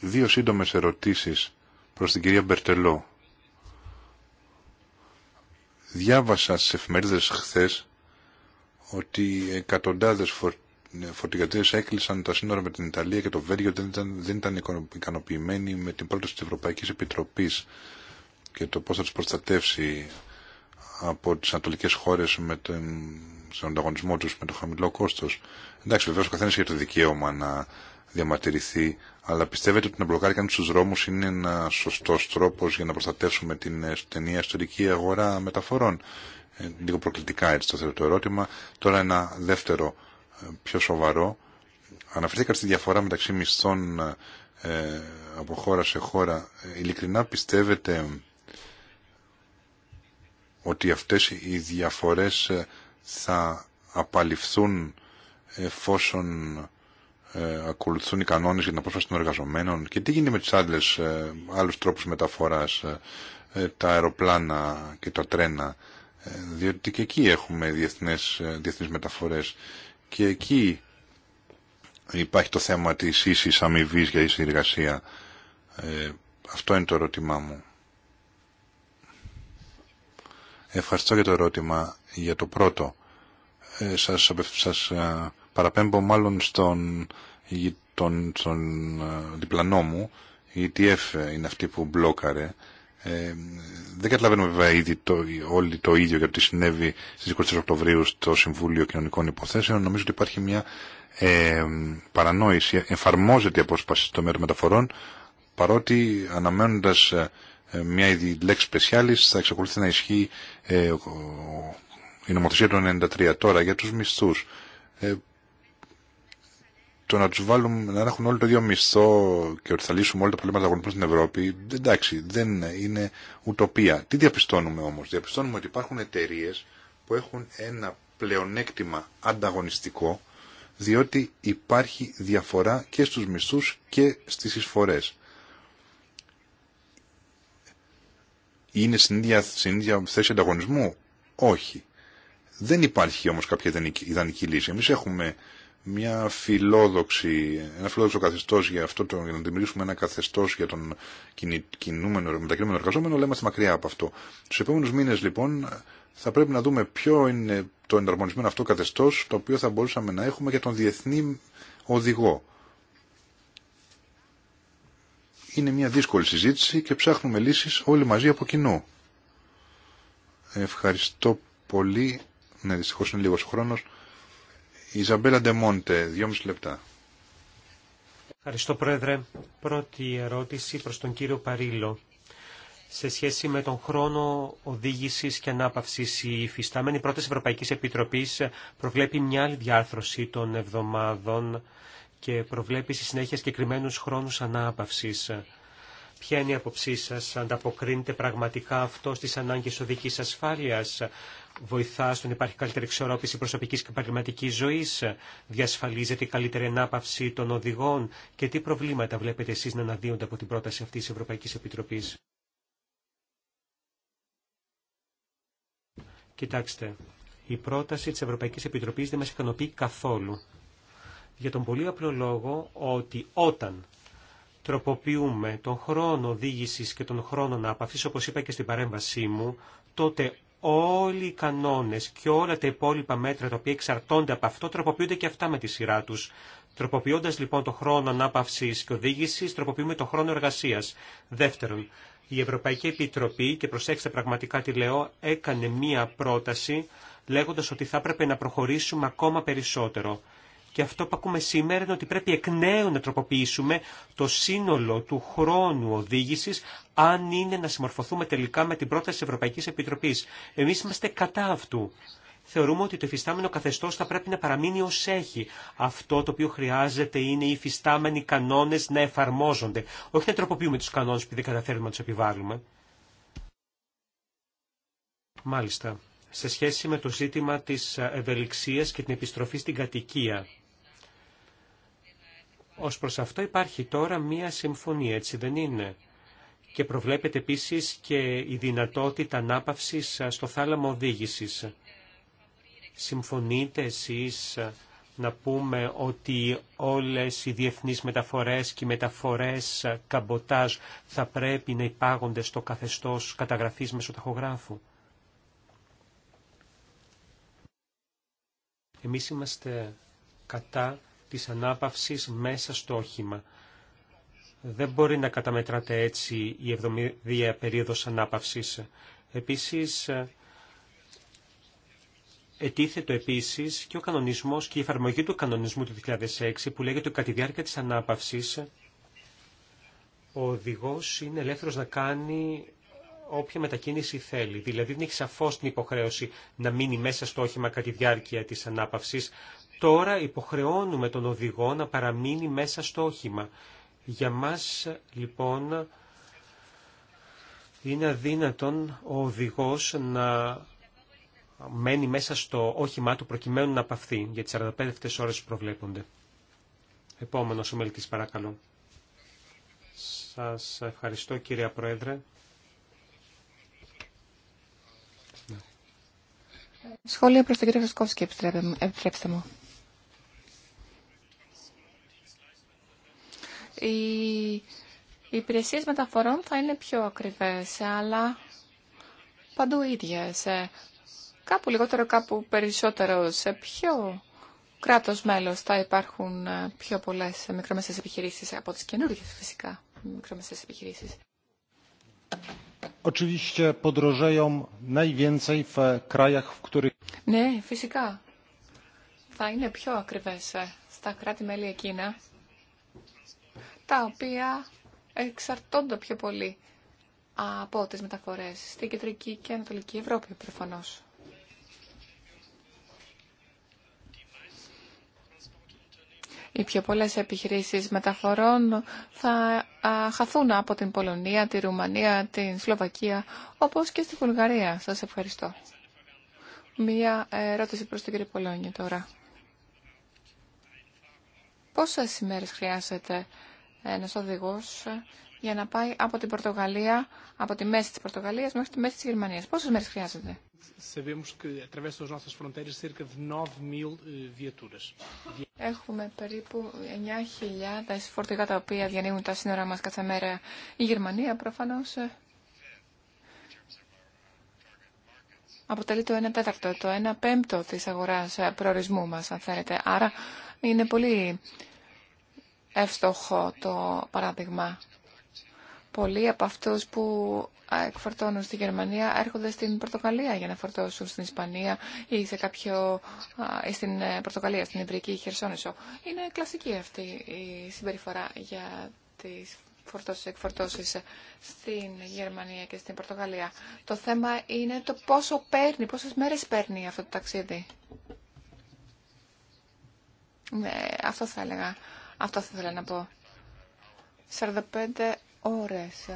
Δύο σύντομες ερωτήσεις προς την κυρία Μπερτελό. Διάβασα στις εφημερίδες χθες ότι εκατοντάδες φορ... Ναι, φορτηγατές έκλεισαν τα σύνορα με την Ιταλία και το Βέλγιο δεν ήταν, δεν ήταν ικανοποιημένοι με την πρόταση της Ευρωπαϊκής Επιτροπής και το πώς θα τους προστατεύσει από τις ανατολικές χώρες με τον, στον ανταγωνισμό τους με το χαμηλό κόστος. Εντάξει, βεβαίως ο καθένας έχει το δικαίωμα να διαμαρτυρηθεί, αλλά πιστεύετε ότι να μπλοκάρει κανείς τους δρόμους είναι ένα σωστός τρόπος για να προστατεύσουμε την στενή ιστορική αγορά μεταφορών. Ε, λίγο προκλητικά έτσι το θέλω το ερώτημα. Τώρα ένα δεύτερο πιο σοβαρό. Αναφερθήκατε στη διαφορά μεταξύ μισθών ε, από χώρα σε χώρα. Ε, ειλικρινά πιστεύετε ε, ότι αυτές οι διαφορές θα απαλληφθούν εφόσον ε, ακολουθούν οι κανόνες για την απόσπαση των εργαζομένων και τι γίνεται με τις άλλες, ε, άλλους τρόπους μεταφοράς, τα αεροπλάνα και τα τρένα, διότι και εκεί έχουμε διεθνές, διεθνείς μεταφορές και εκεί υπάρχει το θέμα της ίσης αμοιβή για ίση εργασία. Ε, αυτό είναι το ερώτημά μου. Ευχαριστώ για το ερώτημα, για το πρώτο. Ε, σας σας ε, παραπέμπω μάλλον στον, τον, στον διπλανό μου. Η ETF είναι αυτή που μπλόκαρε ε, δεν καταλαβαίνουμε βέβαια ήδη το, όλοι το ίδιο για το τι συνέβη στις 23 Οκτωβρίου στο Συμβούλιο Κοινωνικών Υποθέσεων. Νομίζω ότι υπάρχει μια ε, παρανόηση. Εφαρμόζεται η απόσπαση στο μέρο μεταφορών παρότι αναμένοντας ε, μια ήδη λέξη σπεσιάλης θα εξακολουθεί να ισχύει ε, η νομοθεσία του 93 τώρα για τους μισθούς. Ε, το να του βάλουμε να έχουν όλοι το ίδιο μισθό και ότι θα λύσουμε όλα τα προβλήματα αγωνισμού στην Ευρώπη, εντάξει, δεν είναι ουτοπία. Τι διαπιστώνουμε όμω, Διαπιστώνουμε ότι υπάρχουν εταιρείε που έχουν ένα πλεονέκτημα ανταγωνιστικό, διότι υπάρχει διαφορά και στους μισθούς και στις εισφορές. Είναι στην ίδια, θέση ανταγωνισμού? Όχι. Δεν υπάρχει όμω κάποια ιδανική λύση. Εμεί έχουμε μια φιλόδοξη, ένα φιλόδοξο καθεστώ για αυτό, το, για να δημιουργήσουμε ένα καθεστώ για τον κινούμενο, μετακινούμενο εργαζόμενο, λέμε είμαστε μακριά από αυτό. Του επόμενου μήνε λοιπόν θα πρέπει να δούμε ποιο είναι το εναρμονισμένο αυτό καθεστώ, το οποίο θα μπορούσαμε να έχουμε για τον διεθνή οδηγό. Είναι μια δύσκολη συζήτηση και ψάχνουμε λύσει όλοι μαζί από κοινού. Ευχαριστώ πολύ. Ναι, δυστυχώ είναι ο χρόνο. Ιζαμπέλα Ντεμόντε, δυόμιση λεπτά. Ευχαριστώ Πρόεδρε. Πρώτη ερώτηση προς τον κύριο Παρίλο. Σε σχέση με τον χρόνο οδήγηση και ανάπαυση, η υφιστάμενη πρόταση Ευρωπαϊκή Επιτροπή προβλέπει μια άλλη διάρθρωση των εβδομάδων και προβλέπει στη συνέχεια συγκεκριμένου χρόνους ανάπαυση. Ποια είναι η άποψή σα, ανταποκρίνεται πραγματικά αυτό στι ανάγκε οδική ασφάλεια, βοηθά στο να υπάρχει καλύτερη εξορρόπηση προσωπική και επαγγελματική ζωή διασφαλίζεται η καλύτερη ανάπαυση των οδηγών και τι προβλήματα βλέπετε εσεί να αναδύονται από την πρόταση αυτή τη Ευρωπαϊκή Επιτροπή. Κοιτάξτε, η πρόταση της Ευρωπαϊκής Επιτροπής δεν μας ικανοποιεί καθόλου. Για τον πολύ απλό λόγο ότι όταν τροποποιούμε τον χρόνο οδήγηση και τον χρόνο ανάπαυση, όπως είπα και στην παρέμβασή μου, τότε όλοι οι κανόνες και όλα τα υπόλοιπα μέτρα τα οποία εξαρτώνται από αυτό τροποποιούνται και αυτά με τη σειρά τους. Τροποποιώντας λοιπόν το χρόνο ανάπαυσης και οδήγησης, τροποποιούμε το χρόνο εργασίας. Δεύτερον, η Ευρωπαϊκή Επιτροπή, και προσέξτε πραγματικά τι λέω, έκανε μία πρόταση λέγοντας ότι θα έπρεπε να προχωρήσουμε ακόμα περισσότερο. Και αυτό που ακούμε σήμερα είναι ότι πρέπει εκ νέου να τροποποιήσουμε το σύνολο του χρόνου οδήγηση, αν είναι να συμμορφωθούμε τελικά με την πρόταση τη Ευρωπαϊκή Επιτροπή. Εμεί είμαστε κατά αυτού. Θεωρούμε ότι το υφιστάμενο καθεστώ θα πρέπει να παραμείνει ω έχει. Αυτό το οποίο χρειάζεται είναι οι υφιστάμενοι κανόνε να εφαρμόζονται. Όχι να τροποποιούμε του κανόνε που δεν καταφέρουμε να του επιβάλλουμε. Μάλιστα. Σε σχέση με το ζήτημα της ευελιξίας και την επιστροφή στην κατοικία. Ως προς αυτό υπάρχει τώρα μία συμφωνία, έτσι δεν είναι. Και προβλέπεται επίσης και η δυνατότητα ανάπαυσης στο θάλαμο οδήγησης. Συμφωνείτε εσείς να πούμε ότι όλες οι διεθνείς μεταφορές και οι μεταφορές καμποτάζ θα πρέπει να υπάγονται στο καθεστώς καταγραφής μεσοταχογράφου. Εμείς είμαστε κατά της ανάπαυσης μέσα στο όχημα. Δεν μπορεί να καταμετράται έτσι η εβδομηδία περίοδος ανάπαυσης. Επίσης, Ετίθετο επίσης και ο κανονισμός και η εφαρμογή του κανονισμού του 2006 που λέγεται ότι κατά τη διάρκεια της ανάπαυσης ο οδηγός είναι ελεύθερος να κάνει όποια μετακίνηση θέλει. Δηλαδή δεν έχει σαφώ την υποχρέωση να μείνει μέσα στο όχημα κατά τη διάρκεια τη ανάπαυση. Τώρα υποχρεώνουμε τον οδηγό να παραμείνει μέσα στο όχημα. Για μας λοιπόν είναι αδύνατον ο οδηγός να μένει μέσα στο όχημά του προκειμένου να παυθεί για τις 45 ώρες που προβλέπονται. Επόμενος ο μελητής παρακαλώ. Σας ευχαριστώ κύριε Πρόεδρε. Σχόλια προς τον κύριο Φασκόφσκι, επιτρέψτε μου. οι υπηρεσίε μεταφορών θα είναι πιο ακριβέ, αλλά παντού ίδιε. Ε, κάπου λιγότερο, κάπου περισσότερο. Σε ποιο κράτος μέλος θα υπάρχουν ε, πιο πολλέ μικρομεσαίες επιχειρήσει από τι καινούργιε, φυσικά μικρομεσαίες επιχειρήσεις. Ναι, φυσικά. Θα είναι πιο ακριβές ε, στα κράτη-μέλη εκείνα τα οποία εξαρτώνται πιο πολύ από τις μεταφορές στην Κεντρική και Ανατολική Ευρώπη προφανώς. Οι πιο πολλές επιχειρήσεις μεταφορών θα χαθούν από την Πολωνία, τη Ρουμανία, την Σλοβακία, όπως και στη Βουλγαρία. Σας ευχαριστώ. Μία ερώτηση προς την κύριο Πολωνία, τώρα. Πόσες ημέρες χρειάζεται ένα οδηγό ε, για να πάει από την Πορτογαλία, από τη μέση τη Πορτογαλία μέχρι τη μέση τη Γερμανία. Πόσε μέρε χρειάζεται? Eh, Έχουμε περίπου 9.000 φορτηγά τα οποία διανύουν τα σύνορα μας κάθε μέρα. Η Γερμανία προφανώς ε, αποτελεί το 1 τέταρτο, το 1 πέμπτο της αγοράς ε, προορισμού μας, αν θέλετε. Άρα είναι πολύ εύστοχο το παράδειγμα. Πολλοί από αυτούς που εκφορτώνουν στη Γερμανία έρχονται στην Πορτοκαλία για να φορτώσουν στην Ισπανία ή, σε κάποιο, ή στην ε, Πορτογαλία, στην Ιβρική Χερσόνησο. Είναι κλασική αυτή η σε καποιο στην πορτοκαλια στην ιβρικη χερσονησο ειναι κλασικη αυτη η συμπεριφορα για τις φορτώσεις, εκφορτώσεις στην Γερμανία και στην Πορτοκαλία Το θέμα είναι το πόσο παίρνει, πόσες μέρες παίρνει αυτό το ταξίδι. Ναι, αυτό θα έλεγα αυτό θα ήθελα να πω. 45 ώρες.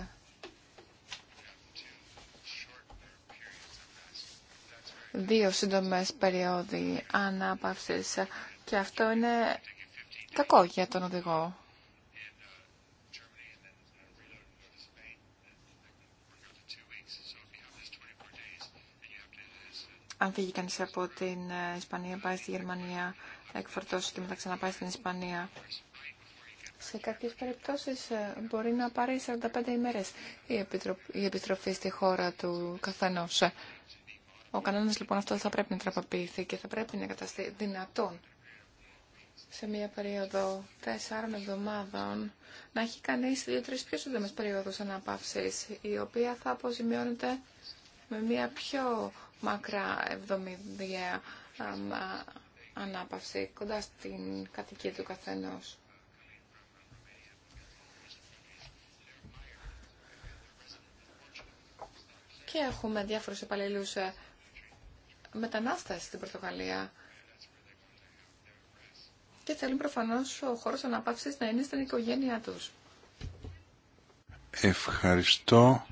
Δύο σύντομες περιόδοι ανάπαυσης και αυτό είναι κακό για τον οδηγό. αν φύγει κανείς από την Ισπανία, πάει στη Γερμανία, εκφορτώσει και μετά ξαναπάει στην Ισπανία σε κάποιες περιπτώσεις ε, μπορεί να πάρει 45 ημέρες η, η επιστροφή στη χώρα του καθενός. Ο κανόνας λοιπόν αυτό θα πρέπει να τραπαποιηθεί και θα πρέπει να καταστεί δυνατόν σε μία περίοδο τέσσερα εβδομάδων να έχει κανείς δύο-τρεις πιο σύντομες περίοδους αναπαύσης, η οποία θα αποζημιώνεται με μία πιο μακρά εβδομηδιαία ανάπαυση κοντά στην κατοικία του καθενός. και έχουμε διάφορους υπαλληλούς ε, μετανάστες στην Πορτογαλία. Και θέλουν προφανώς ο χώρος αναπαύσης να είναι στην οικογένειά τους. Ευχαριστώ.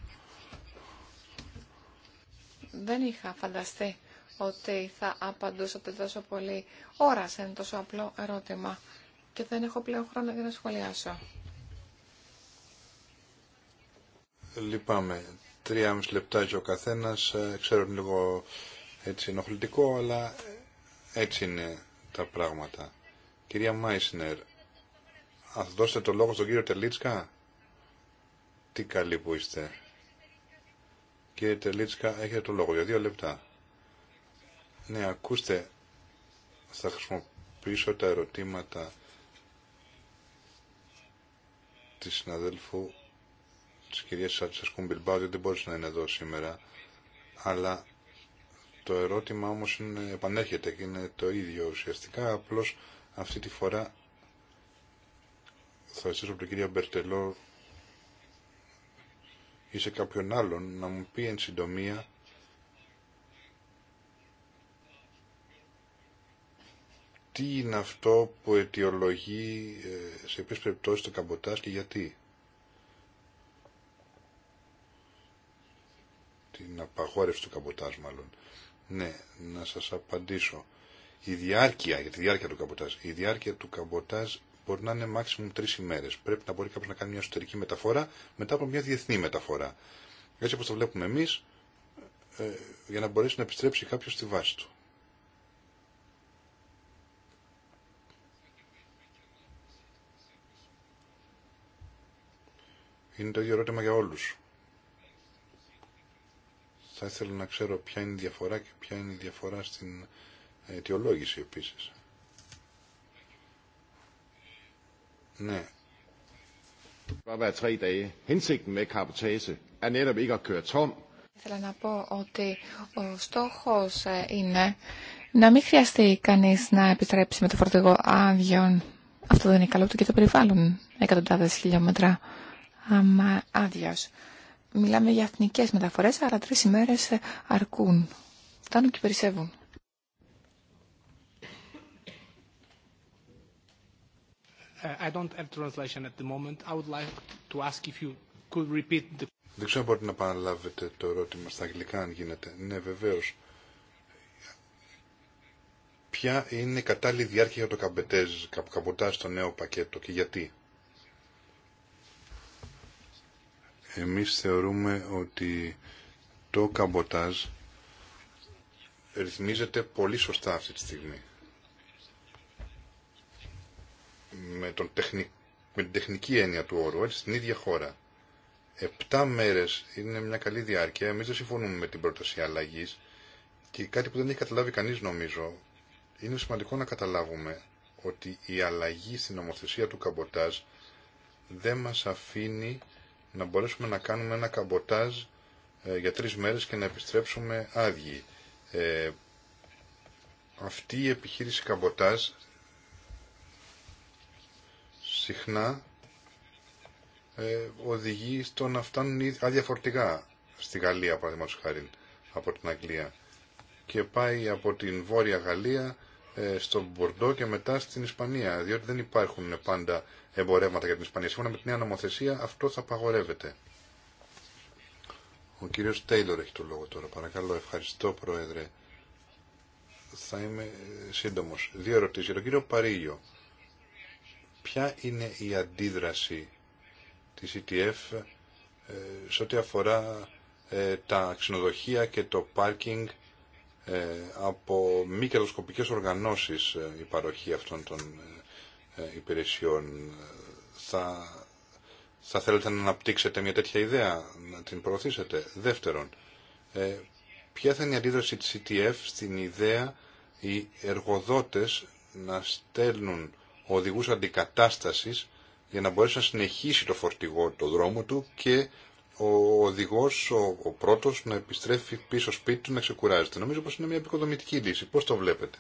Δεν είχα φανταστεί ότι θα απαντούσατε τόσο πολύ ώρα σε ένα τόσο απλό ερώτημα και δεν έχω πλέον χρόνο για να σχολιάσω. Λυπάμαι τρία μισή λεπτά ο καθένας. Ε, ξέρω είναι λίγο έτσι ενοχλητικό, αλλά έτσι είναι τα πράγματα. Κυρία Μάισνερ, θα δώσετε το λόγο στον κύριο Τελίτσκα. Τι καλή που είστε. Κύριε Τελίτσκα, έχετε το λόγο για δύο λεπτά. Ναι, ακούστε, θα χρησιμοποιήσω τα ερωτήματα της συναδέλφου της κυρίας Σασκούμπιλμπάου δεν μπορείς να είναι εδώ σήμερα αλλά το ερώτημα όμως είναι, επανέρχεται και είναι το ίδιο ουσιαστικά απλώς αυτή τη φορά θα ζητήσω από την κυρία Μπερτελό ή σε κάποιον άλλον να μου πει εν συντομία τι είναι αυτό που αιτιολογεί ε, σε ποιες περιπτώσεις το καμποτάζ και γιατί. την απαγόρευση του καμποτάζ μάλλον. Ναι, να σας απαντήσω. Η διάρκεια, για τη διάρκεια του καμποτάζ, η διάρκεια του καμποτάζ μπορεί να είναι maximum τρει ημέρε. Πρέπει να μπορεί κάποιο να κάνει μια εσωτερική μεταφορά μετά από μια διεθνή μεταφορά. Έτσι όπω το βλέπουμε εμεί, ε, για να μπορέσει να επιστρέψει κάποιο στη βάση του. Είναι το ίδιο ερώτημα για όλους. Θα ήθελα να ξέρω ποια είναι η διαφορά και ποια είναι η διαφορά στην αιτιολόγηση επίσης. Ναι. Er ήθελα να πω ότι ο στόχος ε, είναι να μην χρειαστεί κανείς να επιστρέψει με το φορτηγό άδειων. Αυτό δεν είναι καλό το και το περιβάλλον εκατοντάδες χιλιόμετρα άμα ε, άδειος. Μιλάμε για εθνικές μεταφορές, αλλά τρεις ημέρες ε, αρκούν. Φτάνουν και περισσεύουν. Δεν ξέρω αν μπορείτε να επαναλάβετε το ερώτημα στα αγγλικά, αν γίνεται. Ναι, βεβαίω. Ποια είναι η κατάλληλη διάρκεια για το καμπετέζ, καμποτάζ στο νέο πακέτο και γιατί. Εμείς θεωρούμε ότι το καμποτάζ ρυθμίζεται πολύ σωστά αυτή τη στιγμή. Με, τον με την τεχνική έννοια του όρου, έτσι, στην ίδια χώρα. Επτά μέρες είναι μια καλή διάρκεια. Εμείς δεν συμφωνούμε με την πρόταση αλλαγή. Και κάτι που δεν έχει καταλάβει κανείς νομίζω, είναι σημαντικό να καταλάβουμε ότι η αλλαγή στην ομοθεσία του καμποτάζ δεν μας αφήνει να μπορέσουμε να κάνουμε ένα καμποτάζ ε, για τρεις μέρες και να επιστρέψουμε άδειοι. Ε, αυτή η επιχείρηση καμποτάζ συχνά ε, οδηγεί στο να φτάνουν άδεια φορτηγά στη Γαλλία, παραδείγματο, χάρη, από την Αγγλία και πάει από την Βόρεια Γαλλία ε, στον Μπορντό και μετά στην Ισπανία, διότι δεν υπάρχουν πάντα εμπορεύματα για την Ισπανία. Σύμφωνα με την νέα νομοθεσία αυτό θα απαγορεύεται. Ο κύριος Τέιλορ έχει το λόγο τώρα. Παρακαλώ, ευχαριστώ Πρόεδρε. Θα είμαι ε, σύντομο. Δύο ερωτήσει. Για τον κύριο Παρίγιο. Ποια είναι η αντίδραση της ETF ε, σε ό,τι αφορά ε, τα ξενοδοχεία και το πάρκινγκ από μη οργανώσει οργανώσεις η παροχή αυτών των ε, υπηρεσιών. Θα, θα θέλετε να αναπτύξετε μια τέτοια ιδέα, να την προωθήσετε. Δεύτερον, ε, ποια θα είναι η αντίδραση της CTF στην ιδέα οι εργοδότες να στέλνουν οδηγούς αντικατάστασης για να μπορέσει να συνεχίσει το φορτηγό το δρόμο του και ο οδηγός, ο, ο πρώτος, να επιστρέφει πίσω σπίτι του να ξεκουράζεται. Νομίζω πως είναι μια επικοδομητική λύση. Πώς το βλέπετε.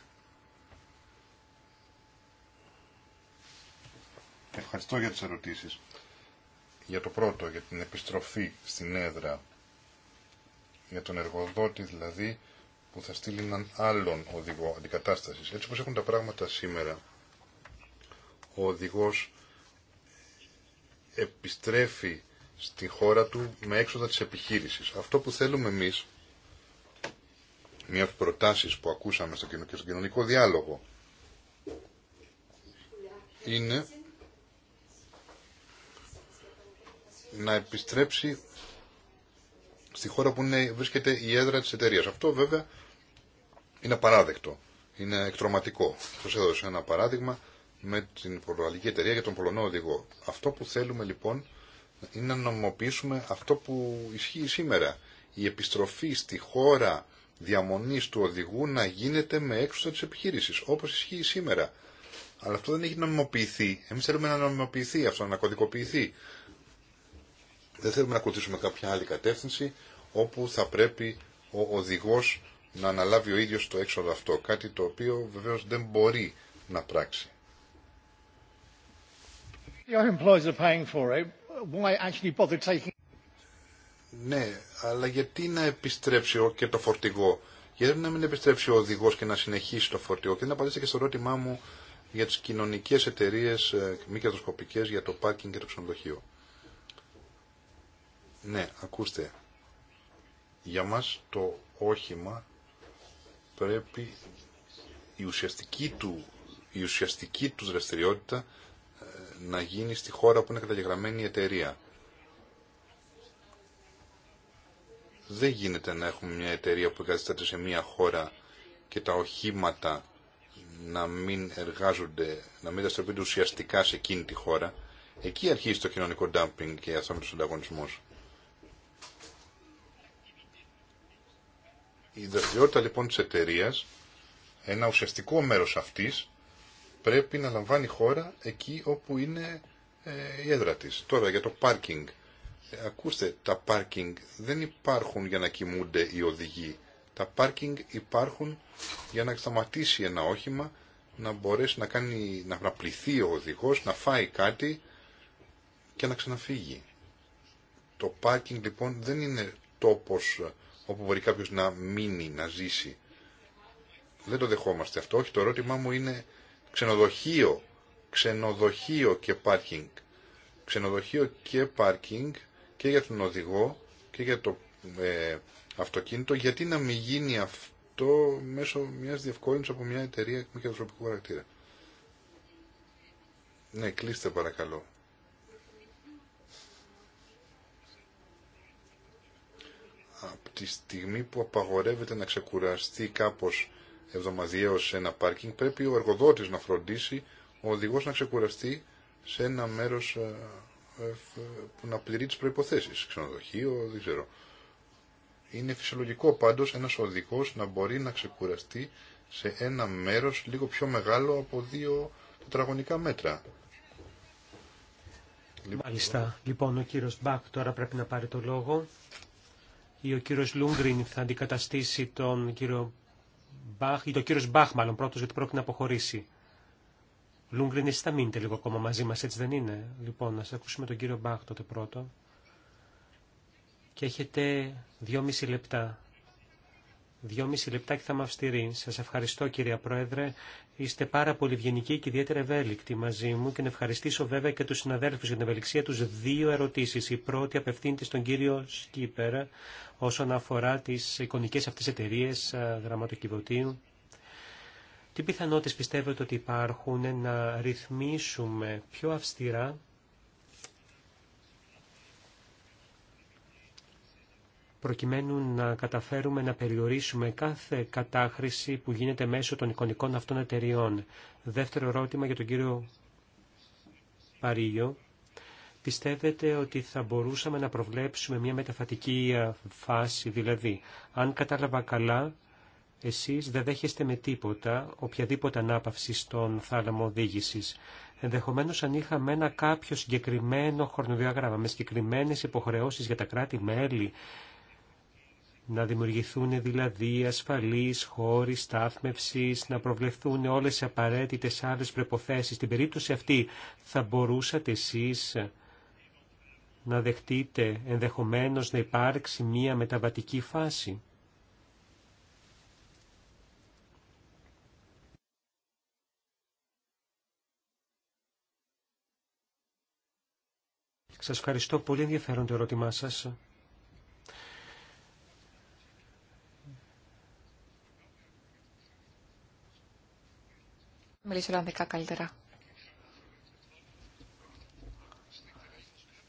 Ευχαριστώ για τις ερωτήσεις. Για το πρώτο, για την επιστροφή στην έδρα, για τον εργοδότη δηλαδή που θα στείλει έναν άλλον οδηγό αντικατάστασης. Έτσι όπως έχουν τα πράγματα σήμερα, ο οδηγός επιστρέφει στη χώρα του με έξοδα της επιχείρησης. Αυτό που θέλουμε εμείς, μία από προτάσεις που ακούσαμε στο κοινωνικό διάλογο, είναι να επιστρέψει στη χώρα που είναι, βρίσκεται η έδρα της εταιρεία. Αυτό βέβαια είναι παράδεκτο, Είναι εκτροματικό. Σας έδωσα ένα παράδειγμα με την πολλαλική εταιρεία για τον Πολωνό οδηγό. Αυτό που θέλουμε λοιπόν είναι να νομιμοποιήσουμε αυτό που ισχύει σήμερα. Η επιστροφή στη χώρα διαμονής του οδηγού να γίνεται με έξωτα της επιχείρησης, όπως ισχύει σήμερα. Αλλά αυτό δεν έχει νομιμοποιηθεί. Εμείς θέλουμε να νομιμοποιηθεί αυτό, να κωδικοποιηθεί. Δεν θέλουμε να ακολουθήσουμε κάποια άλλη κατεύθυνση όπου θα πρέπει ο οδηγός να αναλάβει ο ίδιος το έξοδο αυτό. Κάτι το οποίο βεβαίως δεν μπορεί να πράξει. Ναι, αλλά γιατί να επιστρέψει και το φορτηγό. Γιατί να μην επιστρέψει ο οδηγός και να συνεχίσει το φορτηγό. Και να απαντήσετε και στο ερώτημά μου για τις κοινωνικές εταιρείες ε, μη κερδοσκοπικές για το πάρκινγκ και το ξενοδοχείο. Ναι, ακούστε, για μας το όχημα πρέπει η ουσιαστική του, η ουσιαστική του δραστηριότητα ε, να γίνει στη χώρα που είναι καταγεγραμμένη η εταιρεία. Δεν γίνεται να έχουμε μια εταιρεία που εγκαταστάται σε μια χώρα και τα οχήματα να μην εργάζονται, να μην δραστηριοποιούνται ουσιαστικά σε εκείνη τη χώρα. Εκεί αρχίζει το κοινωνικό ντάμπινγκ και αυτό με τους ανταγωνισμούς. Η δραστηριότητα λοιπόν της εταιρεία, ένα ουσιαστικό μέρος αυτής, πρέπει να λαμβάνει χώρα εκεί όπου είναι ε, η έδρα της. Τώρα για το πάρκινγκ. Ε, ακούστε, τα πάρκινγκ δεν υπάρχουν για να κοιμούνται οι οδηγοί. Τα πάρκινγκ υπάρχουν για να σταματήσει ένα όχημα, να μπορέσει να, κάνει, να πληθεί ο οδηγός, να φάει κάτι και να ξαναφύγει. Το πάρκινγκ λοιπόν δεν είναι τόπος όπου μπορεί κάποιο να μείνει, να ζήσει. Δεν το δεχόμαστε αυτό. Όχι, το ερώτημά μου είναι ξενοδοχείο, ξενοδοχείο και πάρκινγκ. Ξενοδοχείο και πάρκινγκ και για τον οδηγό και για το ε, αυτοκίνητο. Γιατί να μην γίνει αυτό μέσω μιας διευκόλυνσης από μια εταιρεία με καταστροφικό χαρακτήρα. Ναι, κλείστε παρακαλώ. από τη στιγμή που απαγορεύεται να ξεκουραστεί κάπως εβδομαδιαίως σε ένα πάρκινγκ, πρέπει ο εργοδότης να φροντίσει ο οδηγός να ξεκουραστεί σε ένα μέρος ε, ε, που να πληρεί τις προϋποθέσεις, ξενοδοχείο, δεν ξέρω. Είναι φυσιολογικό πάντως ένας οδηγός να μπορεί να ξεκουραστεί σε ένα μέρος λίγο πιο μεγάλο από δύο τετραγωνικά μέτρα. Μάλιστα. Λοιπόν, ο κύριος Μπακ τώρα πρέπει να πάρει το λόγο ή ο κύριος Λούγκριν θα αντικαταστήσει τον κύριο Μπαχ, ή τον κύριο Μπαχ μάλλον πρώτος γιατί πρόκειται να αποχωρήσει. Λούγκριν, εσύ θα μείνετε λίγο ακόμα μαζί μας, έτσι δεν είναι. Λοιπόν, να σας ακούσουμε τον κύριο Μπαχ τότε πρώτο. Και έχετε δυόμιση λεπτά. Δυόμιση λεπτά και θα είμαι αυστηρή. Σα ευχαριστώ κύριε Πρόεδρε. Είστε πάρα πολύ ευγενικοί και ιδιαίτερα ευέλικτοι μαζί μου και να ευχαριστήσω βέβαια και του συναδέλφου για την ευελιξία του. Δύο ερωτήσει. Η πρώτη απευθύνεται στον κύριο Σκύπερ όσον αφορά τι εικονικέ αυτέ εταιρείε γραμματοκιβωτίου. Τι πιθανότητε πιστεύετε ότι υπάρχουν να ρυθμίσουμε πιο αυστηρά προκειμένου να καταφέρουμε να περιορίσουμε κάθε κατάχρηση που γίνεται μέσω των εικονικών αυτών εταιριών. Δεύτερο ερώτημα για τον κύριο Παρίγιο. Πιστεύετε ότι θα μπορούσαμε να προβλέψουμε μια μεταφατική ε, φάση, δηλαδή, αν κατάλαβα καλά, εσείς δεν δέχεστε με τίποτα οποιαδήποτε ανάπαυση στον θάλαμο οδήγηση. Ενδεχομένω αν είχαμε ένα κάποιο συγκεκριμένο χρονοδιάγραμμα με συγκεκριμένε υποχρεώσει για τα κράτη-μέλη να δημιουργηθούν δηλαδή ασφαλείς χώροι στάθμευσης, να προβλεφθούν όλες οι απαραίτητες άλλες προϋποθέσεις. Στην περίπτωση αυτή θα μπορούσατε εσείς να δεχτείτε ενδεχομένως να υπάρξει μία μεταβατική φάση. Σας ευχαριστώ πολύ ενδιαφέρον το ερώτημά σας. μιλήσω Ολλανδικά καλύτερα.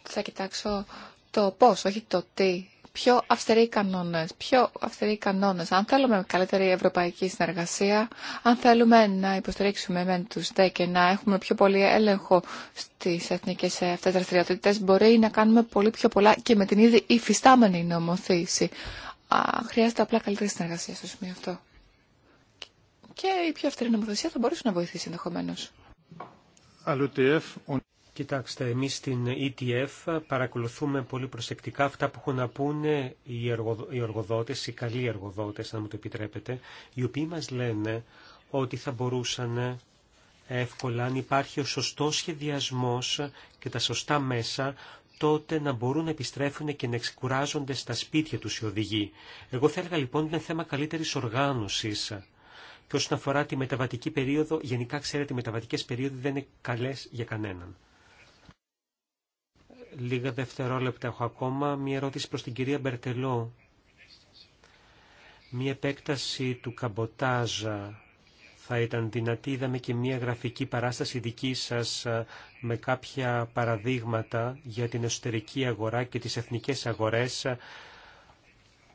Θα κοιτάξω το πώ, όχι το τι. Πιο αυστηροί κανόνε, πιο αυστηροί κανόνες. Αν θέλουμε καλύτερη ευρωπαϊκή συνεργασία, αν θέλουμε να υποστηρίξουμε μεν του ΔΕ και να έχουμε πιο πολύ έλεγχο στι εθνικέ ε, αυτέ δραστηριότητε, μπορεί να κάνουμε πολύ πιο πολλά και με την ήδη υφιστάμενη νομοθήση. χρειάζεται απλά καλύτερη συνεργασία στο σημείο αυτό και η πιο αυστηρή νομοθεσία θα μπορούσε να βοηθήσει ενδεχομένω. Κοιτάξτε, εμείς στην ETF παρακολουθούμε πολύ προσεκτικά αυτά που έχουν να πούνε οι, οι οι καλοί εργοδότες, αν μου το επιτρέπετε, οι οποίοι μας λένε ότι θα μπορούσαν εύκολα, αν υπάρχει ο σωστός σχεδιασμός και τα σωστά μέσα, τότε να μπορούν να επιστρέφουν και να εξεκουράζονται στα σπίτια τους οι οδηγοί. Εγώ θα έλεγα λοιπόν ότι είναι θέμα καλύτερης οργάνωσης και όσον αφορά τη μεταβατική περίοδο, γενικά ξέρετε οι μεταβατικές περίοδοι δεν είναι καλές για κανέναν. Λίγα δευτερόλεπτα έχω ακόμα. Μία ερώτηση προς την κυρία Μπερτελό. Μία επέκταση του καμποτάζα θα ήταν δυνατή. Είδαμε και μία γραφική παράσταση δική σας με κάποια παραδείγματα για την εσωτερική αγορά και τις εθνικές αγορές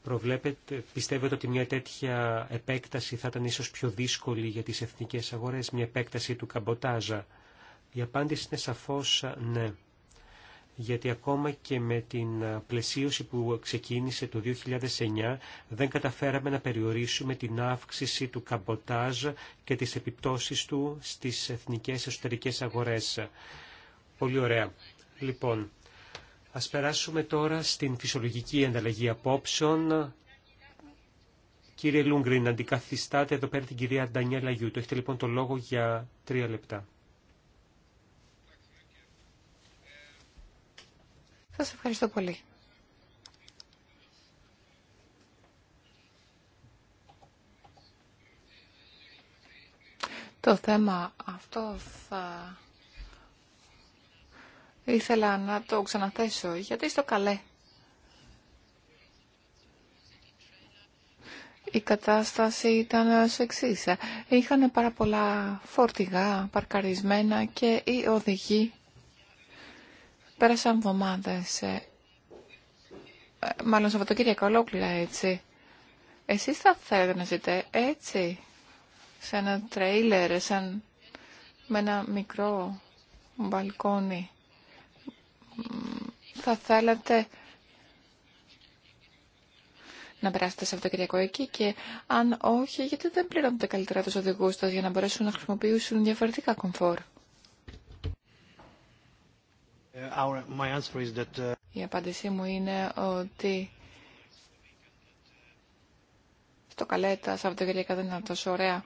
Προβλέπετε, πιστεύετε ότι μια τέτοια επέκταση θα ήταν ίσως πιο δύσκολη για τις εθνικές αγορές, μια επέκταση του καμποτάζα. Η απάντηση είναι σαφώς ναι. Γιατί ακόμα και με την πλαισίωση που ξεκίνησε το 2009 δεν καταφέραμε να περιορίσουμε την αύξηση του καμποτάζ και τις επιπτώσεις του στις εθνικές εσωτερικές αγορές. Πολύ ωραία. Λοιπόν, Ας περάσουμε τώρα στην φυσιολογική ανταλλαγή απόψεων. Κύριε Λούγκριν, αντικαθιστάτε εδώ πέρα την κυρία Ντανιέλα Γιούτο. Έχετε λοιπόν το λόγο για τρία λεπτά. Σας ευχαριστώ πολύ. Το θέμα αυτό θα Ήθελα να το ξαναθέσω, γιατί στο καλέ. Η κατάσταση ήταν ως εξή. Είχαν πάρα πολλά φορτηγά παρκαρισμένα και οι οδηγοί πέρασαν εβδομάδες, ε, μάλλον Σαββατοκύριακα ολόκληρα έτσι. Εσείς θα θέλετε έτσι, σε ένα τρέιλερ, σαν με ένα μικρό μπαλκόνι θα θέλατε να περάσετε σε αυτοκυριακό εκεί και αν όχι, γιατί δεν πληρώνετε καλύτερα τους οδηγούς σας για να μπορέσουν να χρησιμοποιήσουν διαφορετικά κομφόρ. Ε, ε, Η απάντησή μου είναι ότι στο Καλέτα τα Σαββατοκυριακά δεν είναι τόσο ωραία.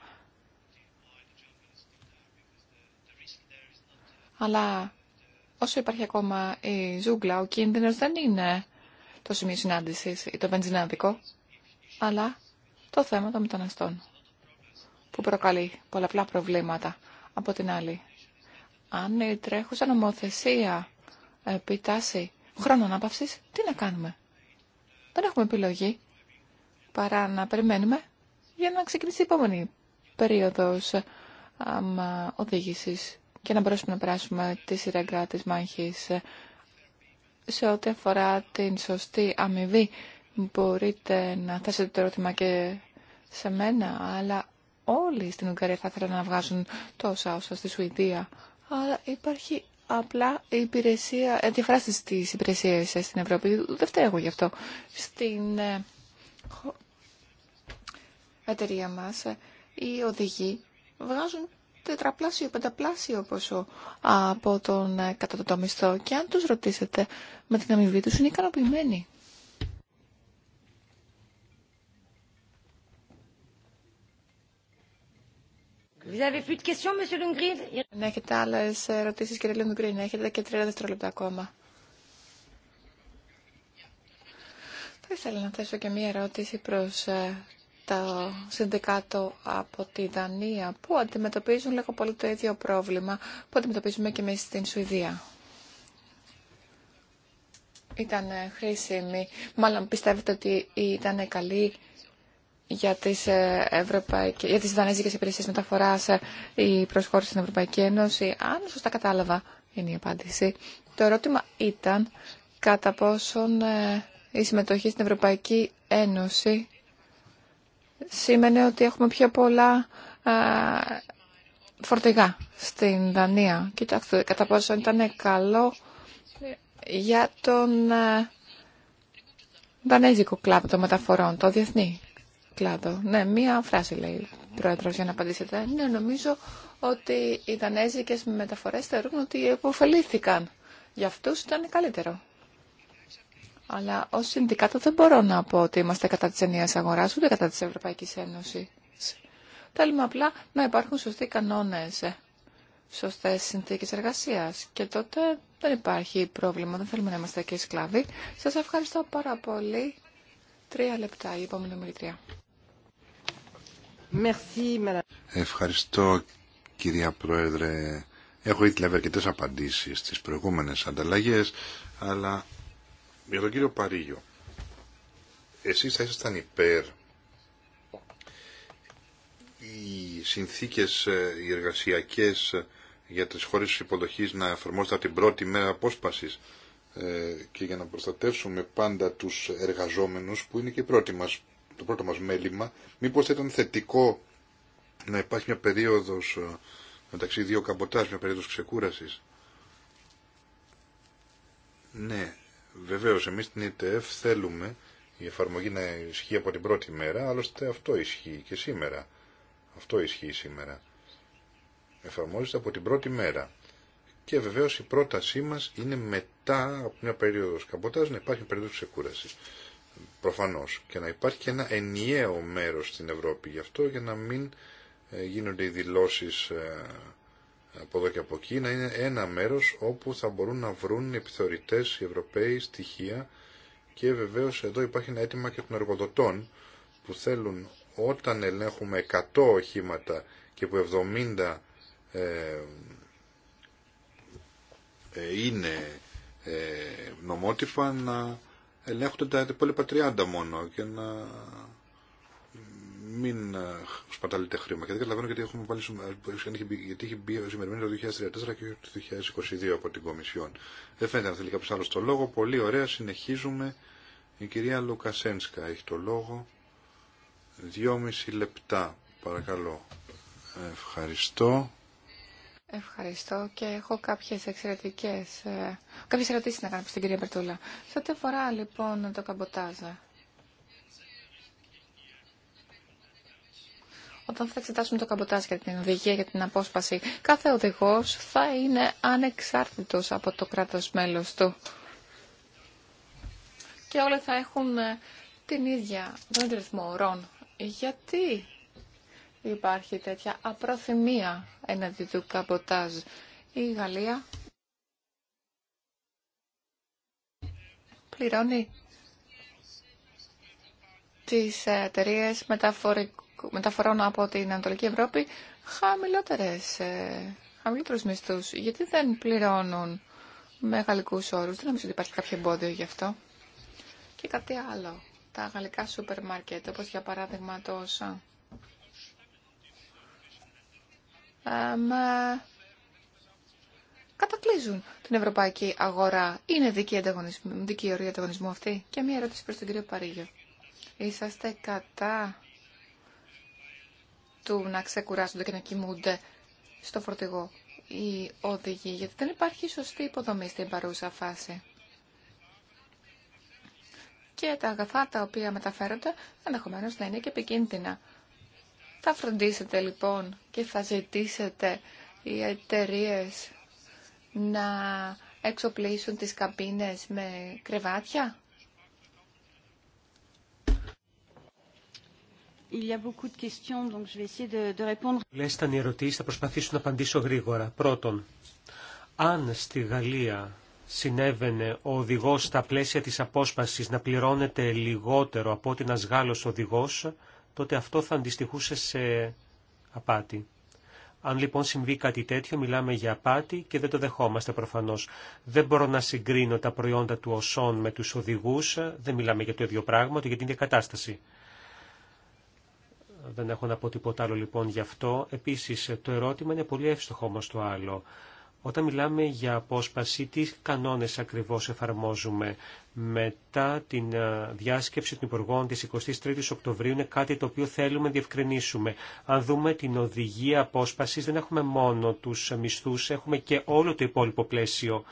Αλλά όσο υπάρχει ακόμα η ζούγκλα, ο κίνδυνο δεν είναι το σημείο συνάντηση ή το βενζινάδικο, αλλά το θέμα των μεταναστών, που προκαλεί πολλαπλά προβλήματα. Από την άλλη, αν η τρέχουσα νομοθεσία επιτάσσει χρόνο ανάπαυσης, τι να κάνουμε. Δεν έχουμε επιλογή παρά να περιμένουμε για να ξεκινήσει η επόμενη περίοδος οδήγησης και να μπορέσουμε να περάσουμε τη σειρά της μάχης σε ό,τι αφορά την σωστή αμοιβή. Μπορείτε να θέσετε το ερώτημα και σε μένα, αλλά όλοι στην Ουγγαρία θα ήθελαν να βγάζουν τόσα όσα στη Σουηδία. Αλλά υπάρχει απλά η υπηρεσία, ε, διαφορά της υπηρεσίας ε, στην Ευρώπη. Δεν φταίω γι' αυτό. Στην ε, εταιρεία μας οι οδηγοί βγάζουν τετραπλάσιο, πενταπλάσιο ποσό από τον ε, κατώτατο μισθό και αν τους ρωτήσετε με την αμοιβή τους είναι ικανοποιημένοι. Δεν ναι, έχετε άλλε ερωτήσει, κύριε Λουγκρίν. Έχετε και τρία δευτερόλεπτα ακόμα. Θα ήθελα να θέσω και μία ερώτηση προς ε, τα συνδικάτο από τη Δανία που αντιμετωπίζουν λίγο πολύ το ίδιο πρόβλημα που αντιμετωπίζουμε και εμείς στην Σουηδία. Ήταν χρήσιμη, μάλλον πιστεύετε ότι ήταν καλή για τις, ε, Ευρωπαϊκές, για τις Δανέζικες Υπηρεσίες Μεταφοράς ε, η προσχώρηση στην Ευρωπαϊκή Ένωση. Αν σωστά κατάλαβα είναι η απάντηση. Το ερώτημα ήταν κατά πόσον ε, η συμμετοχή στην Ευρωπαϊκή Ένωση σήμαινε ότι έχουμε πιο πολλά ε, φορτηγά στην Δανία. Κοιτάξτε, κατά πόσο ήταν καλό για τον ε, δανέζικο κλάδο των μεταφορών, το διεθνή κλάδο. Ναι, μία φράση λέει ο Πρόεδρος για να απαντήσετε. Ναι, νομίζω ότι οι δανέζικες μεταφορές θεωρούν ότι υποφελήθηκαν. Για αυτούς ήταν καλύτερο. Αλλά ω συνδικάτο δεν μπορώ να πω ότι είμαστε κατά τη ενιαίας αγορά ούτε κατά τη Ευρωπαϊκή Ένωση. Θέλουμε απλά να υπάρχουν σωστοί κανόνε σωστέ συνθήκε εργασία. Και τότε δεν υπάρχει πρόβλημα, δεν θέλουμε να είμαστε και σκλάβοι. Σα ευχαριστώ πάρα πολύ. Τρία λεπτά, η επόμενη ομιλητρία. Ευχαριστώ κυρία Πρόεδρε. Έχω ήδη λάβει αρκετέ απαντήσει στι προηγούμενε ανταλλαγέ, αλλά για τον κύριο Παρίγιο, εσείς θα ήσασταν υπέρ οι συνθήκες ε, οι εργασιακές ε, για τις χώρες υποδοχής να εφαρμόζονται από την πρώτη μέρα απόσπασης ε, και για να προστατεύσουμε πάντα τους εργαζόμενους που είναι και το πρώτο μας μέλημα μήπως θα ήταν θετικό να υπάρχει μια περίοδος μεταξύ δύο καμποτάς, μια περίοδος ξεκούρασης ναι Βεβαίω, εμεί στην ΕΤΕΦ θέλουμε η εφαρμογή να ισχύει από την πρώτη μέρα, άλλωστε αυτό ισχύει και σήμερα. Αυτό ισχύει σήμερα. Εφαρμόζεται από την πρώτη μέρα. Και βεβαίως η πρότασή μα είναι μετά από μια περίοδο καμποτάζ να υπάρχει περίοδος ξεκούραση. Προφανώς. Και να υπάρχει και ένα ενιαίο μέρο στην Ευρώπη γι' αυτό για να μην ε, γίνονται οι δηλώσεις ε, από εδώ και από εκεί να είναι ένα μέρος όπου θα μπορούν να βρουν οι επιθεωρητές οι Ευρωπαίοι στοιχεία και βεβαίως εδώ υπάρχει ένα αίτημα και των εργοδοτών που θέλουν όταν ελέγχουμε 100 οχήματα και που 70 ε, ε, είναι ε, νομότυπα να ελέγχονται τα υπόλοιπα 30 μόνο και να μην ε, σπαταλείτε χρήμα. Και δεν καταλαβαίνω γιατί, έχουμε πάλι, γιατί έχει μπει η σημερινή το 2034 και όχι το 2022 από την Κομισιόν. Δεν φαίνεται να θέλει κάποιο άλλο το λόγο. Πολύ ωραία, συνεχίζουμε. Η κυρία Λουκασένσκα έχει το λόγο. Δυόμιση λεπτά, παρακαλώ. Ευχαριστώ. Ευχαριστώ και έχω κάποιες εξαιρετικές, ε, κάποιες ερωτήσεις να κάνω στην κυρία Μπερτούλα. Σε ό,τι αφορά λοιπόν το καμποτάζα, Όταν θα εξετάσουμε το καμποτάζ για την οδηγία, για την απόσπαση, κάθε οδηγός θα είναι ανεξάρτητος από το κράτος μέλος του. Και όλοι θα έχουν ε, την ίδια, τον ίδιο ρυθμό ορών. Γιατί υπάρχει τέτοια απροθυμία εναντί του καμποτάζ. Η Γαλλία πληρώνει τις ε, εταιρείε μεταφορικού μεταφορών από την Ανατολική Ευρώπη χαμηλότερες, ε, χαμηλότερους μισθούς. Γιατί δεν πληρώνουν με γαλλικούς όρους. Δεν νομίζω ότι υπάρχει κάποιο εμπόδιο γι' αυτό. Και κάτι άλλο. Τα γαλλικά σούπερ μάρκετ, όπως για παράδειγμα το ΩΣΑ. Ε, κατακλείζουν την ευρωπαϊκή αγορά. Είναι δική, δική ορία ανταγωνισμού αυτή. Και μία ερώτηση προς τον κύριο Παρίγιο. Είσαστε κατά του να ξεκουράζονται και να κοιμούνται στο φορτηγό οι οδηγοί, γιατί δεν υπάρχει σωστή υποδομή στην παρούσα φάση. Και τα αγαθά τα οποία μεταφέρονται ενδεχομένω να είναι και επικίνδυνα. Θα φροντίσετε λοιπόν και θα ζητήσετε οι εταιρείε να εξοπλίσουν τις καμπίνες με κρεβάτια Πολλές οι ερωτήσεις, θα προσπαθήσω να απαντήσω γρήγορα. Πρώτον, αν στη Γαλλία συνέβαινε ο οδηγός στα πλαίσια της απόσπασης να πληρώνεται λιγότερο από ότι ένας Γάλλος οδηγός, τότε αυτό θα αντιστοιχούσε σε απάτη. Αν λοιπόν συμβεί κάτι τέτοιο, μιλάμε για απάτη και δεν το δεχόμαστε προφανώ. Δεν μπορώ να συγκρίνω τα προϊόντα του οσών με του οδηγού, δεν μιλάμε για το ίδιο πράγμα, το για την ίδια κατάσταση. Δεν έχω να πω τίποτα άλλο λοιπόν γι' αυτό. Επίσης το ερώτημα είναι πολύ εύστοχο όμως το άλλο. Όταν μιλάμε για απόσπαση, τι κανόνες ακριβώς εφαρμόζουμε μετά την ε, διάσκεψη των Υπουργών της 23ης Οκτωβρίου είναι κάτι το οποίο θέλουμε να διευκρινίσουμε. Αν δούμε την οδηγία απόσπασης δεν έχουμε μόνο τους μισθούς, έχουμε και όλο το υπόλοιπο πλαίσιο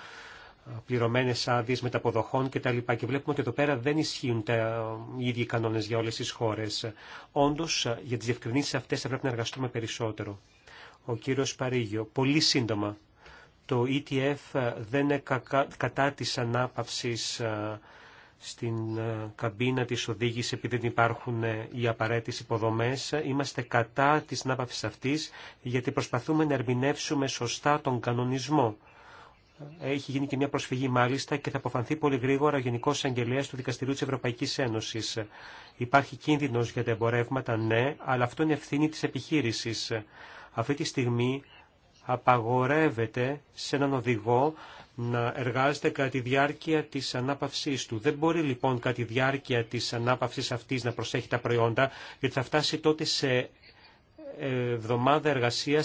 πληρωμένες άδειες μεταποδοχών κτλ. Και βλέπουμε ότι εδώ πέρα δεν ισχύουν τα, ε, οι ίδιοι κανόνες για όλες τις χώρες. Όντως, ε, για τις διευκρινήσεις αυτές θα πρέπει να εργαστούμε περισσότερο. Ο κύριος Παρίγιο, πολύ σύντομα, το ETF ε, δεν είναι κατά της ανάπαυσης στην καμπίνα της οδήγηση επειδή δεν υπάρχουν οι απαραίτητες υποδομές. Είμαστε κατά της ανάπαυσης αυτής γιατί προσπαθούμε να ερμηνεύσουμε σωστά τον κανονισμό. Έχει γίνει και μια προσφυγή μάλιστα και θα αποφανθεί πολύ γρήγορα ο Γενικό Αγγελέα του Δικαστηρίου τη Ευρωπαϊκή Ένωση. Υπάρχει κίνδυνο για τα εμπορεύματα, ναι, αλλά αυτό είναι ευθύνη τη επιχείρηση. Αυτή τη στιγμή απαγορεύεται σε έναν οδηγό να εργάζεται κατά τη διάρκεια της ανάπαυσή του. Δεν μπορεί λοιπόν κατά τη διάρκεια τη ανάπαυση αυτή να προσέχει τα προϊόντα, γιατί θα φτάσει τότε σε εβδομάδα εργασία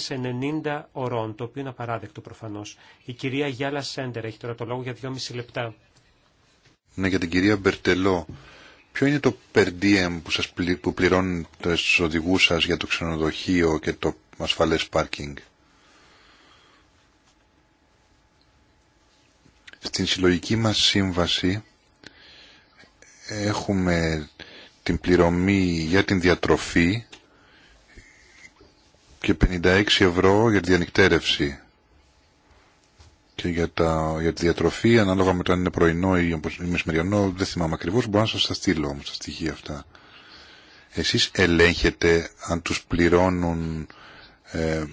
90 ωρών, το οποίο είναι απαράδεκτο προφανώ. Η κυρία Γιάλα Σέντερ έχει τώρα το λόγο για 2,5 λεπτά. Ναι, για την κυρία Μπερτελό. Ποιο είναι το per diem που, σας, που πληρώνουν του οδηγούς σας για το ξενοδοχείο και το ασφαλές πάρκινγκ. Στην συλλογική μας σύμβαση έχουμε την πληρωμή για την διατροφή και 56 ευρώ για τη διανυκτέρευση και για, τα, για τη διατροφή, ανάλογα με το αν είναι πρωινό ή μεσημεριανό, δεν θυμάμαι ακριβώς, μπορώ να σας τα στείλω όμως τα στοιχεία αυτά. Εσείς ελέγχετε αν τους πληρώνουν, ε,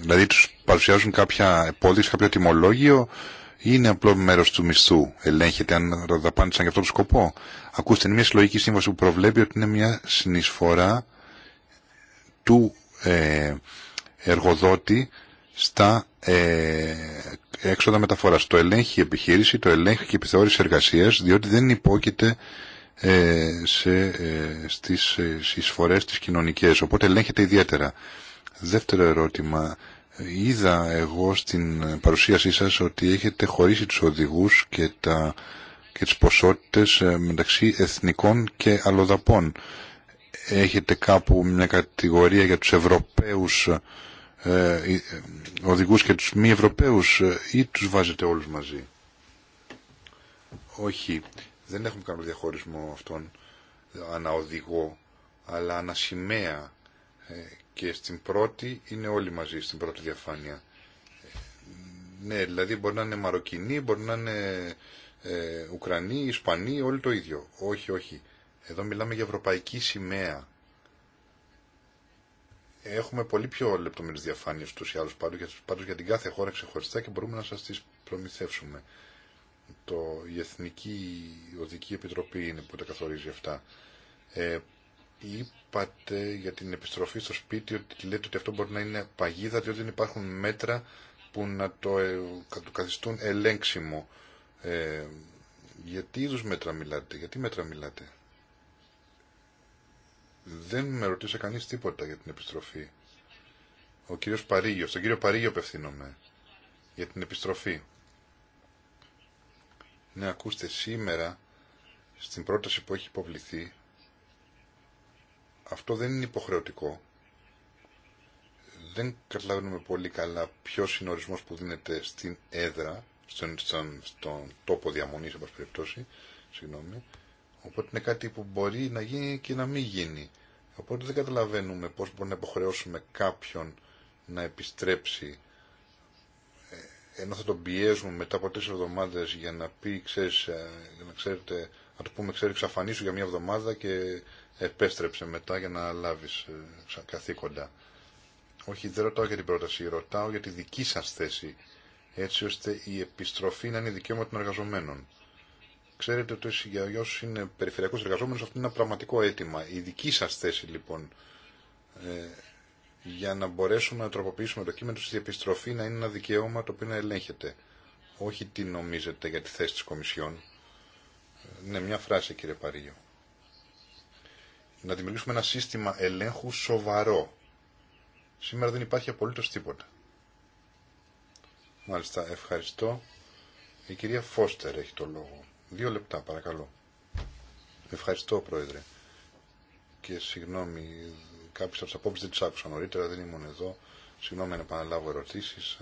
δηλαδή τους παρουσιάζουν κάποια επόδειξη, κάποιο τιμολόγιο ή είναι απλό μέρος του μισθού. Ελέγχετε αν δαπάνησαν για αυτόν τον σκοπό. Ακούστε, είναι μια συλλογική σύμβαση που προβλέπει ότι είναι μια συνεισφορά του ε, εργοδότη στα ε, έξοδα μεταφοράς. Το ελέγχει η επιχείρηση, το ελέγχει και η επιθεώρηση εργασίας, διότι δεν υπόκειται ε, σε, ε, στις ε, εισφορές τις κοινωνικές. Οπότε ελέγχεται ιδιαίτερα. Δεύτερο ερώτημα. Είδα εγώ στην παρουσίασή σας ότι έχετε χωρίσει τους οδηγούς και, τα, και τις ποσότητες ε, μεταξύ εθνικών και αλλοδαπών έχετε κάπου μια κατηγορία για τους Ευρωπαίους ε, ε οδηγούς και τους μη Ευρωπαίους ε, ή τους βάζετε όλους μαζί. Όχι, δεν έχουμε κάνει διαχωρισμό αυτόν αναοδηγό, αλλά ανασημαία ε, και στην πρώτη είναι όλοι μαζί στην πρώτη διαφάνεια. Ναι, δηλαδή μπορεί να είναι Μαροκινοί, μπορεί να είναι Ουκρανοί, Ισπανοί, όλοι το ίδιο. Όχι, όχι. Εδώ μιλάμε για ευρωπαϊκή σημαία. Έχουμε πολύ πιο λεπτομέρειε διαφάνειε του ή άλλου πάντω για την κάθε χώρα ξεχωριστά και μπορούμε να σα τι προμηθεύσουμε. Το, η Εθνική Οδική Επιτροπή είναι που τα καθορίζει αυτά. Ε, είπατε για την επιστροφή στο σπίτι ότι λέτε ότι αυτό μπορεί να είναι παγίδα διότι δεν υπάρχουν μέτρα που να το, ε, καθιστούν ελέγξιμο. Ε, γιατί είδου μέτρα μιλάτε, γιατί μέτρα μιλάτε δεν με ρωτήσε κανείς τίποτα για την επιστροφή. Ο κύριος Παρίγιο, στον κύριο Παρίγιο απευθύνομαι για την επιστροφή. Ναι, ακούστε, σήμερα στην πρόταση που έχει υποβληθεί αυτό δεν είναι υποχρεωτικό. Δεν καταλαβαίνουμε πολύ καλά ποιο είναι ο που δίνεται στην έδρα, στον, στον, τόπο διαμονής, εν περιπτώσει, συγγνώμη, Οπότε είναι κάτι που μπορεί να γίνει και να μην γίνει. Οπότε δεν καταλαβαίνουμε πώς μπορεί να υποχρεώσουμε κάποιον να επιστρέψει ε, ενώ θα τον πιέζουμε μετά από τέσσερις εβδομάδες για να πει, ξέρεις, ε, να ξέρετε, να το πούμε, ξέρεις ξαφανίσου για μια εβδομάδα και επέστρεψε μετά για να λάβεις ε, καθήκοντα. Όχι, δεν ρωτάω για την πρόταση, ρωτάω για τη δική σας θέση, έτσι ώστε η επιστροφή να είναι δικαίωμα των εργαζομένων. Ξέρετε ότι ο όσου είναι περιφερειακού εργαζόμενο, αυτό είναι ένα πραγματικό αίτημα. Η δική σα θέση λοιπόν ε, για να μπορέσουμε να τροποποιήσουμε το κείμενο στη επιστροφή να είναι ένα δικαίωμα το οποίο να ελέγχεται. Όχι τι νομίζετε για τη θέση τη Κομισιόν. Ε, ναι, μια φράση κύριε Παρίγιο. Να δημιουργήσουμε ένα σύστημα ελέγχου σοβαρό. Σήμερα δεν υπάρχει απολύτω τίποτα. Μάλιστα, ευχαριστώ. Η κυρία Φώστερ έχει το λόγο. Δύο λεπτά παρακαλώ. Ευχαριστώ Πρόεδρε. Και συγγνώμη, κάποιε από τι απόψει δεν τι άκουσα νωρίτερα, δεν ήμουν εδώ. Συγγνώμη να επαναλάβω ερωτήσει.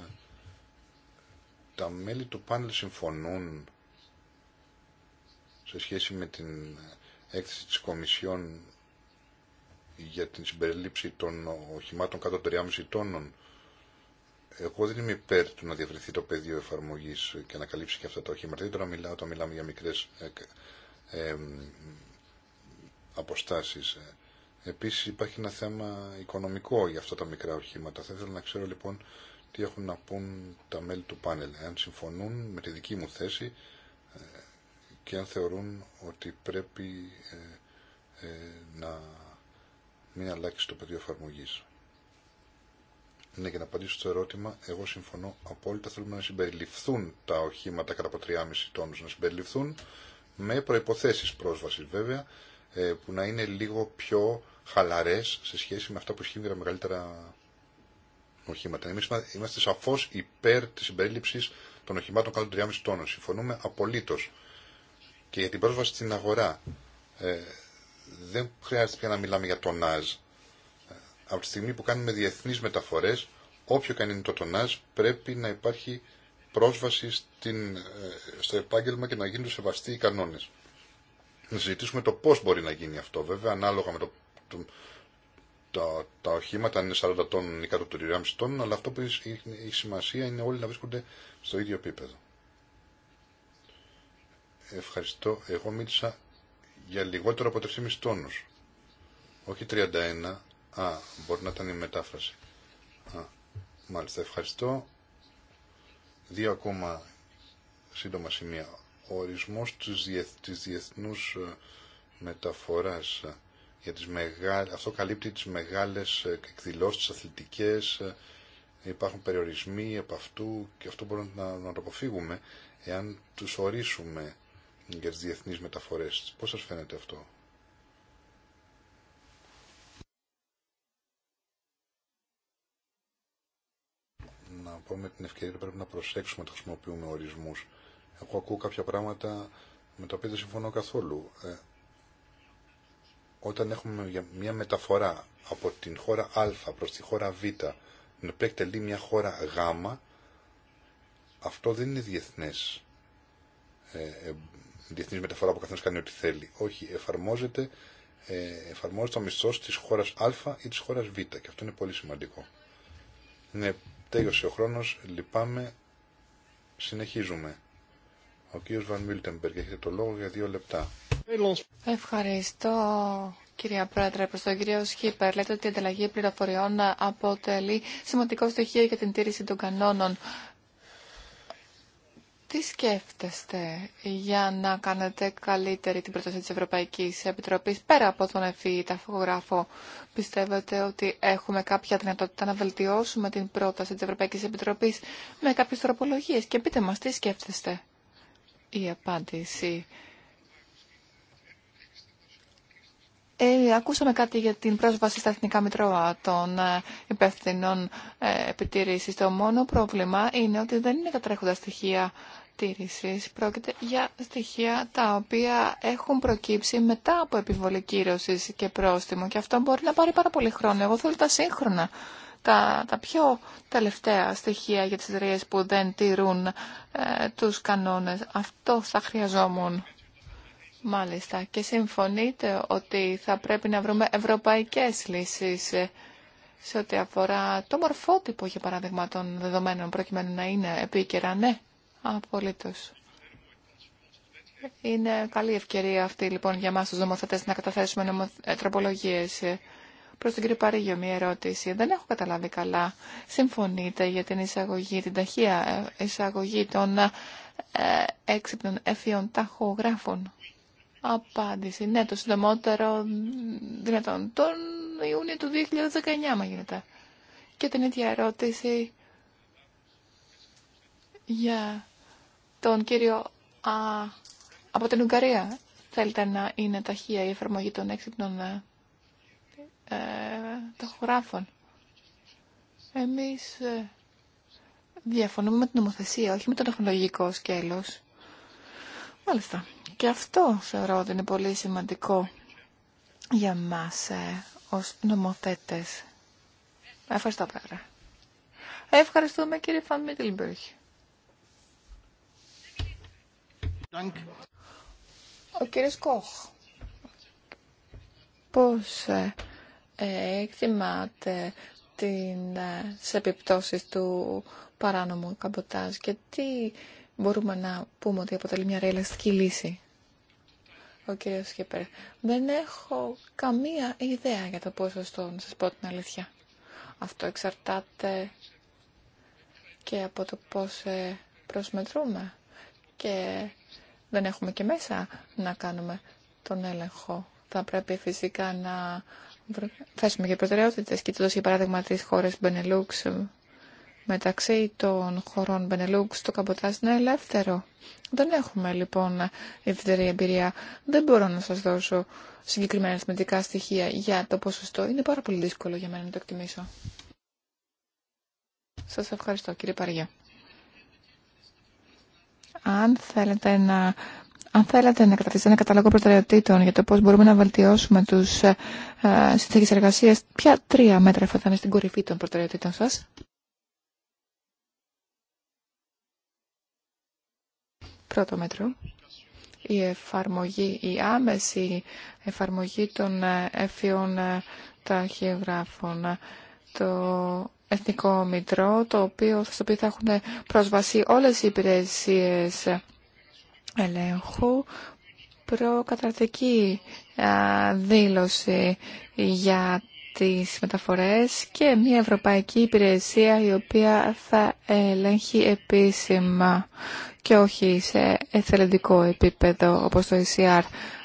Τα μέλη του πάνελ συμφωνούν σε σχέση με την έκθεση της Κομισιόν για την συμπερίληψη των οχημάτων κάτω 3,5 τόνων εγώ δεν είμαι υπέρ του να διαβρεθεί το πεδίο εφαρμογή και να καλύψει και αυτά τα οχήματα. Δεν τώρα μιλάω όταν μιλάμε για μικρέ ε, ε, αποστάσει. Επίση υπάρχει ένα θέμα οικονομικό για αυτά τα μικρά οχήματα. Θα ήθελα να ξέρω λοιπόν τι έχουν να πούν τα μέλη του πάνελ. Αν συμφωνούν με τη δική μου θέση ε, και αν θεωρούν ότι πρέπει ε, ε, να μην αλλάξει το πεδίο εφαρμογής. Ναι, για να απαντήσω στο ερώτημα, εγώ συμφωνώ απόλυτα. Θέλουμε να συμπεριληφθούν τα οχήματα κατά από 3,5 τόνου, να συμπεριληφθούν με προποθέσει πρόσβαση βέβαια, ε, που να είναι λίγο πιο χαλαρέ σε σχέση με αυτά που ισχύουν για τα μεγαλύτερα οχήματα. Εμεί είμαστε σαφώ υπέρ τη συμπερίληψη των οχημάτων κάτω των 3,5 τόνων. Συμφωνούμε απολύτω. Και για την πρόσβαση στην αγορά. Ε, δεν χρειάζεται πια να μιλάμε για τον ΝΑΖ από τη στιγμή που κάνουμε διεθνείς μεταφορές, όποιο και αν είναι το τονάζ, πρέπει να υπάρχει πρόσβαση στην, ε, στο επάγγελμα και να γίνουν σεβαστοί οι κανόνες. Να συζητήσουμε το πώς μπορεί να γίνει αυτό, βέβαια, ανάλογα με το, το, το τα οχήματα, αν είναι 40 τόνων ή κάτω από 3,5 τόνων, αλλά αυτό που έχει σημασία είναι όλοι να βρίσκονται στο ίδιο επίπεδο. Ευχαριστώ. Εγώ μίλησα για λιγότερο από 3,5 τόνους. Όχι 31, Α, μπορεί να ήταν η μετάφραση. Α, μάλιστα, ευχαριστώ. Δύο ακόμα σύντομα σημεία. Ο ορισμός της, διεθ, της διεθνούς ε, μεταφοράς ε, για τις αυτό καλύπτει τις μεγάλες ε, εκδηλώσεις, τις αθλητικές, υπάρχουν περιορισμοί από αυτού και αυτό μπορούμε να, να το αποφύγουμε εάν τους ορίσουμε για τις διεθνείς μεταφορές. Πώς σας φαίνεται αυτό. Λοιπόν, με την ευκαιρία πρέπει να προσέξουμε να χρησιμοποιούμε ορισμού. Εγώ ακούω κάποια πράγματα με τα οποία δεν συμφωνώ καθόλου. Ε, όταν έχουμε μια μεταφορά από την χώρα Α προ τη χώρα Β την οποία εκτελεί μια χώρα Γ, αυτό δεν είναι διεθνέ ε, ε, διεθνής μεταφορά που ο κάνει ό,τι θέλει. Όχι, εφαρμόζεται, ε, εφαρμόζεται ο μισθό της χώρας Α ή τη χώρα Β και αυτό είναι πολύ σημαντικό. Είναι Τέλειωσε ο χρόνο. λυπάμαι, συνεχίζουμε. Ο κύριος Βαν Μίλτεμπεργκ έχετε το λόγο για δύο λεπτά. Ευχαριστώ. Κυρία Πρόεδρε, προ τον κύριο Σχίπερ, λέτε ότι η ανταλλαγή πληροφοριών αποτελεί σημαντικό στοιχείο για την τήρηση των κανόνων τι σκέφτεστε για να κάνετε καλύτερη την πρόταση της Ευρωπαϊκής Επιτροπής πέρα από τον τα e ταφογράφο. Πιστεύετε ότι έχουμε κάποια δυνατότητα να βελτιώσουμε την πρόταση της Ευρωπαϊκής Επιτροπής με κάποιες τροπολογίες και πείτε μας τι σκέφτεστε. Η απάντηση Ε, ακούσαμε κάτι για την πρόσβαση στα εθνικά μητρώα των ε, υπεύθυνων ε, επιτήρησης. Το μόνο πρόβλημα είναι ότι δεν είναι τα τρέχοντα στοιχεία τήρησης. Πρόκειται για στοιχεία τα οποία έχουν προκύψει μετά από επιβολή κύρωσης και πρόστιμο και αυτό μπορεί να πάρει πάρα πολύ χρόνο. Εγώ θέλω τα σύγχρονα. Τα, τα πιο τελευταία στοιχεία για τις εταιρείε που δεν τηρούν ε, τους κανόνες. Αυτό θα χρειαζόμουν. Μάλιστα. Και συμφωνείτε ότι θα πρέπει να βρούμε ευρωπαϊκές λύσεις σε ό,τι αφορά το μορφότυπο, για παράδειγμα, των δεδομένων, προκειμένου να είναι επίκαιρα. Ναι, απολύτως. Είναι καλή ευκαιρία αυτή, λοιπόν, για μας τους νομοθετές να καταθέσουμε νομοτροπολογίες. Ε, Προς τον κύριο Παρίγιο, μια ερώτηση. Δεν έχω καταλάβει καλά. Συμφωνείτε για την εισαγωγή, την ταχεία ε, εισαγωγή των ε, έξυπνων εφιών ταχογράφων. Απάντηση. Ναι, το συντομότερο δυνατόν. Τον Ιούνιο του 2019, μα γίνεται. Και την ίδια ερώτηση για τον κύριο Α, από την Ουγγαρία. Θέλετε να είναι ταχεία η εφαρμογή των έξυπνων ε, ε ταχογράφων. Εμείς ε, διαφωνούμε με την νομοθεσία, όχι με το τεχνολογικό σκέλος. Μάλιστα. Και αυτό θεωρώ ότι είναι πολύ σημαντικό για μας ε, ως νομοθέτες. Ευχαριστώ πέρα. Ευχαριστούμε κύριε Φαν Μίτλμπεργκ. Ο κύριος Κόχ. Πώς ε, ε, εκτιμάτε την, ε, επιπτώσεις του παράνομου καμποτάζ και τι μπορούμε να πούμε ότι αποτελεί μια ρεαλιστική λύση ο κύριος Σκύπερ. Δεν έχω καμία ιδέα για το ποσοστό, να σας πω την αλήθεια. Αυτό εξαρτάται και από το πώς ε, προσμετρούμε. Και δεν έχουμε και μέσα να κάνουμε τον έλεγχο. Θα πρέπει φυσικά να θέσουμε και προτεραιότητες, το για παράδειγμα τις χώρες Μπενελούξ, μεταξύ των χωρών Μπενελούξ το καμποτάζ είναι ελεύθερο. Δεν έχουμε λοιπόν ιδιαίτερη εμπειρία. Δεν μπορώ να σας δώσω συγκεκριμένα αριθμητικά στοιχεία για το ποσοστό. Είναι πάρα πολύ δύσκολο για μένα να το εκτιμήσω. Σας ευχαριστώ κύριε Παριά. Αν θέλετε να... Αν θέλετε να κρατήσετε ένα κατάλογο προτεραιοτήτων για το πώς μπορούμε να βελτιώσουμε τους ε, συνθήκες εργασίας, ποια τρία μέτρα θα ήταν στην κορυφή των προτεραιοτήτων σα. Πρώτο μέτρο, η εφαρμογή, η άμεση εφαρμογή των εφιών ε, ταχυγράφων. Το Εθνικό Μητρό, το οποίο, στο οποίο θα έχουν πρόσβαση όλες οι υπηρεσίες ελέγχου, προκαταρτική δήλωση για τις μεταφορές και μια ευρωπαϊκή υπηρεσία η οποία θα ελέγχει επίσημα και όχι σε εθελοντικό επίπεδο όπως το ECR.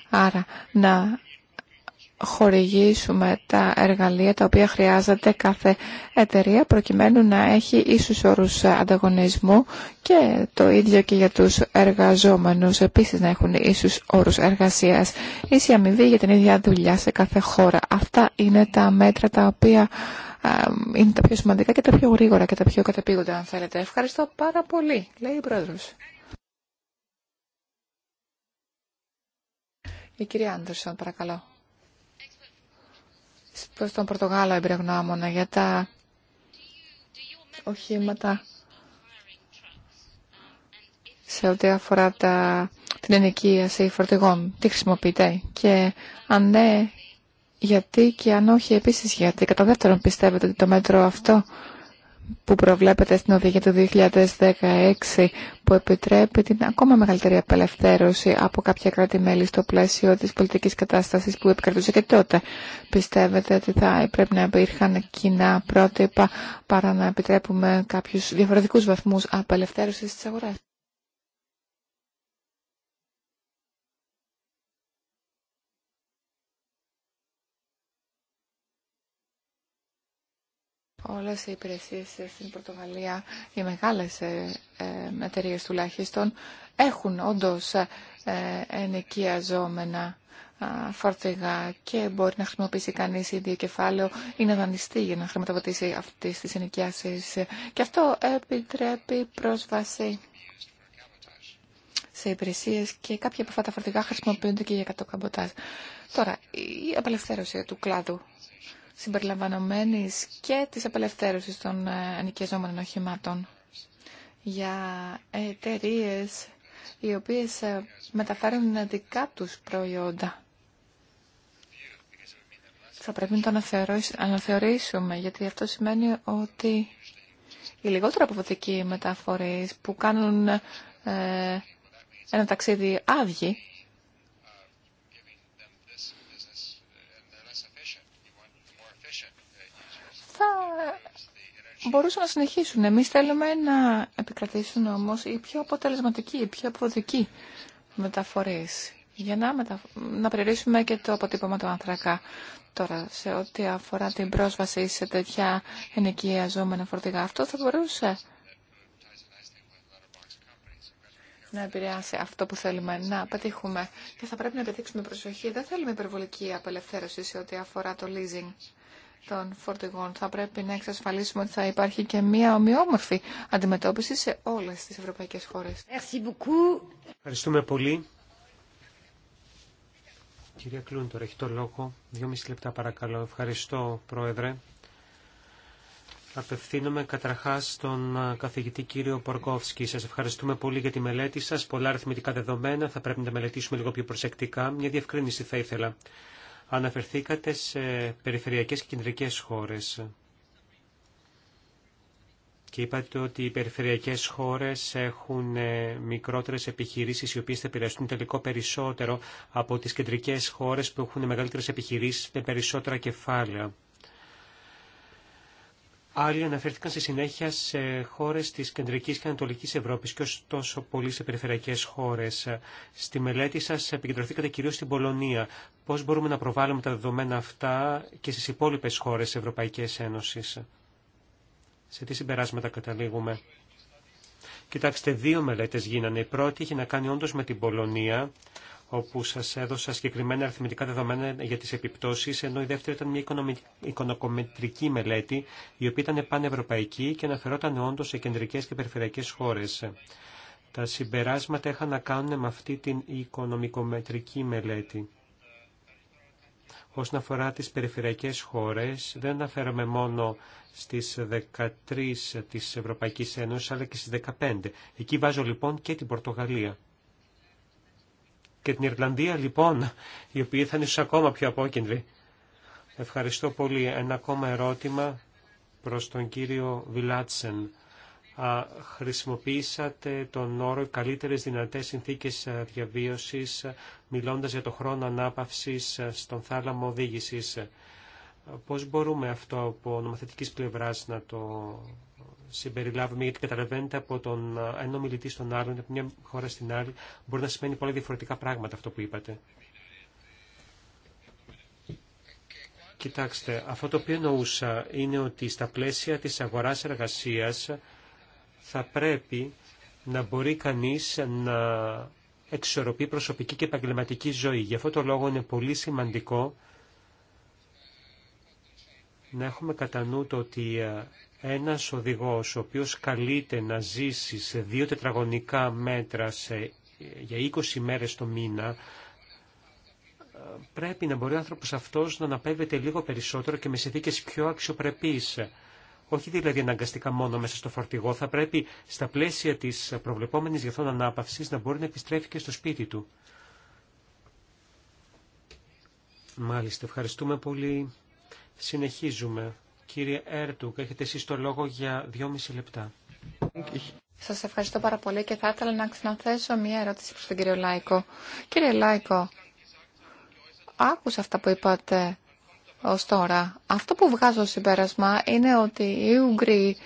Άρα να χορηγήσουμε τα εργαλεία τα οποία χρειάζεται κάθε εταιρεία προκειμένου να έχει ίσους όρους ανταγωνισμού και το ίδιο και για τους εργαζόμενους επίσης να έχουν ίσους όρους εργασίας ίση αμοιβή για την ίδια δουλειά σε κάθε χώρα. Αυτά είναι τα μέτρα τα οποία είναι τα πιο σημαντικά και τα πιο γρήγορα και τα πιο καταπήγοντα αν θέλετε. Ευχαριστώ πάρα πολύ, λέει η Πρόεδρος. Η κυρία Άντερσον, παρακαλώ στον Πορτογάλο εμπειρογνώμονα για τα οχήματα σε ό,τι αφορά τα, την ενοικίαση φορτηγών. Τι χρησιμοποιείται και αν ναι, γιατί και αν όχι επίσης γιατί. Κατά δεύτερον πιστεύετε ότι το μέτρο αυτό που προβλέπεται στην οδηγία του 2016 που επιτρέπει την ακόμα μεγαλύτερη απελευθέρωση από κάποια κράτη-μέλη στο πλαίσιο της πολιτικής κατάστασης που επικρατούσε και τότε. Πιστεύετε ότι θα πρέπει να υπήρχαν κοινά πρότυπα παρά να επιτρέπουμε κάποιους διαφορετικούς βαθμούς απελευθέρωσης στις αγορές. όλες οι υπηρεσίες στην Πορτογαλία, οι μεγάλες ε, ε, εταιρείε τουλάχιστον, έχουν όντως ε, ενοικιαζόμενα φορτηγά και μπορεί να χρησιμοποιήσει κανείς ίδιο κεφάλαιο ή να δανειστεί για να χρηματοδοτήσει αυτές τις ενοικιάσεις. Και αυτό επιτρέπει πρόσβαση σε υπηρεσίε και κάποια από αυτά τα φορτηγά χρησιμοποιούνται και για κατοκαμποτάζ. Τώρα, η απελευθέρωση του κλάδου συμπεριλαμβανομένης και της απελευθέρωσης των ε, ενοικιαζόμενων οχημάτων για εταιρείε οι οποίες ε, μεταφέρουν δικά τους προϊόντα. Θα πρέπει να το αναθεωρήσουμε, γιατί αυτό σημαίνει ότι οι λιγότερο αποδοτικοί μεταφορείς που κάνουν ε, ένα ταξίδι άδειοι, μπορούσαν να συνεχίσουν. Εμείς θέλουμε να επικρατήσουν όμως οι πιο αποτελεσματικοί, οι πιο αποδικοί μεταφορές για να, μετα... να περιορίσουμε και το αποτύπωμα του ανθρακά. Τώρα, σε ό,τι αφορά την πρόσβαση σε τέτοια ενοικιαζόμενα φορτηγά, αυτό θα μπορούσε να επηρεάσει αυτό που θέλουμε να πετύχουμε. Και θα πρέπει να πετύξουμε προσοχή. Δεν θέλουμε υπερβολική απελευθέρωση σε ό,τι αφορά το leasing των φορτηγών. Θα πρέπει να εξασφαλίσουμε ότι θα υπάρχει και μια ομοιόμορφη αντιμετώπιση σε όλες τις ευρωπαϊκές χώρες. Ευχαριστούμε πολύ. Κυρία Κλούντορ, έχει το λόγο. Δύο μισή λεπτά παρακαλώ. Ευχαριστώ, Πρόεδρε. Απευθύνομαι καταρχάς στον καθηγητή κύριο Πορκόφσκι. Σας ευχαριστούμε πολύ για τη μελέτη σας. Πολλά αριθμητικά δεδομένα θα πρέπει να τα μελετήσουμε λίγο πιο προσεκτικά. Μια διευκρίνηση θα ήθελα αναφερθήκατε σε περιφερειακές και κεντρικές χώρες. Και είπατε ότι οι περιφερειακές χώρες έχουν ε, μικρότερες επιχειρήσεις οι οποίες θα επηρεαστούν τελικό περισσότερο από τις κεντρικές χώρες που έχουν μεγαλύτερες επιχειρήσεις με περισσότερα κεφάλαια. Άλλοι αναφέρθηκαν στη συνέχεια σε χώρες της κεντρικής και ανατολικής Ευρώπης και ωστόσο τόσο πολύ σε περιφερειακές χώρες. Στη μελέτη σας επικεντρωθήκατε κυρίως στην Πολωνία. Πώς μπορούμε να προβάλλουμε τα δεδομένα αυτά και στις υπόλοιπες χώρες Ευρωπαϊκής Ένωσης. Σε τι συμπεράσματα καταλήγουμε. Κοιτάξτε, δύο μελέτες γίνανε. Η πρώτη είχε να κάνει όντως με την Πολωνία όπου σας έδωσα συγκεκριμένα αριθμητικά δεδομένα για τις επιπτώσεις, ενώ η δεύτερη ήταν μια οικονομικομετρική μελέτη, η οποία ήταν πανευρωπαϊκή και αναφερόταν όντω σε κεντρικές και περιφερειακές χώρες. Τα συμπεράσματα είχαν να κάνουν με αυτή την οικονομικομετρική μελέτη. Όσον αφορά τις περιφερειακές χώρες, δεν αναφέρομαι μόνο στις 13 της Ευρωπαϊκής Ένωσης, αλλά και στις 15. Εκεί βάζω λοιπόν και την Πορτογαλία και την Ιρλανδία λοιπόν, η οποία θα είναι ακόμα πιο απόκεντροι. Ευχαριστώ πολύ. Ένα ακόμα ερώτημα προς τον κύριο Βιλάτσεν. Α, χρησιμοποίησατε τον όρο «καλύτερες δυνατές συνθήκες διαβίωσης» μιλώντας για το χρόνο ανάπαυσης στον θάλαμο οδήγησης. Πώς μπορούμε αυτό από νομοθετικής πλευράς να το συμπεριλάβουμε, γιατί καταλαβαίνετε από τον ένα μιλητή στον άλλον, από μια χώρα στην άλλη, μπορεί να σημαίνει πολλά διαφορετικά πράγματα αυτό που είπατε. Κοιτάξτε, αυτό το οποίο εννοούσα είναι ότι στα πλαίσια της αγοράς εργασίας θα πρέπει να μπορεί κανείς να εξορροπεί προσωπική και επαγγελματική ζωή. Γι' αυτό το λόγο είναι πολύ σημαντικό να έχουμε κατά νου το ότι ε, ένας οδηγός ο οποίος καλείται να ζήσει σε δύο τετραγωνικά μέτρα σε, για 20 μέρες το μήνα, πρέπει να μπορεί ο άνθρωπος αυτός να αναπέβεται λίγο περισσότερο και με συνθήκες πιο αξιοπρεπείς. Όχι δηλαδή αναγκαστικά μόνο μέσα στο φορτηγό, θα πρέπει στα πλαίσια της προβλεπόμενης για ανάπαυσης να μπορεί να επιστρέφει και στο σπίτι του. Μάλιστα, ευχαριστούμε πολύ. Συνεχίζουμε. Κύριε Έρτουκ, έχετε εσεί το λόγο για δυόμιση λεπτά. Σας ευχαριστώ πάρα πολύ και θα ήθελα να ξαναθέσω μια ερώτηση προ τον κύριο Λάικο. Κύριε Λάικο, άκουσα αυτά που είπατε ω τώρα. Αυτό που βγάζω συμπέρασμα είναι ότι η Ουγγροί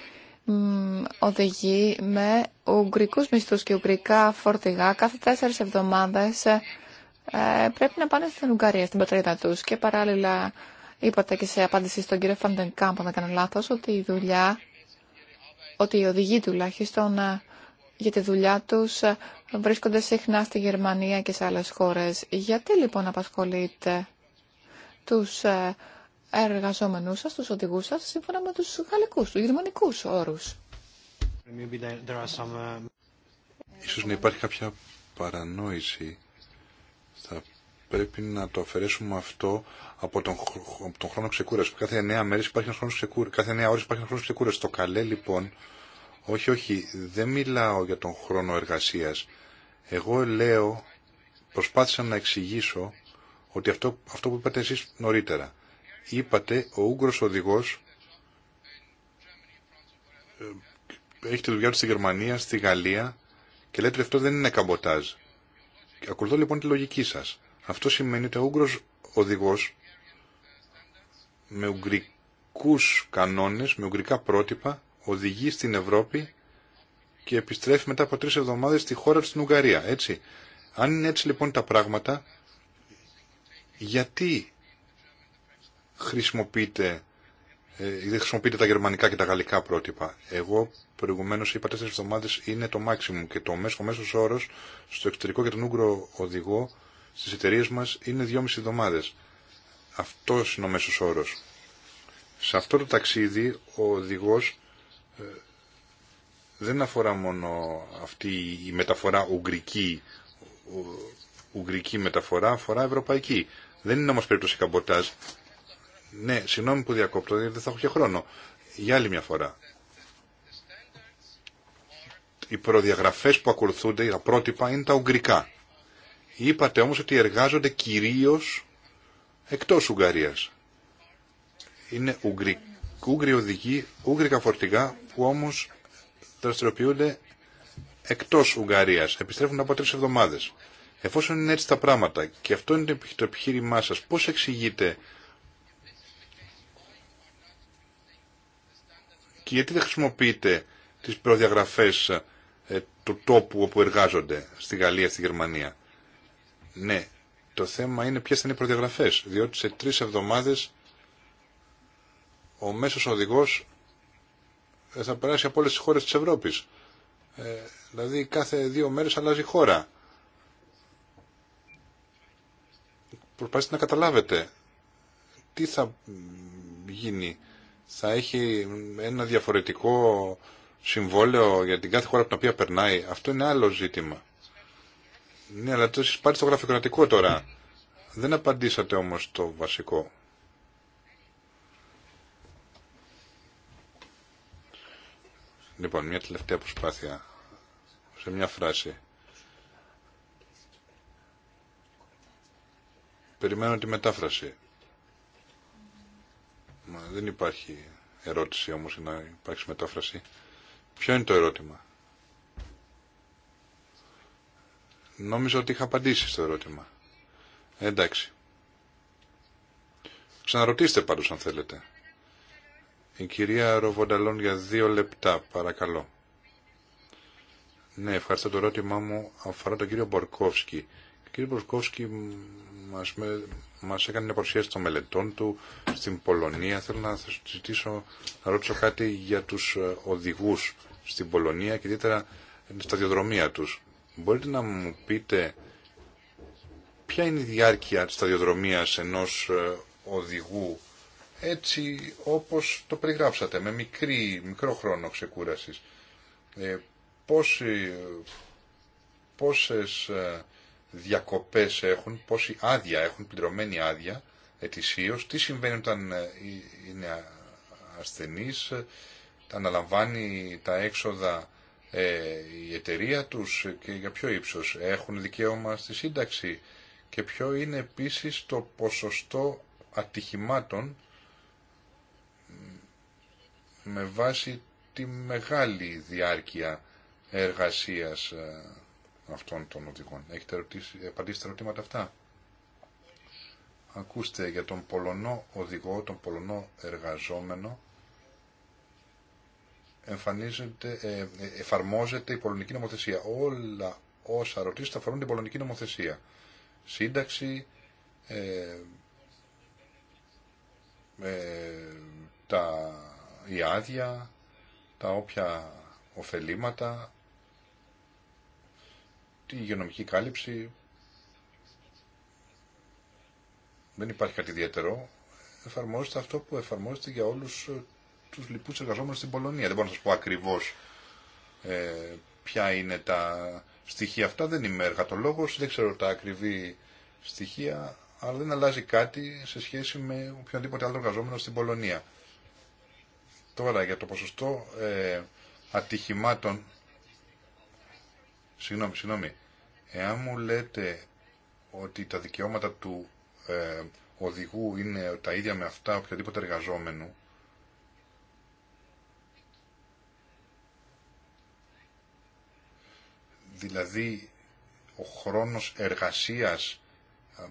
οδηγεί με ουγγρικούς μισθούς και ουγγρικά φορτηγά κάθε τέσσερις εβδομάδες ε, πρέπει να πάνε στην Ουγγαρία, στην πατρίδα τους και παράλληλα Είπατε και σε απάντηση στον κύριο Φαντενκάμπ, αν δεν κάνω λάθος, ότι η δουλειά, ότι οι οδηγοί τουλάχιστον ε, για τη δουλειά τους ε, βρίσκονται συχνά στη Γερμανία και σε άλλες χώρες. Γιατί λοιπόν απασχολείτε τους ε, εργαζόμενούς σας, τους οδηγούς σας, σύμφωνα με τους γαλλικούς, τους γερμανικούς όρους. Ίσως να υπάρχει κάποια παρανόηση στα πρέπει να το αφαιρέσουμε αυτό από τον, τον χρόνο ξεκούραση. Κάθε 9 μέρες υπάρχει ένα χρόνο ξεκούραση. Κάθε 9 ώρες υπάρχει ξεκούραση. Το καλέ λοιπόν, όχι, όχι, δεν μιλάω για τον χρόνο εργασία, Εγώ λέω, προσπάθησα να εξηγήσω ότι αυτό, αυτό που είπατε εσεί νωρίτερα. Είπατε, ο Ούγγρος οδηγός ε, έχει τη δουλειά του στη Γερμανία, στη Γαλλία και λέτε ότι αυτό δεν είναι καμποτάζ. Ακολουθώ λοιπόν τη λογική σας. Αυτό σημαίνει ότι ο Ούγγρος οδηγός με ουγγρικούς κανόνες, με ουγγρικά πρότυπα, οδηγεί στην Ευρώπη και επιστρέφει μετά από τρεις εβδομάδες στη χώρα του στην Ουγγαρία. Έτσι. Αν είναι έτσι λοιπόν τα πράγματα, γιατί χρησιμοποιείτε, ε, χρησιμοποιείτε τα γερμανικά και τα γαλλικά πρότυπα. Εγώ προηγουμένω είπα τέσσερι εβδομάδε είναι το maximum και το μέσο, μέσο όρο στο εξωτερικό και τον Ούγγρο οδηγό στις εταιρείε μας είναι 2,5 εβδομάδες. Αυτός είναι ο μέσος όρος. Σε αυτό το ταξίδι ο οδηγός ε, δεν αφορά μόνο αυτή η μεταφορά ουγγρική, ουγγρική μεταφορά, αφορά ευρωπαϊκή. Δεν είναι όμως περίπτωση καμποτάζ. Ναι, συγγνώμη που διακόπτω, δεν θα έχω και χρόνο. Για άλλη μια φορά. Οι προδιαγραφές που ακολουθούνται, τα πρότυπα, είναι τα ουγγρικά. Είπατε όμως ότι εργάζονται κυρίως εκτός Ουγγαρίας. Είναι Ουγγρι, Ούγγροι οδηγοί, Ούγγρικα φορτηγά που όμως δραστηριοποιούνται εκτός Ουγγαρίας. Επιστρέφουν από τρεις εβδομάδες. Εφόσον είναι έτσι τα πράγματα και αυτό είναι το επιχείρημά σας, πώς εξηγείτε και γιατί δεν χρησιμοποιείτε τις προδιαγραφές ε, του τόπου όπου εργάζονται στη Γαλλία, στη Γερμανία. Ναι, το θέμα είναι ποιε θα είναι οι προδιαγραφέ, διότι σε τρει εβδομάδες ο μέσος οδηγός ε, θα περάσει από όλε τι χώρε της Ευρώπης. Ε, δηλαδή κάθε δύο μέρες αλλάζει χώρα. Προσπαθείτε να καταλάβετε τι θα γίνει. Θα έχει ένα διαφορετικό συμβόλαιο για την κάθε χώρα από την οποία περνάει. Αυτό είναι άλλο ζήτημα. Ναι, αλλά το πάλι στο γραφειοκρατικό τώρα. Δεν απαντήσατε όμως το βασικό. Λοιπόν, μια τελευταία προσπάθεια σε μια φράση. Περιμένω τη μετάφραση. Μα δεν υπάρχει ερώτηση όμως να υπάρξει μετάφραση. Ποιο είναι το ερώτημα. Νόμιζα ότι είχα απαντήσει στο ερώτημα. Ε, εντάξει. Ξαναρωτήστε πάντως αν θέλετε. Η κυρία Ροβονταλόν για δύο λεπτά, παρακαλώ. Ναι, ευχαριστώ. Το ερώτημά μου αφορά τον κύριο Μπορκόφσκι. Ο κύριος Μπορκόφσκι μας, έκανε μια παρουσίαση των μελετών του στην Πολωνία. Θέλω να ζητήσω, να ρωτήσω κάτι για τους ε, οδηγούς στην Πολωνία και ιδιαίτερα στα διοδρομία τους. Μπορείτε να μου πείτε ποια είναι η διάρκεια της σταδιοδρομίας ενός ε, οδηγού έτσι όπως το περιγράψατε, με μικρή, μικρό χρόνο ξεκούρασης. Ε, πόσοι, πόσες ε, διακοπές έχουν, πόση άδεια έχουν, πληρωμένη άδεια ετησίως, τι συμβαίνει όταν ε, είναι ασθενής, τα αναλαμβάνει τα έξοδα ε, η εταιρεία τους και για ποιο ύψος έχουν δικαίωμα στη σύνταξη και ποιο είναι επίσης το ποσοστό ατυχημάτων με βάση τη μεγάλη διάρκεια εργασίας ε, αυτών των οδηγών. Έχετε απαντήσει τα ερωτήματα αυτά. Ακούστε για τον Πολωνό οδηγό, τον Πολωνό εργαζόμενο ε, εφαρμόζεται η πολωνική νομοθεσία. Όλα όσα ρωτήσετε αφορούν την πολωνική νομοθεσία. Σύνταξη, ε, ε, τα, η άδεια, τα όποια ωφελήματα, τη υγειονομική κάλυψη. Δεν υπάρχει κάτι ιδιαίτερο. Εφαρμόζεται αυτό που εφαρμόζεται για όλους τους λοιπούς εργαζόμενους στην Πολωνία. Δεν μπορώ να σας πω ακριβώς ε, ποια είναι τα στοιχεία αυτά. Δεν είμαι εργατολόγος, δεν ξέρω τα ακριβή στοιχεία, αλλά δεν αλλάζει κάτι σε σχέση με οποιονδήποτε άλλο εργαζόμενο στην Πολωνία. Τώρα για το ποσοστό ε, ατυχημάτων, συγγνώμη, συγγνώμη, εάν μου λέτε ότι τα δικαιώματα του ε, οδηγού είναι τα ίδια με αυτά οποιοδήποτε εργαζόμενου, δηλαδή ο χρόνος εργασίας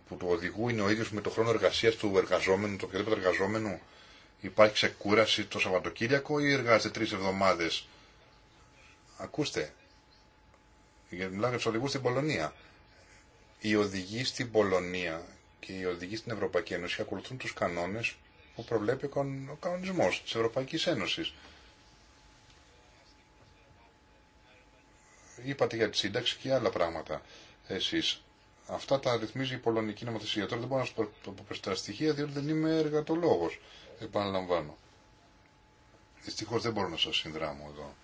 που του οδηγού είναι ο ίδιος με το χρόνο εργασίας του εργαζόμενου, του οποιοδήποτε εργαζόμενου, υπάρχει ξεκούραση το Σαββατοκύριακο ή εργάζεται τρεις εβδομάδες. Ακούστε, για μιλάω για τους οδηγούς στην Πολωνία. Οι οδηγοί στην Πολωνία και οι οδηγοί στην Ευρωπαϊκή Ένωση ακολουθούν τους κανόνες που προβλέπει ο κανονισμός της Ευρωπαϊκής Ένωσης. είπατε για τη σύνταξη και άλλα πράγματα εσείς. Αυτά τα ρυθμίζει η πολωνική νομοθεσία. Τώρα δεν μπορώ να το πω τα στοιχεία διότι δεν είμαι εργατολόγο. Επαναλαμβάνω. Δυστυχώ δεν μπορώ να σας συνδράμω εδώ.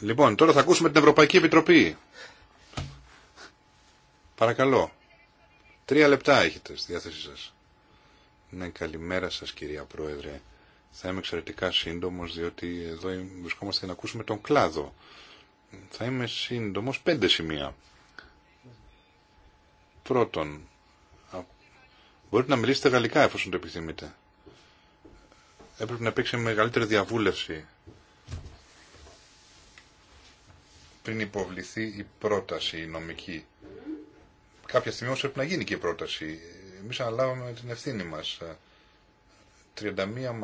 Λοιπόν, τώρα θα ακούσουμε την Ευρωπαϊκή Επιτροπή. Παρακαλώ. Τρία λεπτά έχετε στη διάθεσή σας. Ναι, καλημέρα σας κυρία Πρόεδρε. Θα είμαι εξαιρετικά σύντομος, διότι εδώ βρισκόμαστε να ακούσουμε τον κλάδο. Θα είμαι σύντομος πέντε σημεία. Πρώτον, μπορείτε να μιλήσετε γαλλικά εφόσον το επιθυμείτε. Έπρεπε να υπήρξε μεγαλύτερη διαβούλευση πριν υποβληθεί η πρόταση η νομική. Κάποια στιγμή όμως έπρεπε να γίνει και η πρόταση. Εμείς αναλάβαμε την ευθύνη μας. 31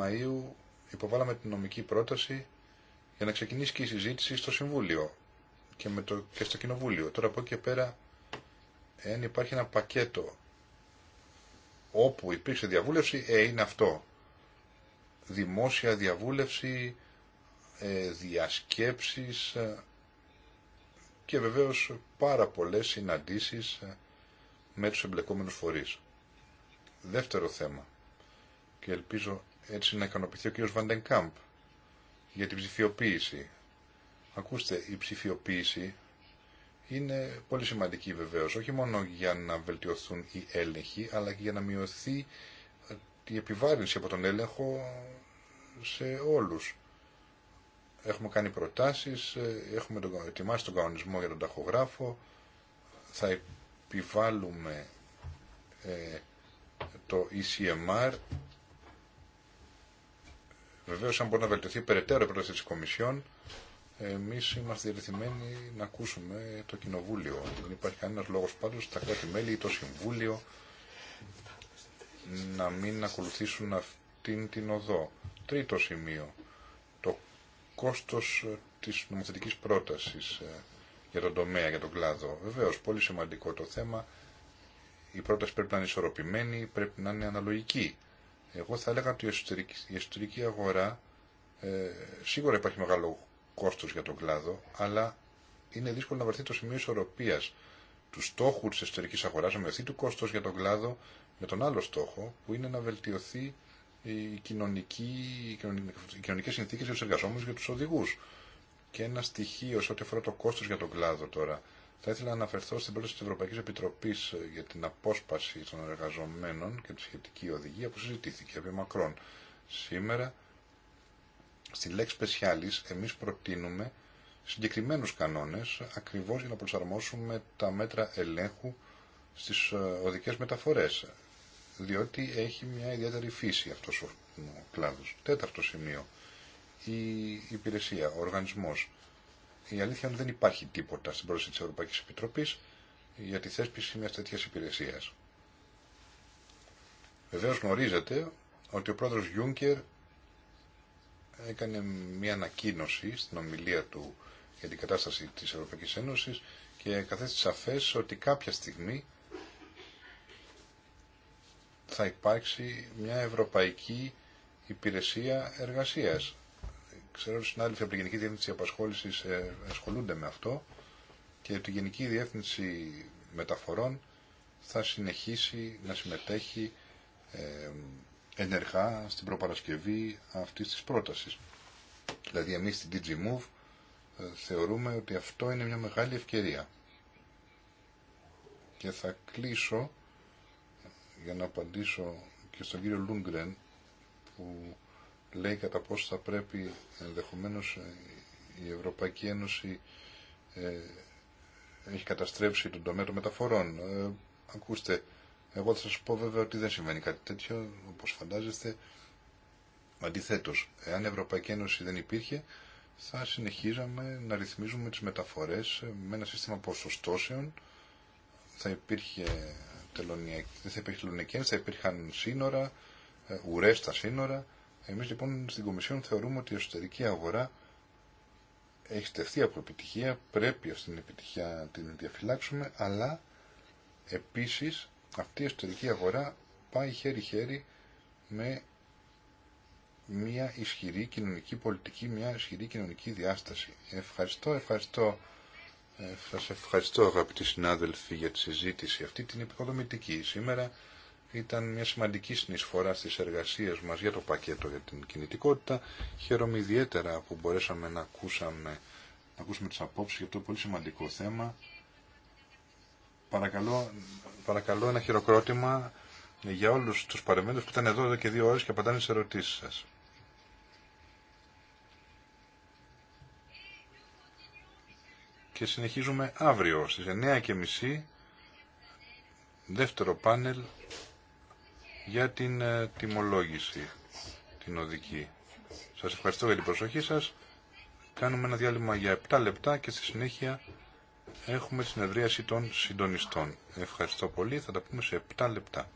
Μαΐου υποβάλαμε την νομική πρόταση για να ξεκινήσει και η συζήτηση στο Συμβούλιο και, με το, στο Κοινοβούλιο. Τώρα από εκεί και πέρα, εάν υπάρχει ένα πακέτο όπου υπήρξε διαβούλευση, ε, είναι αυτό. Δημόσια διαβούλευση, ε, διασκέψεις ε, και βεβαίως πάρα πολλές συναντήσεις ε, με τους εμπλεκόμενους φορείς. Δεύτερο θέμα και ελπίζω έτσι να ικανοποιηθεί ο κ. Βαντενκάμπ για την ψηφιοποίηση. Ακούστε, η ψηφιοποίηση είναι πολύ σημαντική βεβαίως, όχι μόνο για να βελτιωθούν οι έλεγχοι, αλλά και για να μειωθεί η επιβάρυνση από τον έλεγχο σε όλους. Έχουμε κάνει προτάσεις, έχουμε ετοιμάσει τον κανονισμό για τον ταχογράφο, θα επιβάλλουμε ε, το ECMR Βεβαίω, αν μπορεί να βελτιωθεί περαιτέρω η πρόταση τη Κομισιόν, εμείς είμαστε διατεθειμένοι να ακούσουμε το Κοινοβούλιο. Δεν υπάρχει κανένας λόγο πάντω τα κράτη-μέλη ή το Συμβούλιο να μην ακολουθήσουν αυτήν την οδό. Τρίτο σημείο, το κόστο τη νομοθετική πρόταση ε, για τον τομέα, για τον κλάδο. Βεβαίω πολύ σημαντικό το θέμα. Η πρόταση πρέπει να είναι ισορροπημένη, πρέπει να είναι αναλογική εγώ θα έλεγα ότι η εσωτερική, αγορά ε, σίγουρα υπάρχει μεγάλο κόστο για τον κλάδο, αλλά είναι δύσκολο να βρεθεί το σημείο ισορροπία του στόχου τη εσωτερική αγορά, να μειωθεί το κόστο για τον κλάδο με τον άλλο στόχο, που είναι να βελτιωθεί οι, κοινωνική, οι κοινωνικές συνθήκες για τους εργαζόμενους και τους οδηγούς. Και ένα στοιχείο σε ό,τι αφορά το κόστος για τον κλάδο τώρα, θα ήθελα να αναφερθώ στην πρόταση της Ευρωπαϊκή Επιτροπής για την απόσπαση των εργαζομένων και τη σχετική οδηγία που συζητήθηκε επί μακρόν. Σήμερα, στη λέξη Specialis, εμείς προτείνουμε συγκεκριμένους κανόνες ακριβώς για να προσαρμόσουμε τα μέτρα ελέγχου στις ε, οδικές μεταφορές διότι έχει μια ιδιαίτερη φύση αυτός ο κλάδος. Τέταρτο σημείο, η υπηρεσία, ο οργανισμός η αλήθεια είναι ότι δεν υπάρχει τίποτα στην πρόσθεση της Ευρωπαϊκής Επιτροπής για τη θέσπιση μια τέτοιας υπηρεσίας. Βεβαίως γνωρίζετε ότι ο πρόεδρος Γιούγκερ έκανε μια ανακοίνωση στην ομιλία του για την κατάσταση της Ευρωπαϊκής Ένωσης και καθέστησε σαφές ότι κάποια στιγμή θα υπάρξει μια ευρωπαϊκή υπηρεσία εργασίας ξέρω ότι συνάδελφοι από τη Γενική Διεύθυνση Απασχόλησης ε, ασχολούνται με αυτό και τη Γενική Διεύθυνση Μεταφορών θα συνεχίσει να συμμετέχει ε, ενεργά στην προπαρασκευή αυτής της πρότασης. Δηλαδή εμείς στην DG Move ε, θεωρούμε ότι αυτό είναι μια μεγάλη ευκαιρία. Και θα κλείσω για να απαντήσω και στον κύριο Λούγκρεν που λέει κατά πόσο θα πρέπει ενδεχομένως ε, η Ευρωπαϊκή Ένωση ε, έχει καταστρέψει τον τομέα των μεταφορών. Ε, ακούστε, εγώ θα σας πω βέβαια ότι δεν συμβαίνει κάτι τέτοιο, όπως φαντάζεστε. Αντιθέτως, εάν η Ευρωπαϊκή Ένωση δεν υπήρχε, θα συνεχίζαμε να ρυθμίζουμε τις μεταφορές με ένα σύστημα ποσοστώσεων. Θα υπήρχε θα υπήρχε θα υπήρχαν σύνορα, ουρές στα σύνορα, εμείς λοιπόν στην Κομισιόν θεωρούμε ότι η εσωτερική αγορά έχει στεφθεί από επιτυχία, πρέπει αυτή την επιτυχία να την διαφυλάξουμε, αλλά επίσης αυτή η εσωτερική αγορά πάει χέρι-χέρι με μια ισχυρή κοινωνική πολιτική, μια ισχυρή κοινωνική διάσταση. Ευχαριστώ, ευχαριστώ. Ε, σας ευχαριστώ αγαπητοί συνάδελφοι για τη συζήτηση αυτή την υποδομητική Σήμερα ήταν μια σημαντική συνεισφορά στις εργασίες μας για το πακέτο για την κινητικότητα. Χαίρομαι ιδιαίτερα που μπορέσαμε να, ακούσαμε, να ακούσουμε τις απόψεις για αυτό το πολύ σημαντικό θέμα. Παρακαλώ, παρακαλώ ένα χειροκρότημα για όλους τους παρεμβαίνοντες που ήταν εδώ εδώ και δύο ώρες και απαντάνε σε ερωτήσεις σας. Και συνεχίζουμε αύριο στις 9.30 δεύτερο πάνελ για την ε, τιμολόγηση την οδική. Σας ευχαριστώ για την προσοχή σας. Κάνουμε ένα διάλειμμα για 7 λεπτά και στη συνέχεια έχουμε συνεδρίαση των συντονιστών. Ευχαριστώ πολύ. Θα τα πούμε σε 7 λεπτά.